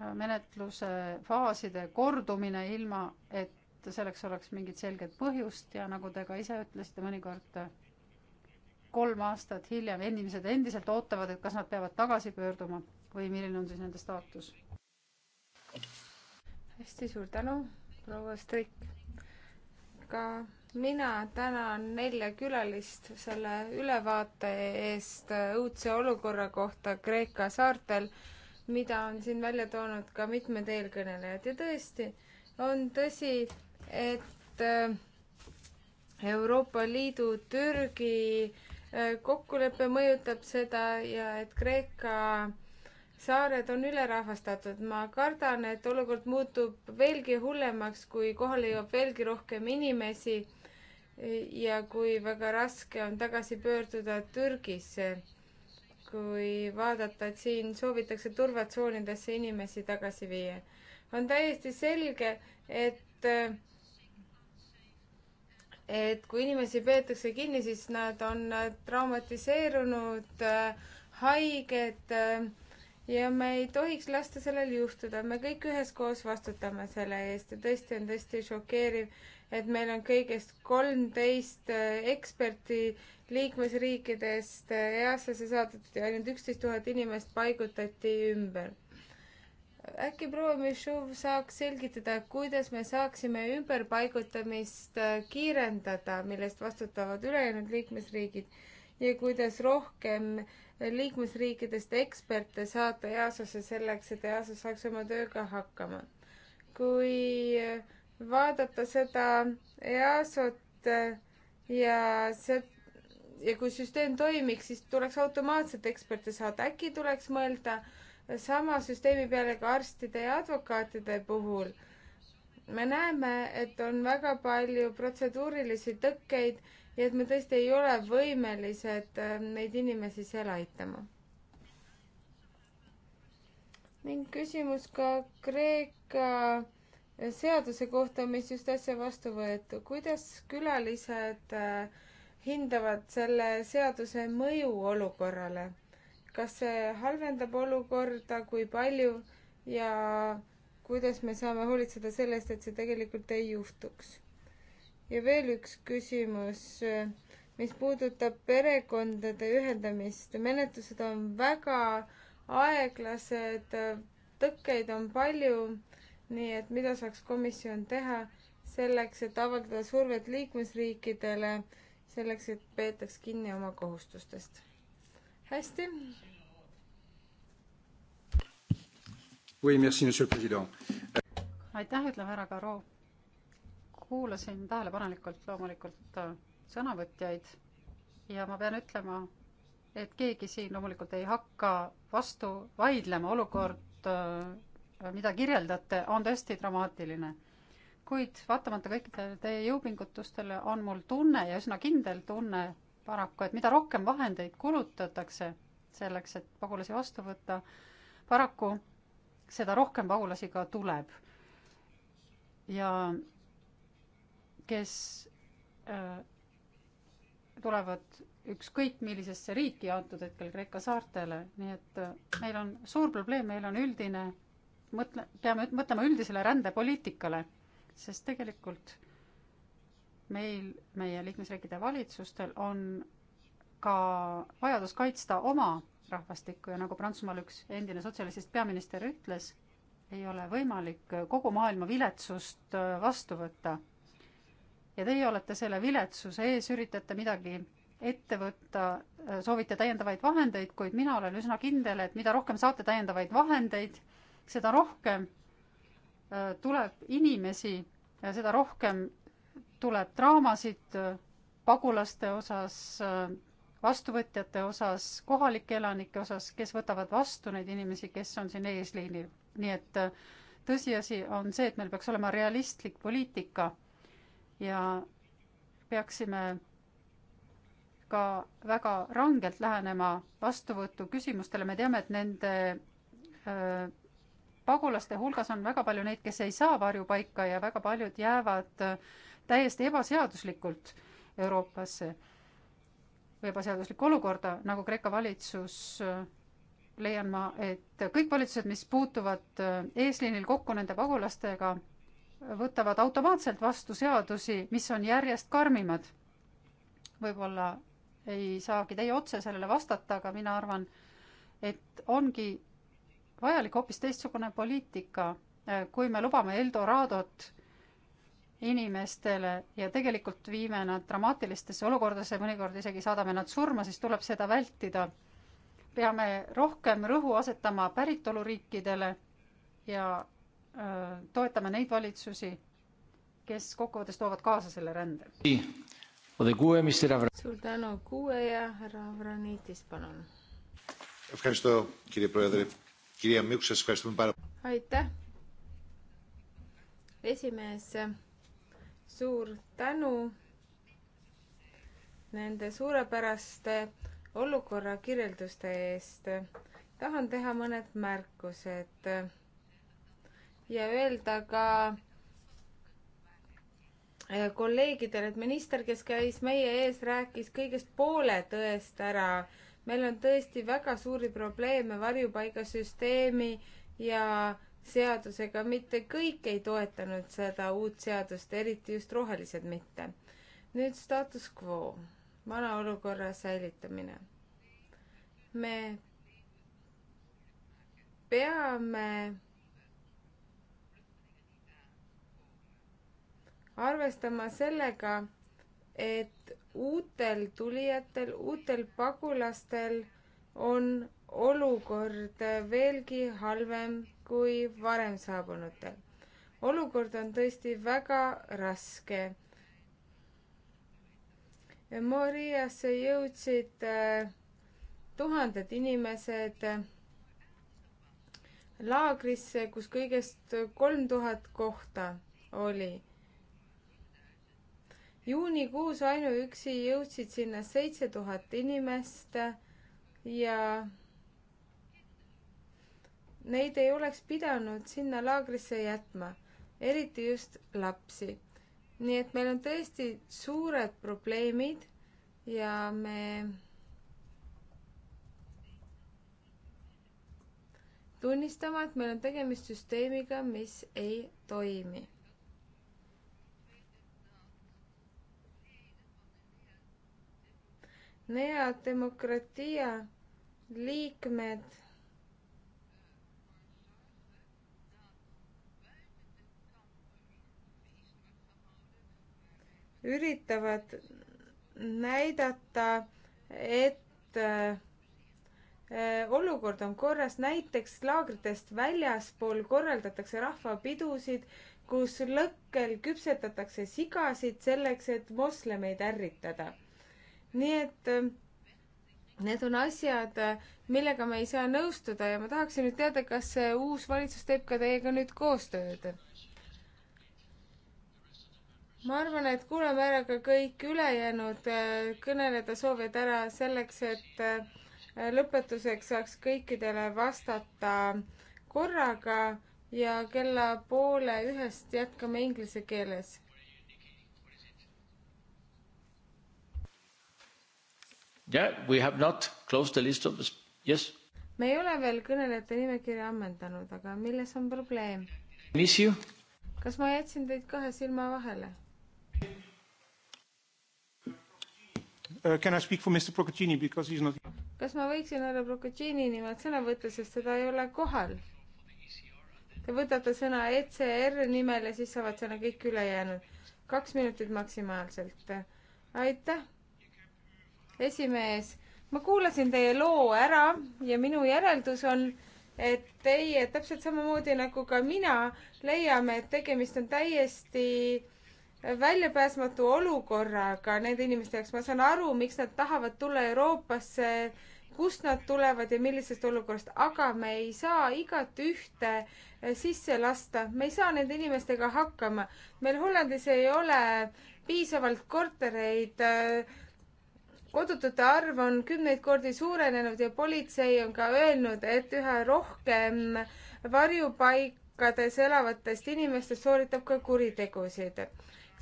äh, menetluse faaside kordumine, ilma et selleks oleks mingit selget põhjust ja nagu te ka ise ütlesite, mõnikord kolm aastat hiljem inimesed endiselt ootavad, et kas nad peavad tagasi pöörduma või milline on siis nende staatus. hästi suur tänu, proua Strik. ka mina tänan nelja külalist selle ülevaate eest õudse olukorra kohta Kreeka saartel, mida on siin välja toonud ka mitmed eelkõnelejad ja tõesti, on tõsi, et äh, Euroopa Liidu Türgi äh, kokkulepe mõjutab seda ja et Kreeka saared on ülerahvastatud. ma kardan, et olukord muutub veelgi hullemaks, kui kohale jõuab veelgi rohkem inimesi ja kui väga raske on tagasi pöörduda Türgisse, kui vaadata, et siin soovitakse turvatsoonidesse inimesi tagasi viia. on täiesti selge, et et kui inimesi peetakse kinni, siis nad on traumatiseerunud, haiged ja me ei tohiks lasta sellel juhtuda, me kõik üheskoos vastutame selle eest ja tõesti on tõesti šokeeriv et meil on kõigest kolmteist äh, eksperti liikmesriikidest äh, EAS-esse saadetud ja ainult üksteist tuhat inimest paigutati ümber. äkki proua Mišuv saaks selgitada, kuidas me saaksime ümberpaigutamist äh, kiirendada, millest vastutavad ülejäänud liikmesriigid ja kuidas rohkem liikmesriikidest eksperte saata EASO-sse selleks, et EASO saaks oma tööga hakkama. kui vaadata seda EASO-t äh, ja see, ja kui süsteem toimiks, siis tuleks automaatselt eksperte saada, äkki tuleks mõelda sama süsteemi peale ka arstide ja advokaatide puhul. me näeme, et on väga palju protseduurilisi tõkkeid ja et me tõesti ei ole võimelised äh, neid inimesi seal aitama. ning küsimus ka Kreeka seaduse kohta, mis just äsja vastu võetud. kuidas külalised äh, hindavad selle seaduse mõju olukorrale? kas see halvendab olukorda, kui palju ja kuidas me saame hoolitseda selle eest, et see tegelikult ei juhtuks? ja veel üks küsimus, mis puudutab perekondade ühendamist. menetlused on väga aeglased, tõkkeid on palju nii et mida saaks komisjon teha selleks, et avaldada survet liikmesriikidele, selleks, et peetaks kinni oma kohustustest? hästi. aitäh, ütleb härra Karo. kuulasin tähelepanelikult loomulikult äh, sõnavõtjaid ja ma pean ütlema, et keegi siin loomulikult ei hakka vastu vaidlema, olukord äh, Äh, mida kirjeldate, on tõesti dramaatiline. kuid vaatamata kõikidele teie jõupingutustele on mul tunne ja üsna kindel tunne paraku, et mida rohkem vahendeid kulutatakse selleks, et pagulasi vastu võtta, paraku seda rohkem pagulasi ka tuleb. ja kes äh, tulevad ükskõik millisesse riiki, antud hetkel Kreeka saartele, nii et äh, meil on suur probleem, meil on üldine mõtle, peame mõtlema üldisele rändepoliitikale, sest tegelikult meil, meie liikmesriikide valitsustel on ka vajadus kaitsta oma rahvastikku ja nagu Prantsusmaal üks endine sotsialistist peaminister ütles, ei ole võimalik kogu maailma viletsust äh, vastu võtta. ja teie olete selle viletsuse ees, üritate midagi ette võtta, äh, soovite täiendavaid vahendeid, kuid mina olen üsna kindel, et mida rohkem saate täiendavaid vahendeid, seda rohkem äh, tuleb inimesi ja seda rohkem tuleb draamasid äh, pagulaste osas, äh, vastuvõtjate osas, kohalike elanike osas, kes võtavad vastu neid inimesi, kes on siin eesliinil. nii et tõsiasi on see, et meil peaks olema realistlik poliitika ja peaksime ka väga rangelt lähenema vastuvõtu küsimustele, me teame, et nende öö, pagulaste hulgas on väga palju neid, kes ei saa varjupaika ja väga paljud jäävad äh, täiesti ebaseaduslikult Euroopasse või ebaseaduslikku olukorda, nagu Kreeka valitsus äh, leian ma, et kõik valitsused, mis puutuvad äh, eesliinil kokku nende pagulastega, võtavad automaatselt vastu seadusi, mis on järjest karmimad. võib-olla ei saagi teie otse sellele vastata, aga mina arvan, et ongi vajalik hoopis teistsugune poliitika, äh, kui me lubame Eldoradot inimestele ja tegelikult viime nad dramaatilistesse olukordadesse, mõnikord isegi saadame nad surma, siis tuleb seda vältida. peame rohkem rõhu asetama päritoluriikidele ja öö, äh, toetama neid valitsusi, kes kokkuvõttes toovad kaasa selle rände. suur tänu, Kuue ja härra Avranitis, palun. Kirja Mükses, kas on päev? aitäh, esimees, suur tänu nende suurepäraste olukorra kirjelduste eest. tahan teha mõned märkused ja öelda ka eh, kolleegidele, et minister, kes käis meie ees, rääkis kõigest poole tõest ära meil on tõesti väga suuri probleeme varjupaigasüsteemi ja seadusega, mitte kõik ei toetanud seda uut seadust, eriti just rohelised mitte. nüüd status quo, vana olukorra säilitamine. me peame arvestama sellega, et uutel tulijatel, uutel pagulastel on olukord veelgi halvem kui varem saabunutel. olukord on tõesti väga raske. Moriasse jõudsid äh, tuhanded inimesed äh, laagrisse, kus kõigest kolm tuhat kohta oli juunikuus ainuüksi jõudsid sinna seitse tuhat inimest ja neid ei oleks pidanud sinna laagrisse jätma, eriti just lapsi. nii et meil on tõesti suured probleemid ja me tunnistama, et meil on tegemist süsteemiga, mis ei toimi Nea demokratia liikmed üritavad näidata, et äh, olukord on korras, näiteks laagritest väljaspool korraldatakse rahvapidusid, kus lõkkel küpsetatakse sigasid selleks, et moslemeid ärritada nii et äh, need on asjad, äh, millega me ei saa nõustuda ja ma tahaksin nüüd teada, kas see uus valitsus teeb ka teiega nüüd koostööd? ma arvan, et kuulame ära ka kõik ülejäänud äh, kõneleda soovijad ära selleks, et lõpetuseks saaks kõikidele vastata korraga ja kella poole ühest jätkame inglise keeles Yeah, we have not closed the list of the... Yes. me ei ole veel kõnelejate nimekirja ammendanud, aga milles on probleem? Miss you? kas ma jätsin teid kahe silma vahele uh,? Can I speak for Mr Procaccini because he is not kas ma võiksin härra Procaccini nimelt sõna võtta, sest teda ei ole kohal? Te võtate sõna ECR nimel ja siis saavad sõna kõik ülejäänud. kaks minutit maksimaalselt. aitäh esimees, ma kuulasin teie loo ära ja minu järeldus on, et teie täpselt samamoodi nagu ka mina leiame, et tegemist on täiesti väljapääsmatu olukorraga nende inimeste jaoks. ma saan aru, miks nad tahavad tulla Euroopasse, kust nad tulevad ja millisest olukorrast, aga me ei saa igat ühte sisse lasta, me ei saa nende inimestega hakkama. meil Hollandis ei ole piisavalt kortereid äh, kodutute arv on kümneid kordi suurenenud ja politsei on ka öelnud, et üha rohkem varjupaikades elavatest inimestest sooritab ka kuritegusid.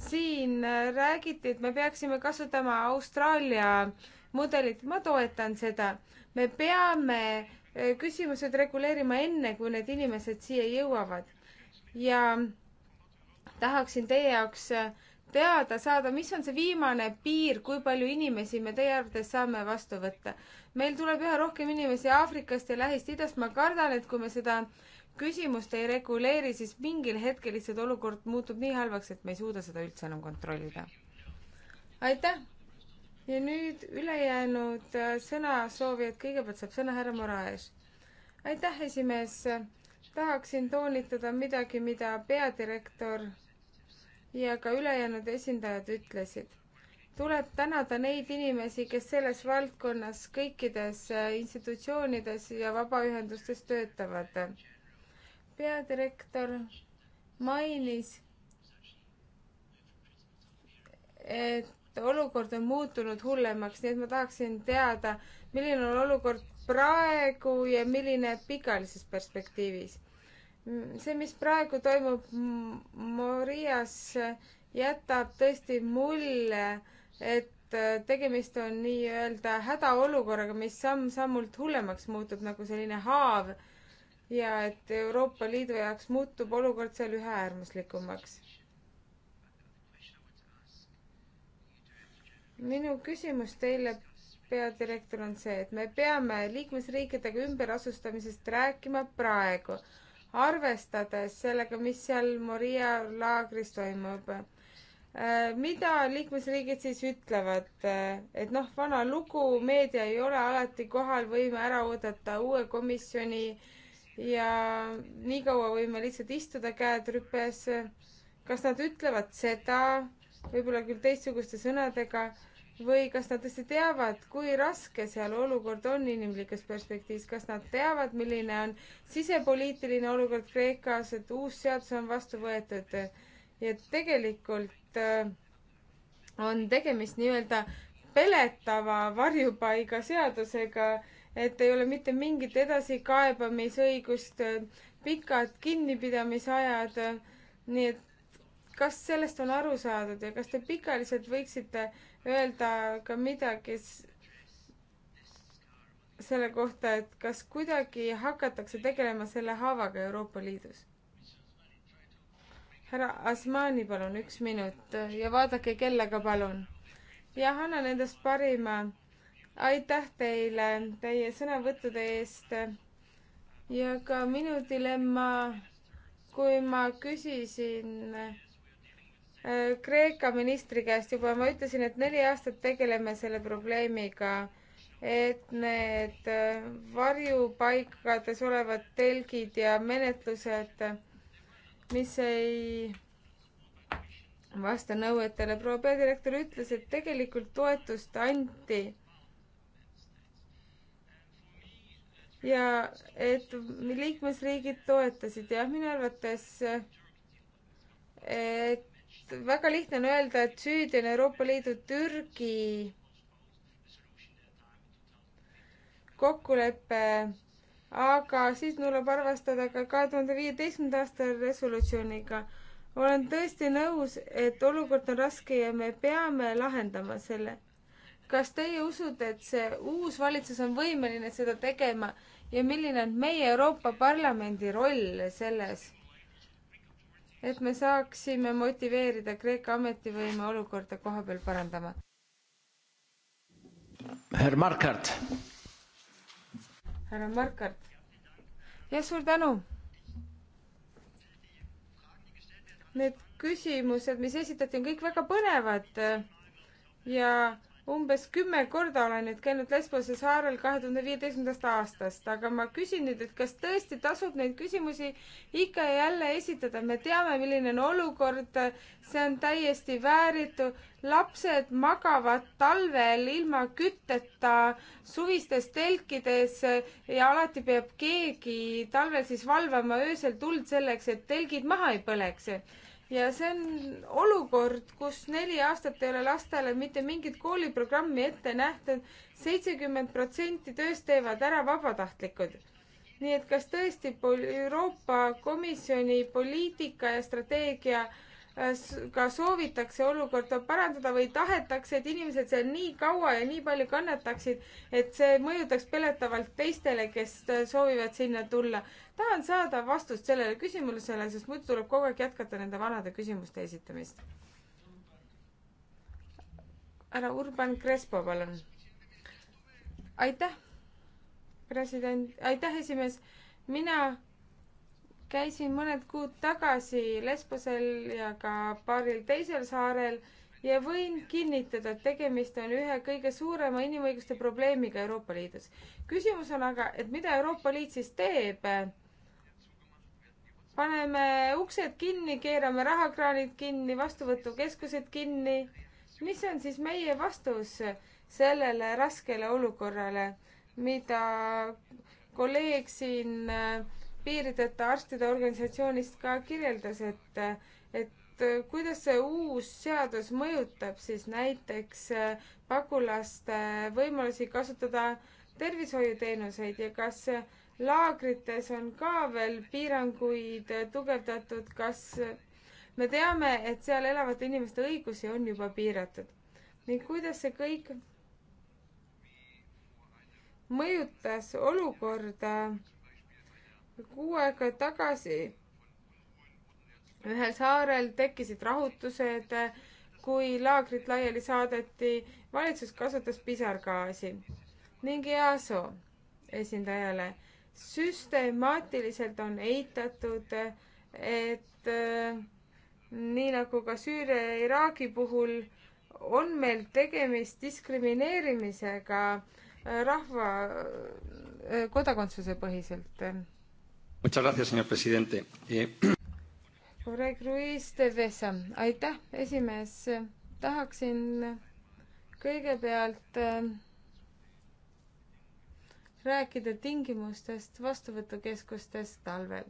siin räägiti, et me peaksime kasutama Austraalia mudelit, ma toetan seda. me peame eh, küsimused reguleerima enne, kui need inimesed siia jõuavad. ja tahaksin teie jaoks äh, teada saada, mis on see viimane piir, kui palju inimesi me teie arvates saame vastu võtta. meil tuleb üha rohkem inimesi Aafrikast ja Lähis-Idast, ma kardan, et kui me seda küsimust ei reguleeri, siis mingil hetkel lihtsalt olukord muutub nii halvaks, et me ei suuda seda üldse enam kontrollida. aitäh! ja nüüd ülejäänud äh, sõnasoovijad, kõigepealt saab sõna härra Moraes. aitäh, esimees! tahaksin toonitada midagi, mida peadirektor ja ka ülejäänud esindajad ütlesid. tuleb tänada neid inimesi, kes selles valdkonnas kõikides äh, institutsioonides ja vabaühendustes töötavad. peadirektor mainis, et olukord on muutunud hullemaks, nii et ma tahaksin teada, milline on olukord praegu ja milline pikaajalises perspektiivis Mm, see, mis praegu toimub Morias, jätab tõesti mulje, et äh, tegemist on nii-öelda hädaolukorraga, mis samm-sammult hullemaks muutub, nagu selline haav. ja et Euroopa Liidu jaoks muutub olukord seal üha äärmuslikumaks. minu küsimus teile, peadirektor, on see, et me peame liikmesriikidega ümberasustamisest rääkima praegu arvestades sellega, mis seal Moria laagris toimub. Äh, mida liikmesriigid siis ütlevad, äh, et noh, vana lugu, meedia ei ole alati kohal, võime ära oodata uue komisjoni ja niikaua võime lihtsalt istuda käed rüpes. kas nad ütlevad seda, võib-olla küll teistsuguste sõnadega või kas nad tõesti teavad, kui raske seal olukord on inimlikus perspektiivis, kas nad teavad, milline on sisepoliitiline olukord Kreekas, et uus seadus on vastu võetud ja tegelikult äh, on tegemist nii-öelda peletava varjupaiga seadusega, et ei ole mitte mingit edasikaebamisõigust, äh, pikad kinnipidamisajad, äh, nii et kas sellest on aru saadud ja kas te pikaliselt võiksite öelda ka midagi selle kohta, et kas kuidagi hakatakse tegelema selle haavaga Euroopa Liidus? härra Asmani, palun üks minut ja vaadake kella ka, palun. jah, annan endast parima. aitäh teile teie sõnavõttude eest. ja ka minu dilemma, kui ma küsisin Äh, Kreeka ministri käest juba, ma ütlesin, et neli aastat tegeleme selle probleemiga, et need äh, varjupaikades olevad telgid ja menetlused, mis ei vasta nõuetele, proua peadirektor ütles, et tegelikult toetust anti ja et liikmesriigid toetasid, jah, minu arvates, äh, et et väga lihtne on öelda, et süüdi on Euroopa Liidu Türgi kokkulepe, aga siis tuleb arvestada ka kahe tuhande viieteistkümnenda aasta resolutsiooniga. olen tõesti nõus, et olukord on raske ja me peame lahendama selle. kas teie usute, et see uus valitsus on võimeline seda tegema ja milline on meie Euroopa Parlamendi roll selles? et me saaksime motiveerida Kreeka ametivõime olukorda koha peal parandama. härra Markart. härra Markart. jah, suur tänu. Need küsimused, mis esitati, on kõik väga põnevad ja umbes kümme korda olen nüüd käinud Lesbose saarel kahe tuhande viieteistkümnendast aastast, aga ma küsin nüüd, et kas tõesti tasub neid küsimusi ikka ja jälle esitada, me teame, milline on olukord, see on täiesti vääritu, lapsed magavad talvel ilma kütteta suvistes telkides ja alati peab keegi talvel siis valvama öösel tuld selleks, et telgid maha ei põleks ja see on olukord, kus neli aastat ei ole lastele mitte mingit kooliprogrammi ette nähtud, seitsekümmend protsenti tööst teevad ära vabatahtlikud. nii et kas tõesti Euroopa Komisjoni poliitika ja strateegia äh, ka soovitakse olukorda parandada või tahetakse, et inimesed seal nii kaua ja nii palju kannataksid, et see mõjutaks peletavalt teistele, kes soovivad sinna tulla. tahan saada vastust sellele küsimusele, sest muidu tuleb kogu aeg jätkata nende vanade küsimuste esitamist. härra Urban Crespo, palun. aitäh, president, aitäh, esimees. mina käisin mõned kuud tagasi Lesbosel ja ka paaril teisel saarel ja võin kinnitada, et tegemist on ühe kõige suurema inimõiguste probleemiga Euroopa Liidus. küsimus on aga, et mida Euroopa Liit siis teeb? paneme uksed kinni, keerame rahakraanid kinni, vastuvõtukeskused kinni. mis on siis meie vastus sellele raskele olukorrale, mida kolleeg siin äh, piirideta arstide organisatsioonist ka kirjeldas, et, et kuidas see uus seadus mõjutab siis näiteks äh, pagulaste võimalusi kasutada tervishoiuteenuseid ja kas laagrites on ka veel piiranguid tugevdatud, kas me teame, et seal elavate inimeste õigusi on juba piiratud ning kuidas see kõik mõjutas olukorda kuu aega tagasi ühel saarel tekkisid rahutused, kui laagrid laiali saadeti, valitsus kasutas pisargaasi ning EASO esindajale süstemaatiliselt on eitatud, et äh, nii nagu ka Süüria ja Iraagi puhul on meil tegemist diskrimineerimisega äh, rahva äh, kodakondsuse põhiselt kolleeg eh, Ruiz de Vesa, aitäh, esimees. tahaksin kõigepealt eh, rääkida tingimustest vastuvõtukeskustes talvel.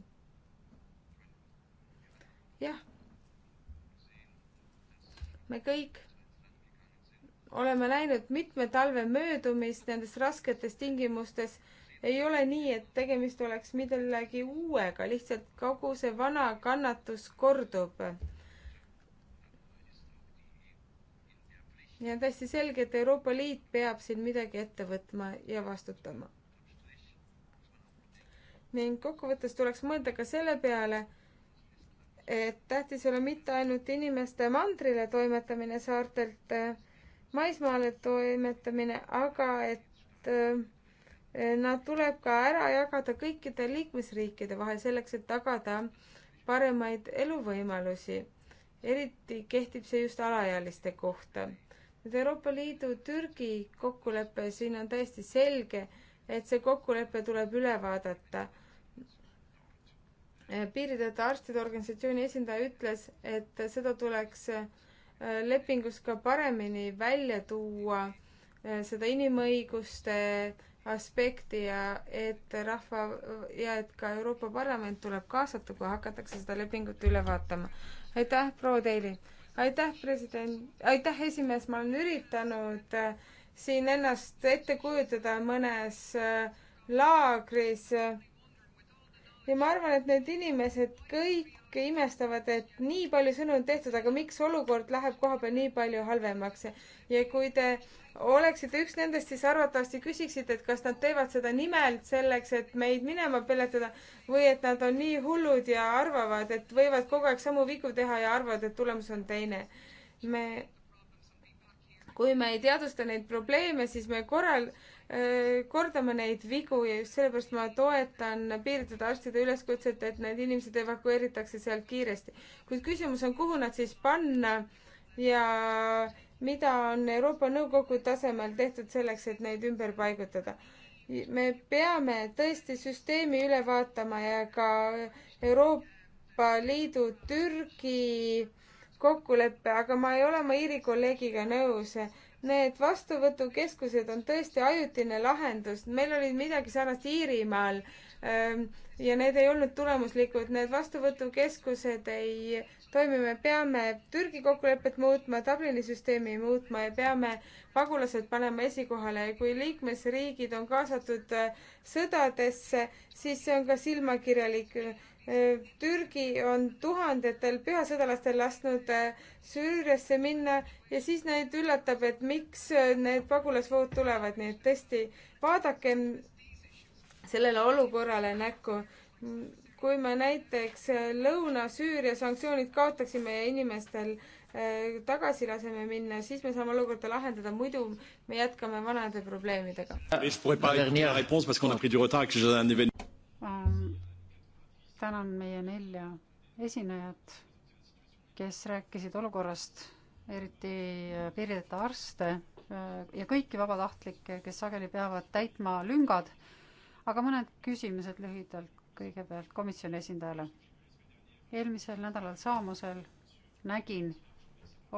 jah, me kõik oleme näinud mitme talve möödumist nendes rasketes tingimustes ei ole nii, et tegemist oleks millegi uuega, lihtsalt kogu see vana kannatus kordub. ja on täiesti selge, et Euroopa Liit peab siin midagi ette võtma ja vastutama. ning kokkuvõttes tuleks mõelda ka selle peale, et tähtis ei ole mitte ainult inimeste mandrile toimetamine saartelt maismaale toimetamine, aga et äh, Eh, nad tuleb ka ära jagada kõikide liikmesriikide vahel selleks, et tagada paremaid eluvõimalusi. eriti kehtib see just alaealiste kohta. nüüd Euroopa Liidu Türgi kokkulepe, siin on täiesti selge, et see kokkulepe tuleb üle vaadata. Eh, piiritööde arstide organisatsiooni esindaja ütles, et seda tuleks eh, lepingus ka paremini välja tuua, seda inimõiguste aspekti ja et rahva ja et ka Euroopa Parlament tuleb kaasata, kui hakatakse seda lepingut üle vaatama. aitäh, proua Teili! aitäh, president, aitäh, esimees, ma olen üritanud äh, siin ennast ette kujutada mõnes äh, laagris äh, ja ma arvan, et need inimesed kõik imestavad, et nii palju sõnu on tehtud, aga miks olukord läheb kohapeal nii palju halvemaks. ja kui te oleksid üks nendest, siis arvatavasti küsiksid, et kas nad teevad seda nimelt selleks, et meid minema peletada või et nad on nii hullud ja arvavad, et võivad kogu aeg samu vigu teha ja arvavad, et tulemus on teine. me, kui me ei teadvusta neid probleeme, siis me korral, kordame neid vigu ja just sellepärast ma toetan piiritud arstide üleskutset, et need inimesed evakueeritakse sealt kiiresti. kuid küsimus on, kuhu nad siis panna ja mida on Euroopa Nõukogu tasemel tehtud selleks, et neid ümber paigutada. me peame tõesti süsteemi üle vaatama ja ka Euroopa Liidu Türgi kokkulepe, aga ma ei ole oma Iiri kolleegiga nõus. Need vastuvõtukeskused on tõesti ajutine lahendus, meil oli midagi sarnast Iirimaal Ehm, ja need ei olnud tulemuslikud, need vastuvõtukeskused ei toimi, me peame Türgi kokkulepet muutma, Dublini süsteemi muutma ja peame pagulased panema esikohale ja kui liikmesriigid on kaasatud äh, sõdadesse, siis see on ka silmakirjalik. Äh, Türgi on tuhandetel pühasõdalastel lasknud äh, Süüriasse minna ja siis neid üllatab, et miks need pagulasvood tulevad, nii et tõesti vaadakem sellele olukorrale näkku. kui me näiteks Lõuna-Süüria sanktsioonid kaotaksime ja inimestel eh, tagasi laseme minna, siis me saame olukorda lahendada, muidu me jätkame vanade probleemidega. tänan meie nelja esinejat, kes rääkisid olukorrast, eriti eh, piirideta arste eh, ja kõiki vabatahtlikke, kes sageli peavad täitma lüngad aga mõned küsimused lühidalt kõigepealt komisjoni esindajale. eelmisel nädalal saamusel nägin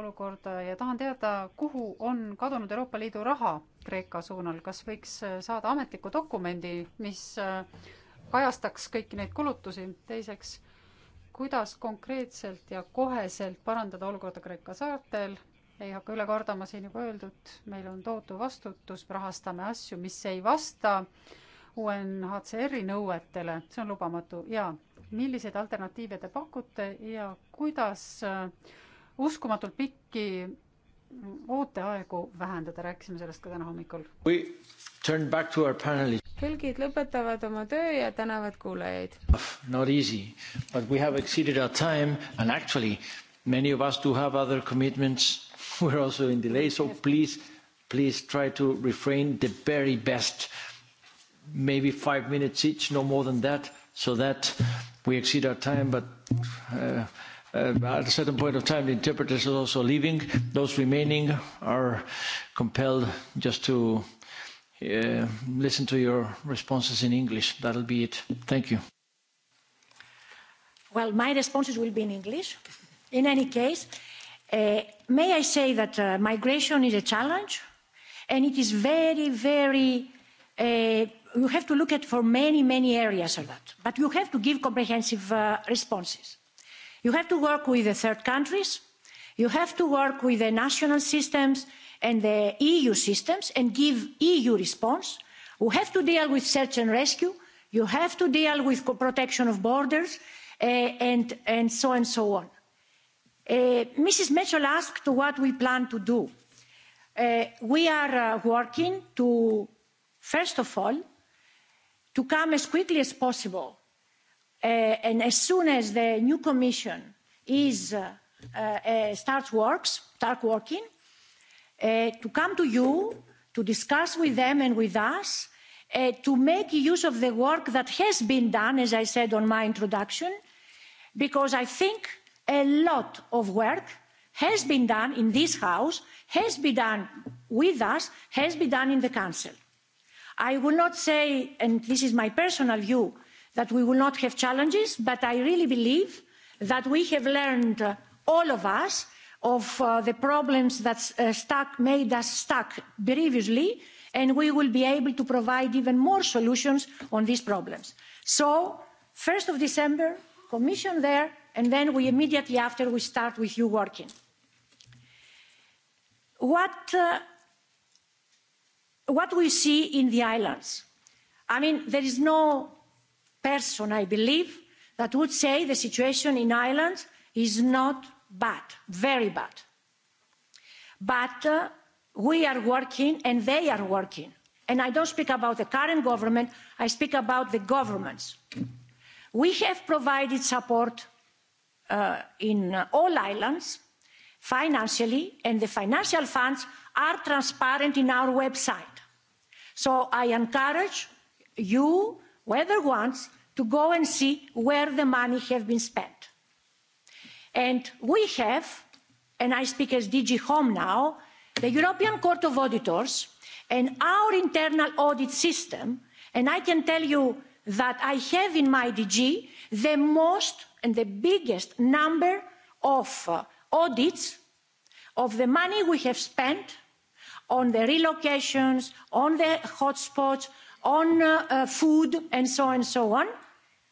olukorda ja tahan teada, kuhu on kadunud Euroopa Liidu raha Kreeka suunal, kas võiks saada ametliku dokumendi, mis äh, kajastaks kõiki neid kulutusi, teiseks, kuidas konkreetselt ja koheselt parandada olukorda Kreeka saartel, ei hakka üle kordama siin juba öeldud, meil on tohutu vastutus, rahastame asju, mis ei vasta äh, UNHCR-i nõuetele, see on lubamatu ja milliseid alternatiive te pakute ja kuidas äh, uskumatult pikki mm, ooteaegu vähendada, rääkisime sellest ka täna hommikul. tõlgid lõpetavad oma töö ja tänavad kuulajaid. Not easy, but we have exceeded our time and actually many of us do have other commitments. We are also in delay, so please, please try to refrain the very best maybe five minutes each, no more than that, so that we exceed our time. But uh, uh, at a certain point of time, the interpreters are also leaving. Those remaining are compelled just to uh, listen to your responses in English. That'll be it. Thank you. Well, my responses will be in English. In any case, uh, may I say that uh, migration is a challenge and it is very, very uh, you have to look at for many, many areas of that. But you have to give comprehensive uh, responses. You have to work with the third countries. You have to work with the national systems and the EU systems and give EU response. You have to deal with search and rescue. You have to deal with protection of borders uh, and, and so and so on. Uh, Mrs. Mitchell asked what we plan to do. Uh, we are uh, working to, first of all, to come as quickly as possible uh, and as soon as the new commission is, uh, uh, uh, starts, works, start working, uh, to come to you, to discuss with them and with us, uh, to make use of the work that has been done, as I said on my introduction, because I think a lot of work has been done in this House, has been done with us, has been done in the Council i will not say and this is my personal view that we will not have challenges but i really believe that we have learned uh, all of us of uh, the problems that uh, made us stuck previously and we will be able to provide even more solutions on these problems. so one december commission there and then we immediately after we start with you working. what uh, what we see in the islands i mean there is no person i believe that would say the situation in ireland is not bad very bad but uh, we are working and they are working and i don't speak about the current government i speak about the governments we have provided support uh, in uh, all islands financially and the financial funds are transparent in our website. So I encourage you, whoever wants, to go and see where the money has been spent. And we have, and I speak as DG Home now, the European Court of Auditors and our internal audit system, and I can tell you that I have in my DG the most and the biggest number of uh, audits of the money we have spent on the relocations, on the hotspots, on uh, uh, food, and so on and so on,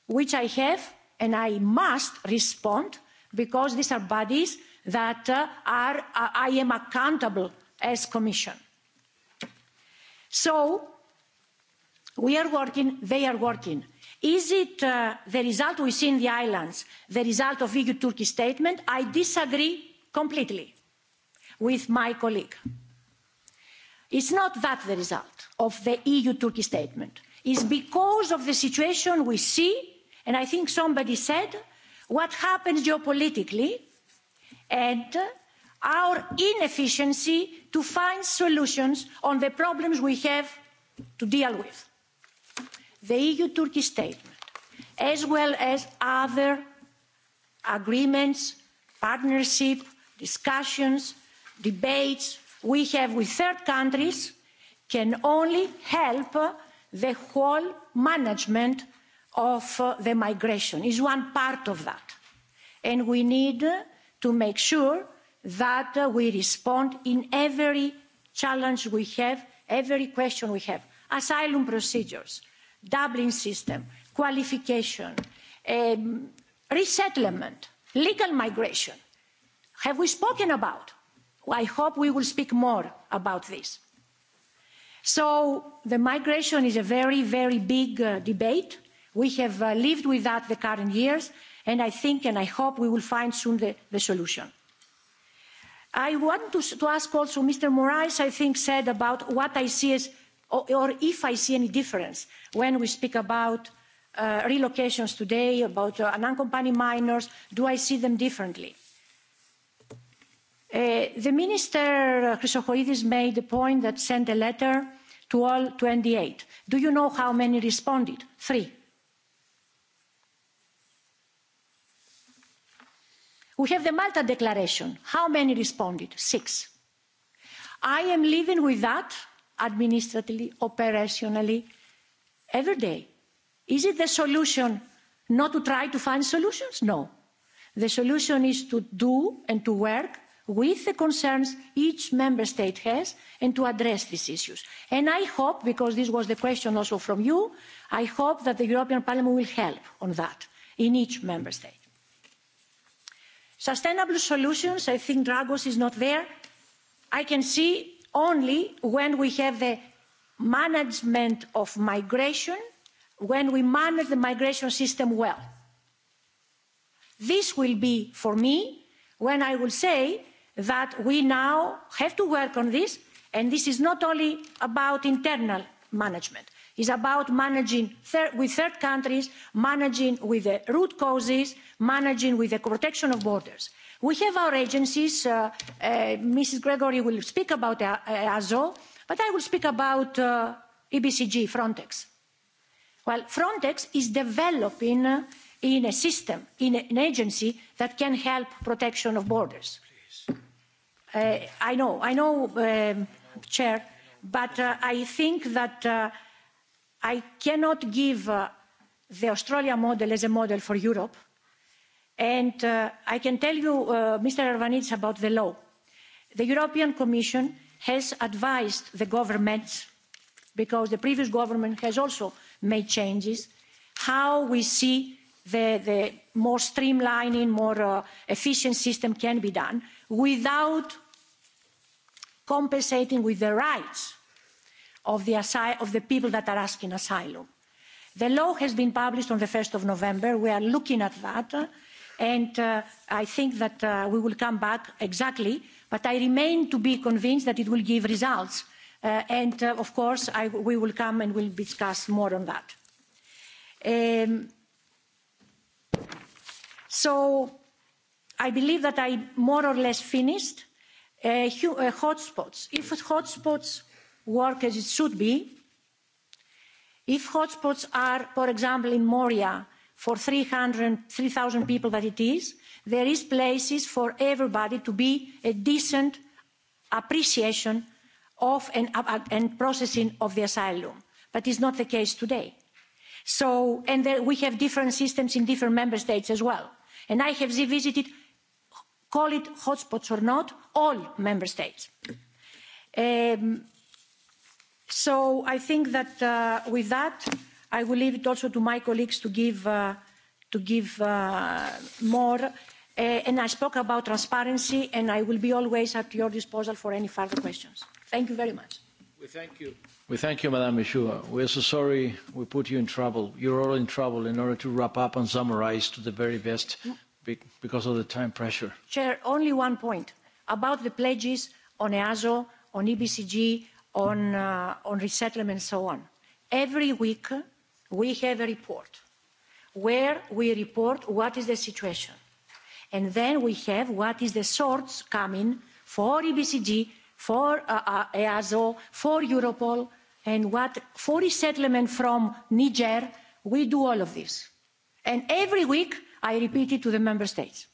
which I have and I must respond because these are bodies that uh, are, uh, I am accountable as Commission. So we are working, they are working. Is it uh, the result we see in the islands, the result of EU-Turkey statement? I disagree completely with my colleague it's not that the result of the eu turkey statement it's because of the situation we see and i think somebody said what happens geopolitically and our inefficiency to find solutions on the problems we have to deal with. the eu turkey statement as well as other agreements partnership discussions debates we have with third countries can only help the whole management of uh, the migration is one part of that and we need uh, to make sure that uh, we respond in every challenge we have every question we have asylum procedures dublin system qualification um, resettlement legal migration have we spoken about? i hope we will speak more about this. so the migration is a very very big uh, debate. we have uh, lived with that the current years and i think and i hope we will find soon the, the solution. i want to, to ask also mr moraes i think said about what i see as or, or if i see any difference when we speak about uh, relocations today about uh, unaccompanied minors do i see them differently? Uh, the minister uh, Chrysochoidis made a point that sent a letter to all 28. Do you know how many responded? Three. We have the Malta Declaration. How many responded? Six. I am living with that administratively, operationally, every day. Is it the solution not to try to find solutions? No. The solution is to do and to work with the concerns each member state has and to address these issues. And i hope because this was the question also from you i hope that the european parliament will help on that in each member state. sustainable solutions i think dragos is not there i can see only when we have the management of migration when we manage the migration system well. this will be for me when i will say that we now have to work on this and this is not only about internal management it's about managing thir with third countries managing with the root causes managing with the protection of borders. we have our agencies uh, uh, mrs gregory will speak about easo but i will speak about uh, ebcg frontex. well frontex is developing uh, in a system in an agency that can help protection of borders Uh, I know, I know, um, Chair, but uh, I think that uh, I cannot give uh, the Australia model as a model for Europe. And uh, I can tell you, uh, Mr. Arvanits, about the law. The European Commission has advised the governments, because the previous government has also made changes, how we see the, the more streamlining, more uh, efficient system can be done without compensating with the rights of the, of the people that are asking asylum. The law has been published on the 1st of November. We are looking at that. And uh, I think that uh, we will come back exactly. But I remain to be convinced that it will give results. Uh, and uh, of course, I, we will come and we'll discuss more on that. Um, so I believe that I more or less finished Uh, uh, hotspots if hotspots work as it should be if hotspots are for example in moria for three hundred three thousand people that it is there is places for everybody to be a decent appreciation of and, uh, uh and processing of the asylum but it's not the case today so and there, we have different systems in different member states as well and i have visited call it hotspots or not all member states. Um, so i think that uh, with that i will leave it also to my colleagues to give, uh, to give uh, more uh, and i spoke about transparency and i will be always at your disposal for any further questions. thank you very much. we thank you. We thank you, Madam Michoud. We're so sorry we put you in trouble. You're all in trouble in order to wrap up and summarize to the very best because of the time pressure. Chair, only one point about the pledges on EASO, on EBCG, on, uh, on resettlement and so on. Every week we have a report where we report what is the situation. And then we have what is the source coming for EBCG, for uh, uh, EASO, for Europol, and what for resettlement from Niger. We do all of this. And every week I repeat it to the member states.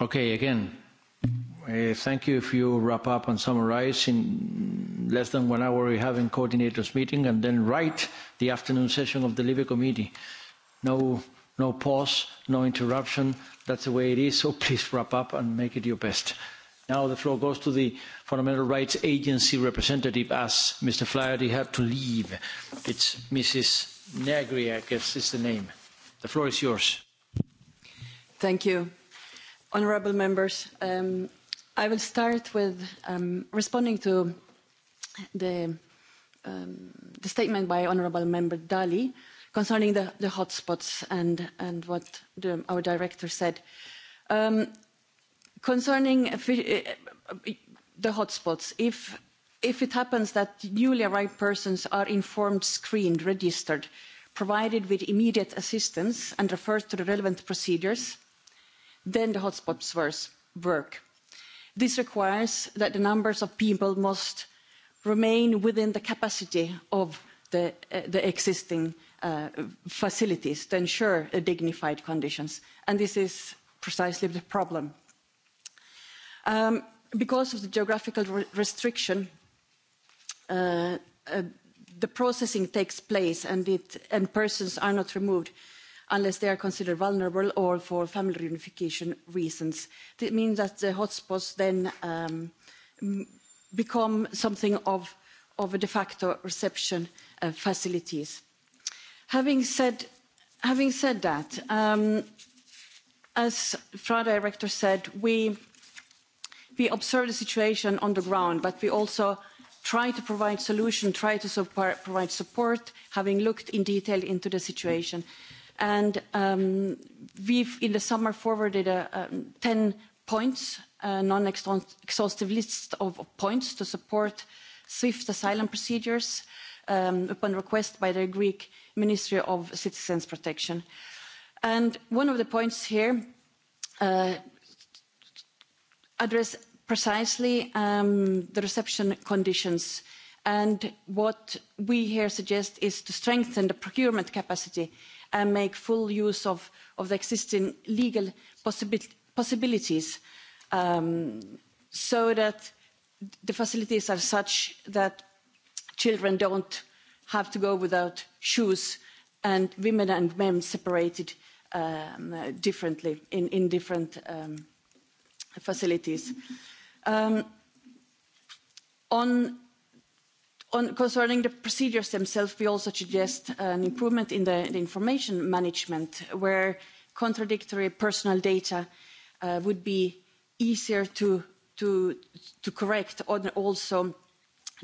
Okay, again, uh, thank you if you wrap up and summarize. In less than one hour, we have a coordinators meeting and then right the afternoon session of the LIBE committee. No, no pause, no interruption. That's the way it is. So please wrap up and make it your best. Now the floor goes to the Fundamental Rights Agency representative as Mr. Flaherty had to leave. It's Mrs. Negri, I guess is the name. The floor is yours. Thank you. Honourable members, um, I will start with um, responding to the, um, the statement by Honourable Member Dali concerning the, the hotspots and, and what the, our director said. Um, concerning uh, the hotspots, if, if it happens that newly arrived persons are informed, screened, registered, uh, provided with immediate assistance and referred to the relevant procedures then the hotspots work. this requires that the numbers of people must remain within the capacity of the, uh, the existing uh, facilities to ensure uh, dignified conditions and this is precisely the problem. Um, because of the geographical re restriction uh, uh, the processing takes place and, it, and persons are not removed unless they are considered vulnerable or for family reunification reasons. That means that the hotspots then um, become something of, of a de facto reception uh, facilities. Having said, having said that, um, as FRA director said, we, we observe the situation on the ground, but we also try to provide solutions try to support, provide support having looked in detail into the situation and um, we've in the summer forwarded a, a um, 10 points a non-exhaustive list of points to support swift asylum procedures um, upon request by the greek ministry of citizens protection and one of the points here uh, address precisely um, the reception conditions. And what we here suggest is to strengthen the procurement capacity and make full use of, of the existing legal possibi possibilities um, so that the facilities are such that children don't have to go without shoes and women and men separated um, differently in, in different um, facilities. Mm -hmm Um, on, on concerning the procedures themselves, we also suggest an improvement in the, the information management where contradictory personal data uh, would be easier to, to, to correct and also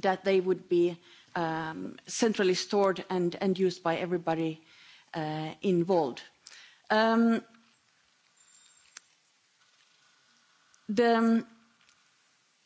that they would be um, centrally stored and, and used by everybody uh, involved. Um, the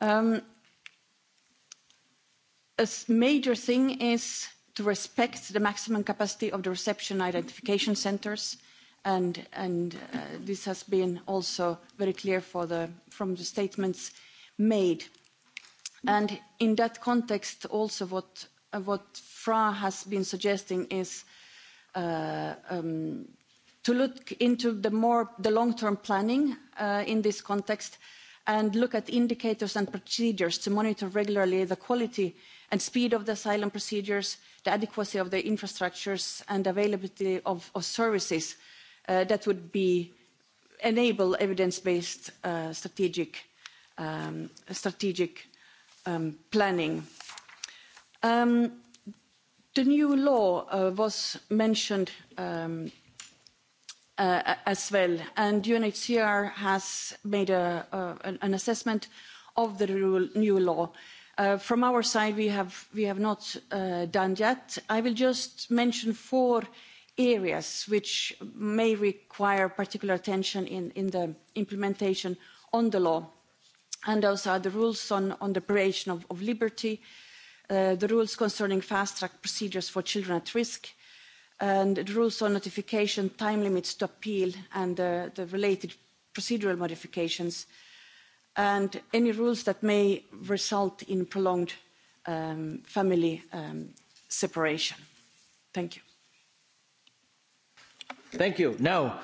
Um, a major thing is to respect the maximum capacity of the reception identification centres and, and uh, this has been also very clear the, from the statements made. And in that context also what, uh, what fra has been suggesting is uh, um, to look into the more the long term planning uh, in this context and look at indicators and procedures to monitor regularly the quality and speed of the asylum procedures the adequacy of the infrastructures and availability of, of services uh, that would be enable evidence based uh, strategic um, strategic um, planning. Um, the new law uh, was mentioned um, uh, as well. And UNHCR has made a, uh, an assessment of the new law. Uh, from our side, we have, we have not uh, done yet. I will just mention four areas which may require particular attention in, in the implementation on the law. And those are the rules on, on the privation of, of liberty, uh, the rules concerning fast-track procedures for children at risk, uh, and it rules on notification, time limits to appeal and uh, the related procedural modifications and any rules that may result in prolonged um, family um, separation. Thank you. Thank you. Now,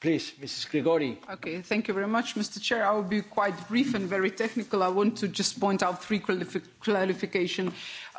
please, Mrs. Grigori. Okay, thank you very much, Mr. Chair. I will be quite brief and very technical. I want to just point out three clarification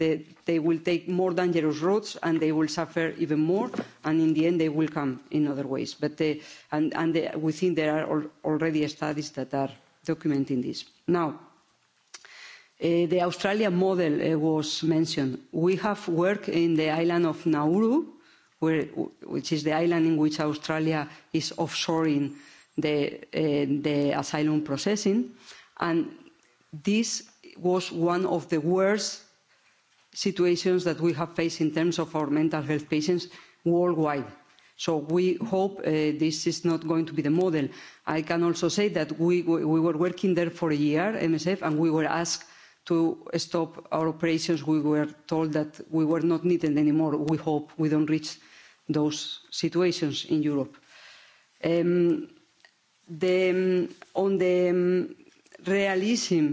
they, they will take more dangerous roads and they will suffer even more and in the end they will come in other ways. But they, uh, and, and they, we think there are al already studies that are documenting this. Now, Uh, the Australian model uh, was mentioned. We have worked in the island of Nauru, where, which is the island in which Australia is offshoring the, uh, the asylum processing. And this was one of the worst situations that we have faced in terms of our mental health patients worldwide. So we hope uh, this is not going to be the model. I can also say that we, we were working there for a year, MSF, and we were asked to stop our operations. We were told that we were not needed anymore. We hope we don't reach those situations in Europe. Um, the, um, on the um, realism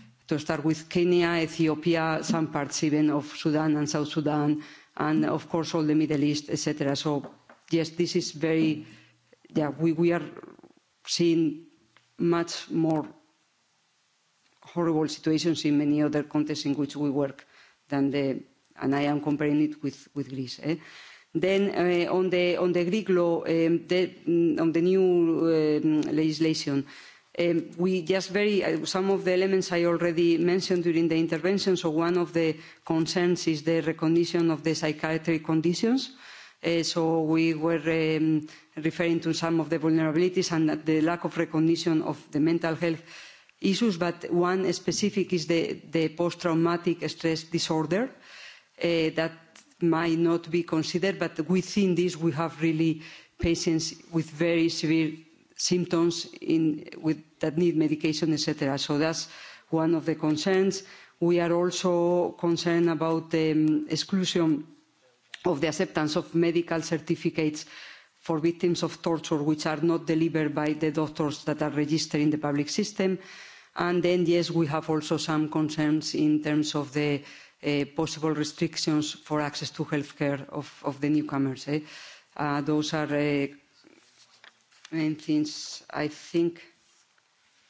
to start with Kenya, Ethiopia, some parts even of Sudan and South Sudan, and of course all the Middle East, etc. So yes, this is very, yeah, we, we are seeing much more horrible situations in many other contexts in which we work than the, and I am comparing it with, with Greece. Eh? Then uh, on, the, on the Greek law, um, the, mm, on the new um, legislation, uh, Um, we just very uh, some of the elements I already mentioned during the intervention. So one of the concerns is the recognition of the psychiatric conditions. Uh, so we were um, referring to some of the vulnerabilities and the lack of recognition of the mental health issues, but one specific is the, the post-traumatic stress disorder uh, that might not be considered, but within this we have really patients with very severe symptoms in, with that need medication, etc. So that's one of the concerns. We are also concerned about the um, exclusion of the acceptance of medical certificates for victims of torture which are not delivered by the doctors that are registered in the public system. And then, yes, we have also some concerns in terms of the uh, possible restrictions for access to healthcare of, of the newcomers. Eh? Uh, those are uh, main things, I think